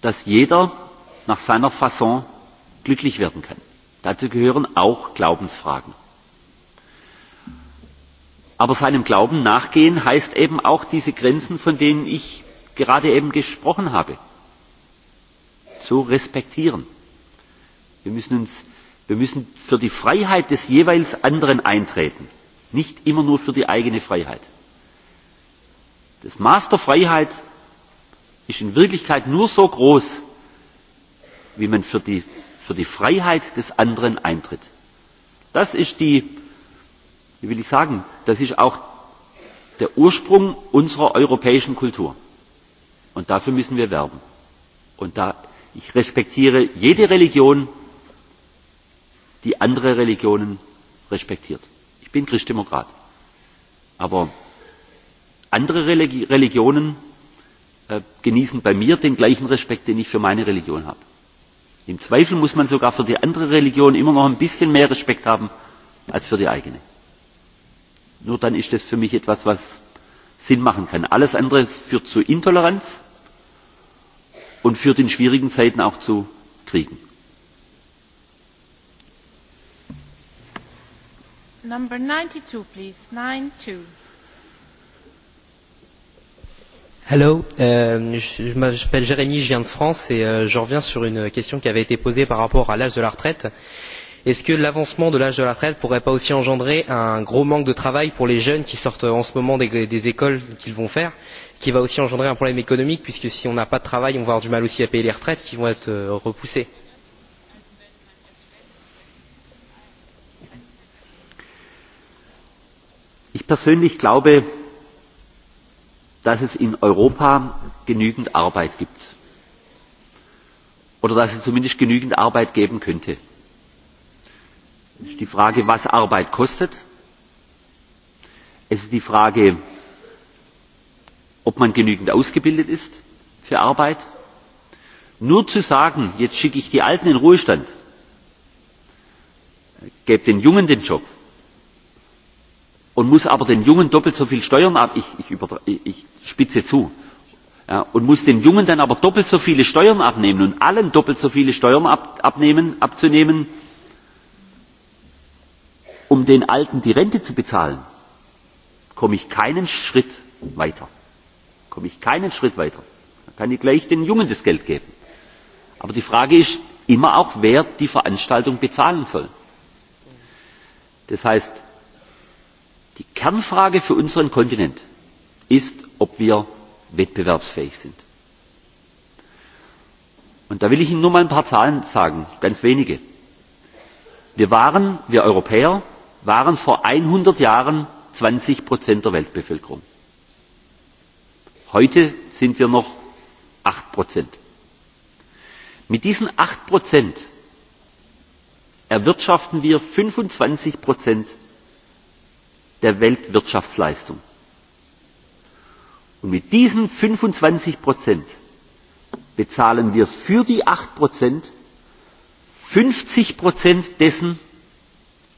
Speaker 28: dass jeder nach seiner Fasson glücklich werden kann. Dazu gehören auch Glaubensfragen. Aber seinem Glauben nachgehen heißt eben auch diese Grenzen, von denen ich gerade eben gesprochen habe, zu respektieren. Wir müssen für die Freiheit des jeweils anderen eintreten nicht immer nur für die eigene Freiheit. Das Maß der Freiheit ist in Wirklichkeit nur so groß, wie man für die, für die Freiheit des anderen eintritt. Das ist die, wie will ich sagen, das ist auch der Ursprung unserer europäischen Kultur. Und dafür müssen wir werben. Und da, ich respektiere jede Religion, die andere Religionen respektiert. Ich bin Christdemokrat. Aber andere Religionen genießen bei mir den gleichen Respekt, den ich für meine Religion habe. Im Zweifel muss man sogar für die andere Religion immer noch ein bisschen mehr Respekt haben als für die eigene. Nur dann ist das für mich etwas, was Sinn machen kann. Alles andere führt zu Intoleranz und führt in schwierigen Zeiten auch zu Kriegen.
Speaker 3: Number 92, please.
Speaker 16: je m'appelle Jérémy, je viens de France et je reviens sur une question qui avait été posée par rapport à l'âge de la retraite. Est-ce que l'avancement de l'âge de la retraite ne pourrait pas aussi engendrer un gros manque de travail pour les jeunes qui sortent en ce moment des écoles qu'ils vont faire, qui va aussi engendrer un problème économique puisque si on n'a pas de travail, on va avoir du mal aussi à payer les retraites qui vont être repoussées
Speaker 28: Ich persönlich glaube, dass es in Europa genügend Arbeit gibt. Oder dass es zumindest genügend Arbeit geben könnte. Es ist die Frage, was Arbeit kostet. Es ist die Frage, ob man genügend ausgebildet ist für Arbeit. Nur zu sagen, jetzt schicke ich die Alten in Ruhestand, gebe den Jungen den Job, und muss aber den Jungen doppelt so viel Steuern ab, ich spitze zu, und muss den Jungen dann aber doppelt so viele Steuern abnehmen und allen doppelt so viele Steuern abzunehmen, um den Alten die Rente zu bezahlen, komme ich keinen Schritt weiter. Komme ich keinen Schritt weiter. Da kann ich gleich den Jungen das Geld geben. Aber die Frage ist immer auch, wer die Veranstaltung bezahlen soll. Das heißt, Die Kernfrage für unseren Kontinent ist, ob wir wettbewerbsfähig sind. Und da will ich Ihnen nur mal ein paar Zahlen sagen, ganz wenige. Wir waren, wir Europäer, waren vor 100 Jahren 20 Prozent der Weltbevölkerung. Heute sind wir noch 8 Prozent. Mit diesen 8 Prozent erwirtschaften wir 25 Prozent der Weltwirtschaftsleistung. Und mit diesen 25 bezahlen wir für die 8 50 dessen,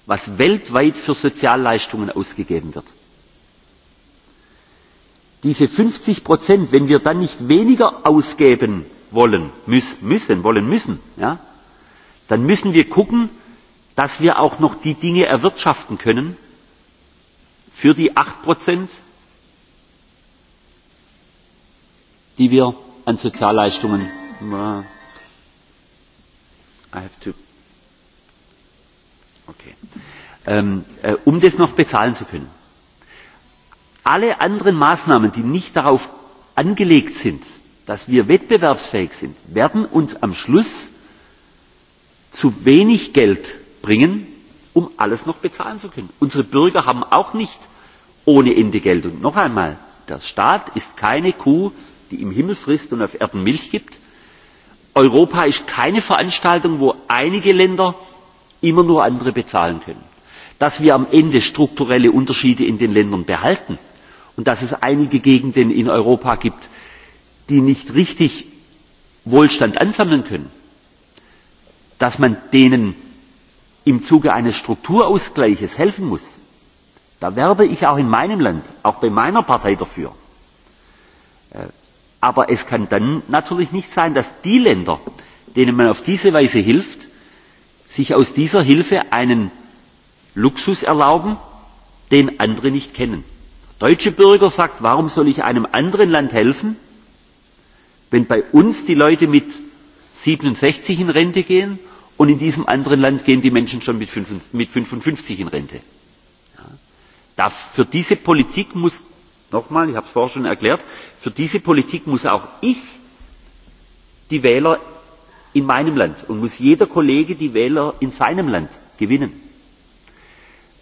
Speaker 28: was weltweit für Sozialleistungen ausgegeben wird. Diese 50 wenn wir dann nicht weniger ausgeben wollen, müssen, wollen müssen, dann müssen wir gucken, dass wir auch noch die Dinge erwirtschaften können, für die 8%, die wir an Sozialleistungen. I have to. Okay. um das noch bezahlen zu können. Alle anderen Maßnahmen, die nicht darauf angelegt sind, dass wir wettbewerbsfähig sind, werden uns am Schluss zu wenig Geld bringen, um alles noch bezahlen zu können. Unsere Bürger haben auch nicht ohne Ende Geld. Und Noch einmal, der Staat ist keine Kuh, die im Himmel frisst und auf Erden Milch gibt. Europa ist keine Veranstaltung, wo einige Länder immer nur andere bezahlen können. Dass wir am Ende strukturelle Unterschiede in den Ländern behalten und dass es einige Gegenden in Europa gibt, die nicht richtig Wohlstand ansammeln können, dass man denen im Zuge eines Strukturausgleiches helfen muss, Da werbe ich auch in meinem Land, auch bei meiner Partei dafür. Aber es kann dann natürlich nicht sein, dass die Länder, denen man auf diese Weise hilft, sich aus dieser Hilfe einen Luxus erlauben, den andere nicht kennen. Der deutsche Bürger sagt, warum soll ich einem anderen Land helfen, wenn bei uns die Leute mit 67 in Rente gehen und in diesem anderen Land gehen die Menschen schon mit 55 in Rente. Für diese Politik muss, nochmal, ich habe es vorher schon erklärt, für diese Politik muss auch ich die Wähler in meinem Land und muss jeder Kollege die Wähler in seinem Land gewinnen.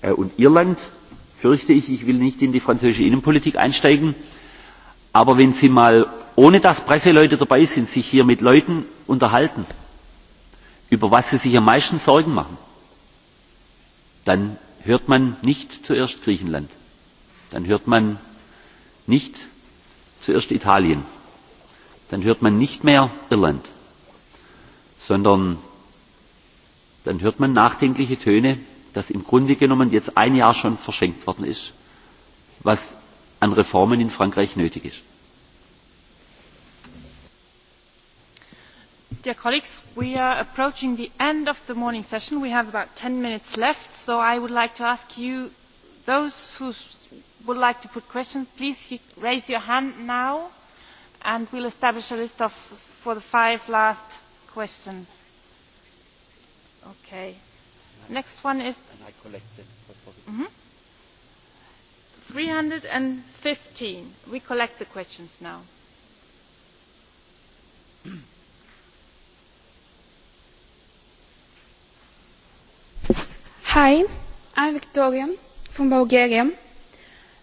Speaker 28: Und Irland, fürchte ich, ich will nicht in die französische Innenpolitik einsteigen, aber wenn Sie mal, ohne dass Presseleute dabei sind, sich hier mit Leuten unterhalten, über was sie sich am meisten Sorgen machen, dann hört man nicht zuerst Griechenland, dann hört man nicht zuerst Italien, dann hört man nicht mehr Irland, sondern dann hört man nachdenkliche Töne, dass im Grunde genommen jetzt ein Jahr schon verschenkt worden ist, was an Reformen in Frankreich nötig ist.
Speaker 3: Dear colleagues, we are approaching the end of the morning session. We have about 10 minutes left, so I would like to ask you, those who would like to put questions, please raise your hand now, and we'll establish a list of for the five last questions. Okay. Next one is. And I collected. 315. We collect the questions now.
Speaker 25: Hi, I'm Victoria from Bulgaria.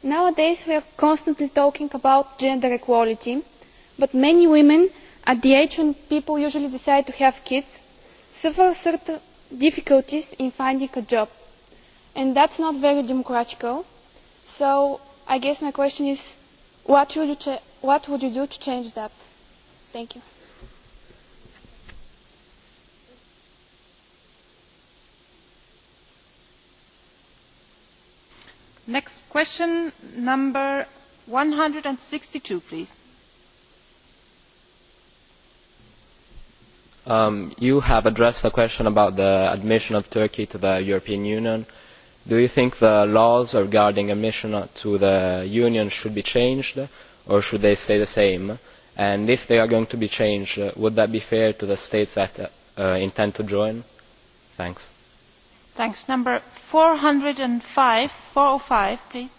Speaker 25: Nowadays we are constantly talking about gender equality, but many women at the age when people usually decide to have kids suffer certain difficulties in finding a job. And that's not very democratic. So I guess my question is, what would you, what would you do to change that? Thank you.
Speaker 3: Next question, number 162, please.
Speaker 22: You have addressed a question about the admission of Turkey to the European Union. Do you think the laws regarding admission to the Union should be changed, or should they stay the same? And if they are going to be changed, would that be fair to the states that intend to join? Thanks.
Speaker 3: Thanks. Number 405, 405, please.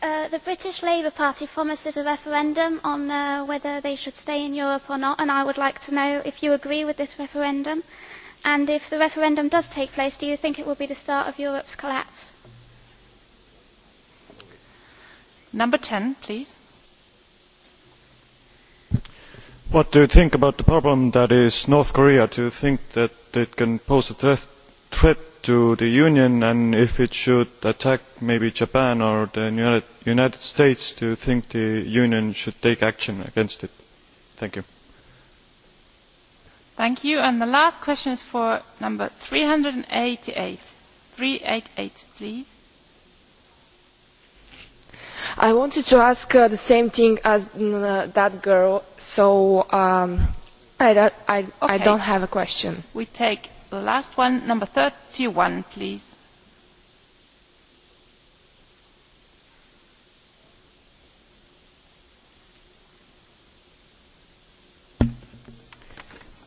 Speaker 8: The British Labour Party promises a referendum on whether they should stay in Europe or not, and I would like to know if you agree with this referendum, and if the referendum does take place, do you think it will be the start of Europe's collapse?
Speaker 3: Number 10, please.
Speaker 15: What do you think about the problem that is North Korea? Do you think that it can pose a threat to the Union and if it should attack maybe Japan or the United States, do you think the Union should take action against it? Thank you.
Speaker 3: Thank you. And the last question is for number 388. 388, please.
Speaker 14: I wanted to ask the same thing as that girl, so I don't have a question.
Speaker 3: We take the last one, number thirty one, please.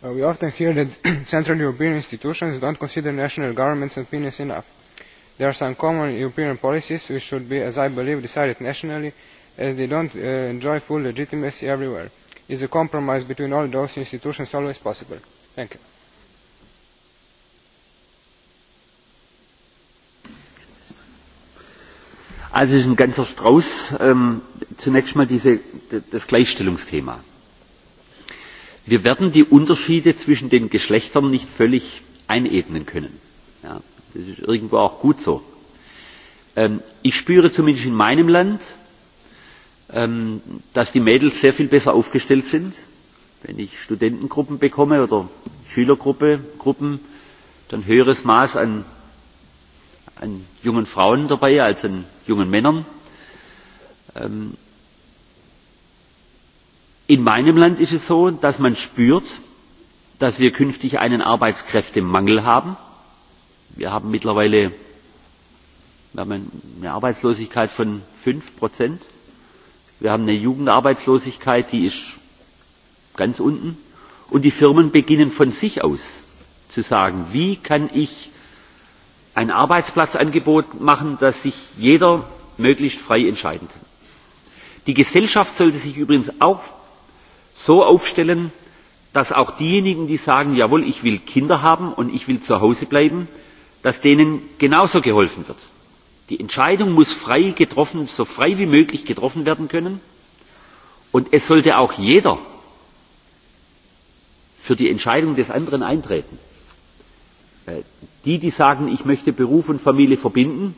Speaker 26: We often hear that Central European institutions don't consider national governments' opinions enough There are some common European policies which should be, as I believe, decided nationally, as they don't enjoy full legitimacy everywhere. Is a compromise between all those institutions always possible? Thank you.
Speaker 28: Also es ist ein ganzer Strauß. Ähm, Zunächst mal diese, das Gleichstellungsthema. Wir werden die Unterschiede zwischen den Geschlechtern nicht völlig einebnen können. Ja. Das ist irgendwo auch gut so. Ich spüre zumindest in meinem Land, dass die Mädels sehr viel besser aufgestellt sind. Wenn ich Studentengruppen bekomme oder Schülergruppen, dann höheres Maß an jungen Frauen dabei als an jungen Männern. In meinem Land ist es so, dass man spürt, dass wir künftig einen Arbeitskräftemangel haben wir haben mittlerweile eine Arbeitslosigkeit von 5 Prozent. Wir haben eine Jugendarbeitslosigkeit, die ist ganz unten. Und die Firmen beginnen von sich aus zu sagen, wie kann ich ein Arbeitsplatzangebot machen, das sich jeder möglichst frei entscheiden kann. Die Gesellschaft sollte sich übrigens auch so aufstellen, dass auch diejenigen, die sagen, jawohl, ich will Kinder haben und ich will zu Hause bleiben, dass denen genauso geholfen wird. Die Entscheidung muss frei getroffen, so frei wie möglich getroffen werden können. Und es sollte auch jeder für die Entscheidung des anderen eintreten. Die, die sagen, ich möchte Beruf und Familie verbinden,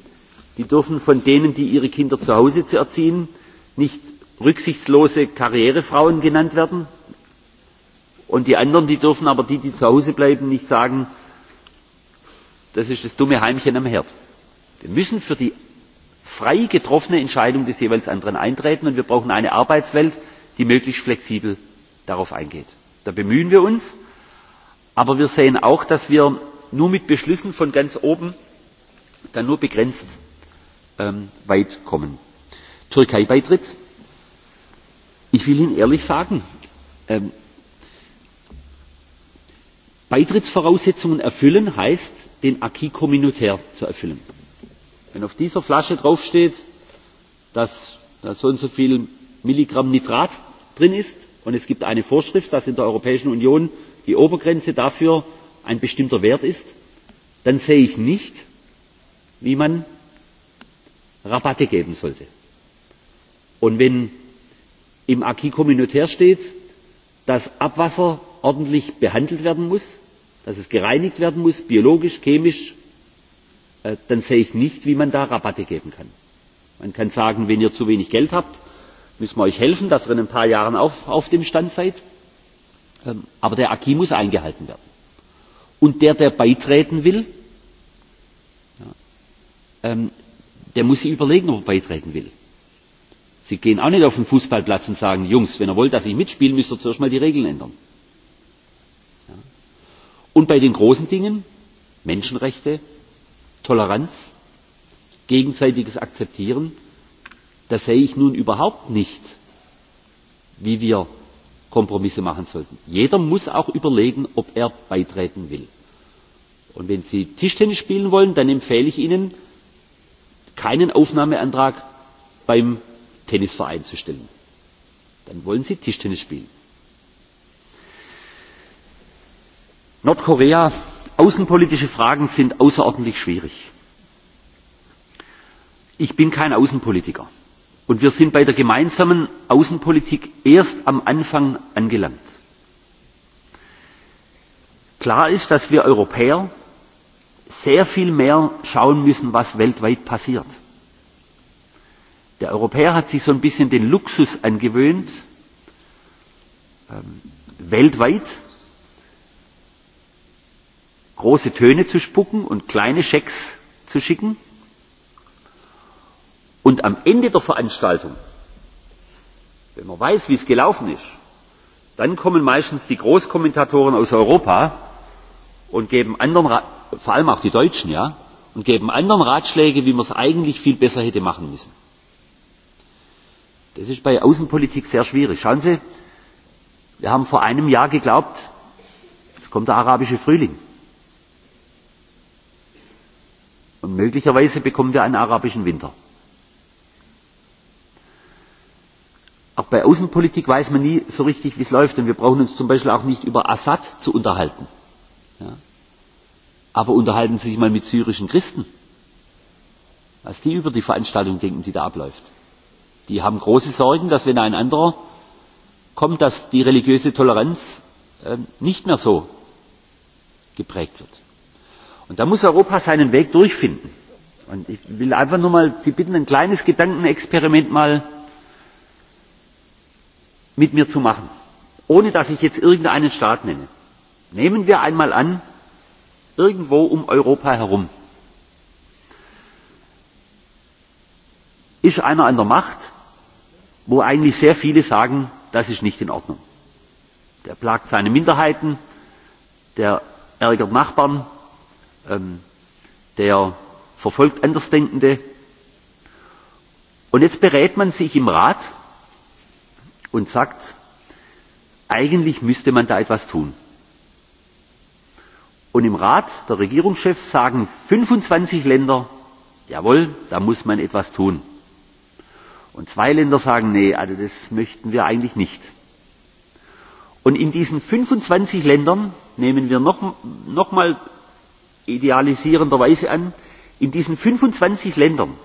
Speaker 28: die dürfen von denen, die ihre Kinder zu Hause zu erziehen, nicht rücksichtslose Karrierefrauen genannt werden. Und die anderen, die dürfen aber die, die zu Hause bleiben, nicht sagen, das ist das dumme heimchen am herd. wir müssen für die frei getroffene entscheidung des jeweils anderen eintreten und wir brauchen eine arbeitswelt die möglichst flexibel darauf eingeht. da bemühen wir uns aber wir sehen auch dass wir nur mit beschlüssen von ganz oben dann nur begrenzt weit kommen. türkei beitritt ich will ihnen ehrlich sagen beitrittsvoraussetzungen erfüllen heißt den acquis communautaire zu erfüllen. Wenn auf dieser Flasche draufsteht, dass so und so viel Milligramm Nitrat drin ist und es gibt eine Vorschrift, dass in der Europäischen Union die Obergrenze dafür ein bestimmter Wert ist, dann sehe ich nicht, wie man Rabatte geben sollte. Und wenn im acquis communautaire steht, dass Abwasser ordentlich behandelt werden muss, dass es gereinigt werden muss biologisch chemisch dann sehe ich nicht wie man da rabatte geben kann. man kann sagen wenn ihr zu wenig geld habt müssen wir euch helfen dass ihr in ein paar jahren auf dem stand seid aber der acquis muss eingehalten werden. und der der beitreten will der muss sich überlegen ob er beitreten will. sie gehen auch nicht auf den fußballplatz und sagen jungs wenn ihr wollt dass ich mitspiele müsst ihr zuerst mal die regeln ändern. Und bei den großen Dingen Menschenrechte, Toleranz, gegenseitiges Akzeptieren, da sehe ich nun überhaupt nicht, wie wir Kompromisse machen sollten. Jeder muss auch überlegen, ob er beitreten will. Und wenn Sie Tischtennis spielen wollen, dann empfehle ich Ihnen, keinen Aufnahmeantrag beim Tennisverein zu stellen. Dann wollen Sie Tischtennis spielen. Nordkorea Außenpolitische Fragen sind außerordentlich schwierig. Ich bin kein Außenpolitiker, und wir sind bei der gemeinsamen Außenpolitik erst am Anfang angelangt. Klar ist, dass wir Europäer sehr viel mehr schauen müssen, was weltweit passiert. Der Europäer hat sich so ein bisschen den Luxus angewöhnt, weltweit große Töne zu spucken und kleine Schecks zu schicken. Und am Ende der Veranstaltung, wenn man weiß, wie es gelaufen ist, dann kommen meistens die Großkommentatoren aus Europa und geben anderen, vor allem auch die Deutschen, ja, und geben anderen Ratschläge, wie man es eigentlich viel besser hätte machen müssen. Das ist bei Außenpolitik sehr schwierig. Schauen Sie, wir haben vor einem Jahr geglaubt, es kommt der arabische Frühling. möglicherweise bekommen wir einen arabischen winter. Auch bei Außenpolitik weiß man nie so richtig, wie es läuft. Und wir brauchen uns zum Beispiel auch nicht über Assad zu unterhalten. Aber unterhalten Sie sich mal mit syrischen Christen. Was die über die Veranstaltung denken, die da abläuft. Die haben große Sorgen, dass wenn ein anderer kommt, dass die religiöse Toleranz nicht mehr so geprägt wird da muss Europa seinen Weg durchfinden. ich will einfach nur mal Sie bitten, ein kleines Gedankenexperiment mal mit mir zu machen, ohne dass ich jetzt irgendeinen Staat nenne. Nehmen wir einmal an, irgendwo um Europa herum ist einer an der Macht, wo eigentlich sehr viele sagen, das ist nicht in Ordnung. Der plagt seine Minderheiten, der ärgert Nachbarn, der verfolgt Andersdenkende. Und jetzt berät man sich im Rat und sagt, eigentlich müsste man da etwas tun. Und im Rat der Regierungschefs sagen 25 Länder, jawohl, da muss man etwas tun. Und zwei Länder sagen, nee, also das möchten wir eigentlich nicht. Und in diesen 25 Ländern nehmen wir noch mal idealisierender an, in diesen 25 Ländern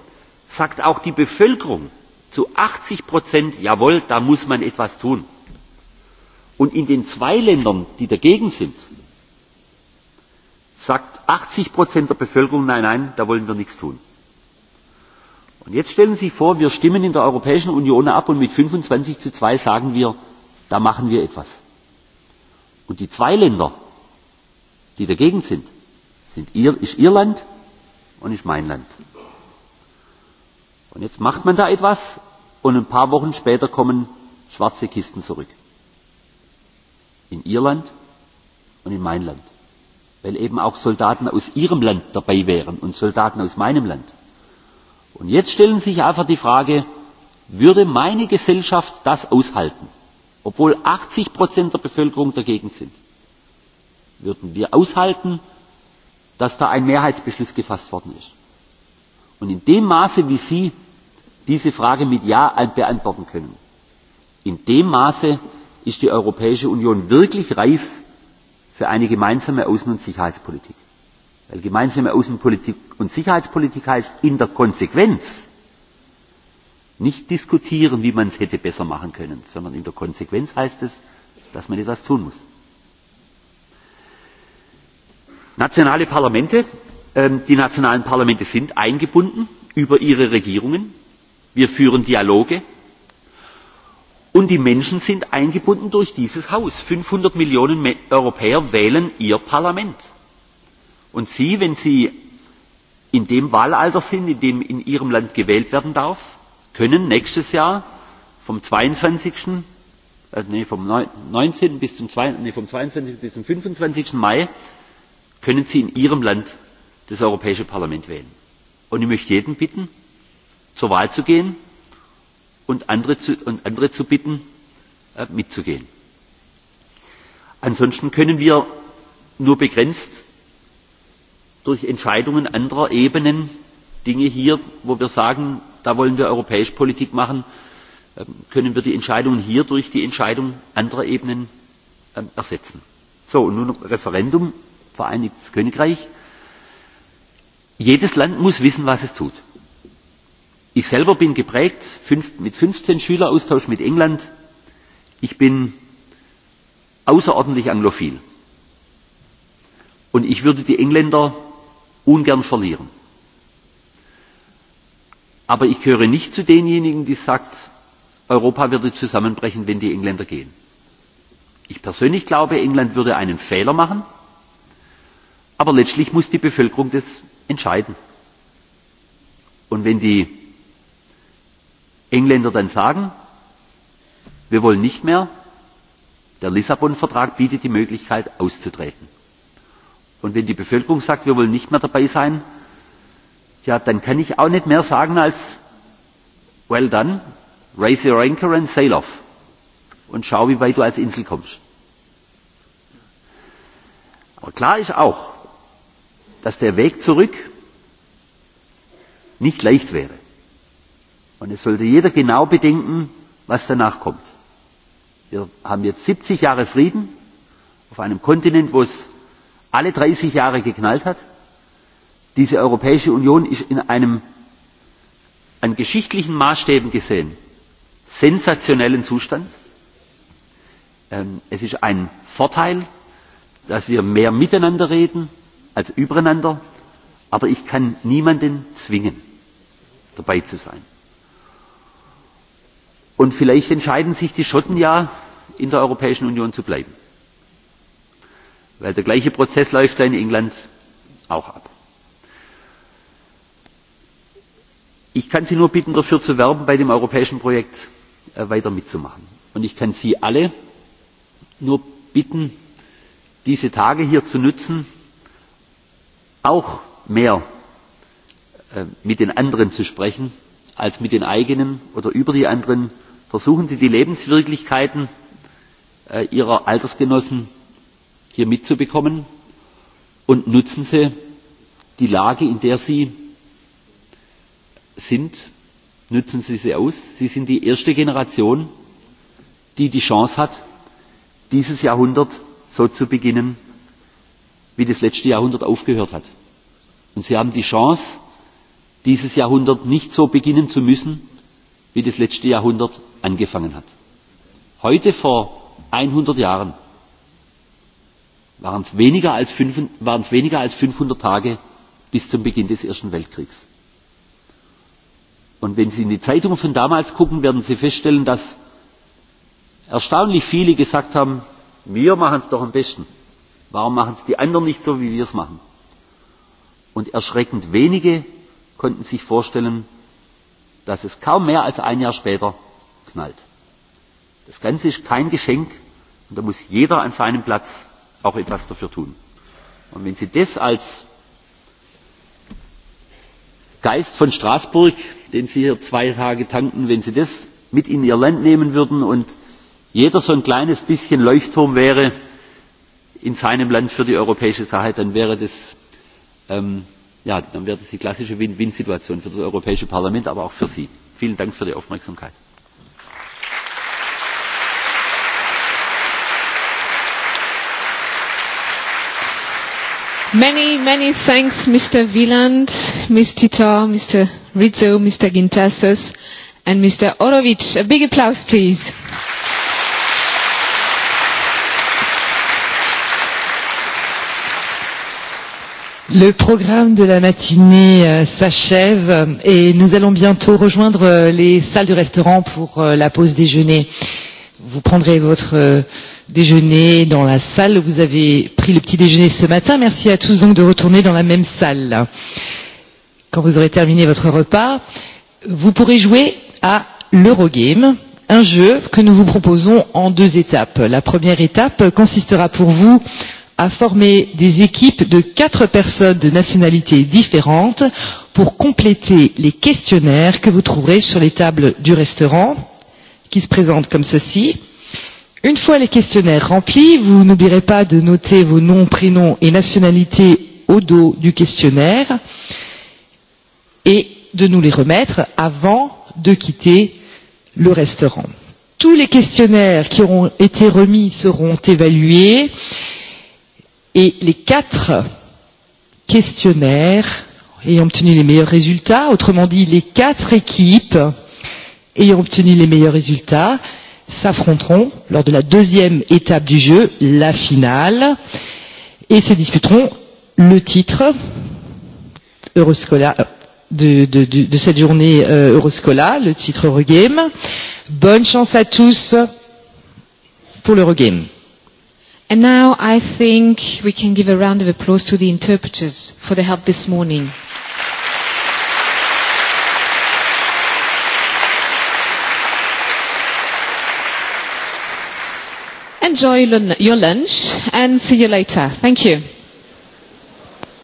Speaker 28: sagt auch die Bevölkerung zu 80 Prozent, jawohl, da muss man etwas tun. Und in den zwei Ländern, die dagegen sind, sagt 80 der Bevölkerung, nein, nein, da wollen wir nichts tun. Und jetzt stellen Sie sich vor, wir stimmen in der Europäischen Union ab und mit 25 zu 2 sagen wir, da machen wir etwas. Und die zwei Länder, die dagegen sind, sind ihr, ist ihr Land und ist mein Land. Und jetzt macht man da etwas und ein paar Wochen später kommen schwarze Kisten zurück. In ihr Land und in mein Land. Weil eben auch Soldaten aus ihrem Land dabei wären und Soldaten aus meinem Land. Und jetzt stellen sich einfach die Frage, würde meine Gesellschaft das aushalten? Obwohl 80 der Bevölkerung dagegen sind. Würden wir aushalten, dass da ein Mehrheitsbeschluss gefasst worden ist. Und in dem Maße, wie Sie diese Frage mit Ja beantworten können, in dem Maße ist die Europäische Union wirklich reif für eine gemeinsame Außen- und Sicherheitspolitik. Weil gemeinsame Außenpolitik und Sicherheitspolitik heißt in der Konsequenz nicht diskutieren, wie man es hätte besser machen können, sondern in der Konsequenz heißt es, dass man etwas tun muss nationale parlamente die nationalen parlamente sind eingebunden über ihre regierungen wir führen dialoge und die menschen sind eingebunden durch dieses haus 500 millionen europäer wählen ihr parlament und sie wenn sie in dem wahlalter sind in dem in ihrem land gewählt werden darf können nächstes jahr vom 22. nee vom 19. bis zum nee vom 22. bis zum 25. mai können Sie in Ihrem Land das Europäische Parlament wählen. Und ich möchte jeden bitten, zur Wahl zu gehen und andere zu bitten, mitzugehen. Ansonsten können wir nur begrenzt durch Entscheidungen anderer Ebenen Dinge hier, wo wir sagen, da wollen wir europäische Politik machen, können wir die Entscheidungen hier durch die Entscheidungen anderer Ebenen ersetzen. So, und nun Referendum. Vereinigtes Königreich. Jedes Land muss wissen, was es tut. Ich selber bin geprägt mit 15 Schüleraustausch mit England. Ich bin außerordentlich anglophil. Und ich würde die Engländer ungern verlieren. Aber ich gehöre nicht zu denjenigen, die sagt, Europa würde zusammenbrechen, wenn die Engländer gehen. Ich persönlich glaube, England würde einen Fehler machen, aber letztlich muss die bevölkerung das entscheiden. und wenn die engländer dann sagen wir wollen nicht mehr der lissabon vertrag bietet die möglichkeit auszutreten. und wenn die bevölkerung sagt wir wollen nicht mehr dabei sein ja dann kann ich auch nicht mehr sagen als well done raise your anchor and sail off und schau wie weit du als insel kommst. aber klar ist dass der Weg zurück nicht leicht wäre. Und es sollte jeder genau bedenken, was danach kommt. Wir haben jetzt 70 Jahre Frieden auf einem Kontinent, wo es alle 30 Jahre geknallt hat. Diese Europäische Union ist in einem an geschichtlichen Maßstäben gesehen sensationellen Zustand. Es ist ein Vorteil, dass wir mehr miteinander reden, als Übereinander, aber ich kann niemanden zwingen, dabei zu sein. Und vielleicht entscheiden sich die Schotten ja, in der Europäischen Union zu bleiben. Weil der gleiche Prozess läuft da in England auch ab. Ich kann Sie nur bitten, dafür zu werben, bei dem europäischen Projekt weiter mitzumachen. Und ich kann Sie alle nur bitten, diese Tage hier zu nutzen, auch mehr mit den anderen zu sprechen als mit den eigenen oder über die anderen. Versuchen Sie, die Lebenswirklichkeiten Ihrer Altersgenossen hier mitzubekommen und nutzen Sie die Lage, in der Sie sind, nutzen Sie sie aus. Sie sind die erste Generation, die die Chance hat, dieses Jahrhundert so zu beginnen, wie das letzte Jahrhundert aufgehört hat. Und Sie haben die Chance, dieses Jahrhundert nicht so beginnen zu müssen, wie das letzte Jahrhundert angefangen hat. Heute vor 100 Jahren waren es weniger als 500 Tage bis zum Beginn des Ersten Weltkriegs. Und wenn Sie in die Zeitungen von damals gucken, werden Sie feststellen, dass erstaunlich viele gesagt haben, wir machen es doch am besten. Warum machen es die anderen nicht so, wie wir es machen? Und erschreckend wenige konnten sich vorstellen, dass es kaum mehr als ein Jahr später knallt. Das Ganze ist kein Geschenk und da muss jeder an seinem Platz auch etwas dafür tun. Und wenn Sie das als Geist von Straßburg, den Sie hier zwei Tage tanken, wenn Sie das mit in Ihr Land nehmen würden und jeder so ein kleines bisschen Leuchtturm wäre, in seinem Land für die europäische Sicherheit, dann wäre das ja, dann wäre das die klassische Win-Win-Situation für das Europäische Parlament, aber auch für Sie. Vielen Dank für die Aufmerksamkeit.
Speaker 2: Many, many thanks, Mr. Wieland, Ms. Tito, Mr. Rizzo, Mr. Gintasos, and Mr. Orovic. A big applause, please.
Speaker 1: Le programme de la matinée s'achève et nous allons bientôt rejoindre les salles de restaurant pour la pause déjeuner. Vous prendrez votre déjeuner dans la salle où vous avez pris le petit déjeuner ce matin. Merci à tous donc de retourner dans la même salle. Quand vous aurez terminé votre repas, vous pourrez jouer à l'Eurogame, un jeu que nous vous proposons en deux étapes. La première étape consistera pour vous a formé des équipes de quatre personnes de nationalités différentes pour compléter les questionnaires que vous trouverez sur les tables du restaurant, qui se présentent comme ceci. Une fois les questionnaires remplis, vous n'oublierez pas de noter vos noms, prénoms et nationalités au dos du questionnaire et de nous les remettre avant de quitter le restaurant. Tous les questionnaires qui auront été remis seront évalués Et les quatre questionnaires ayant obtenu les meilleurs résultats, autrement dit les quatre équipes ayant obtenu les meilleurs résultats, s'affronteront lors de la deuxième étape du jeu, la finale, et se disputeront le titre Euroscola de, de, de, cette journée euh, Euroscola, le titre Eurogame. Bonne chance à tous pour l'Eurogame.
Speaker 2: And now I think we can give a round of applause to the interpreters for the help this morning. Enjoy your lunch and see you later. Thank you.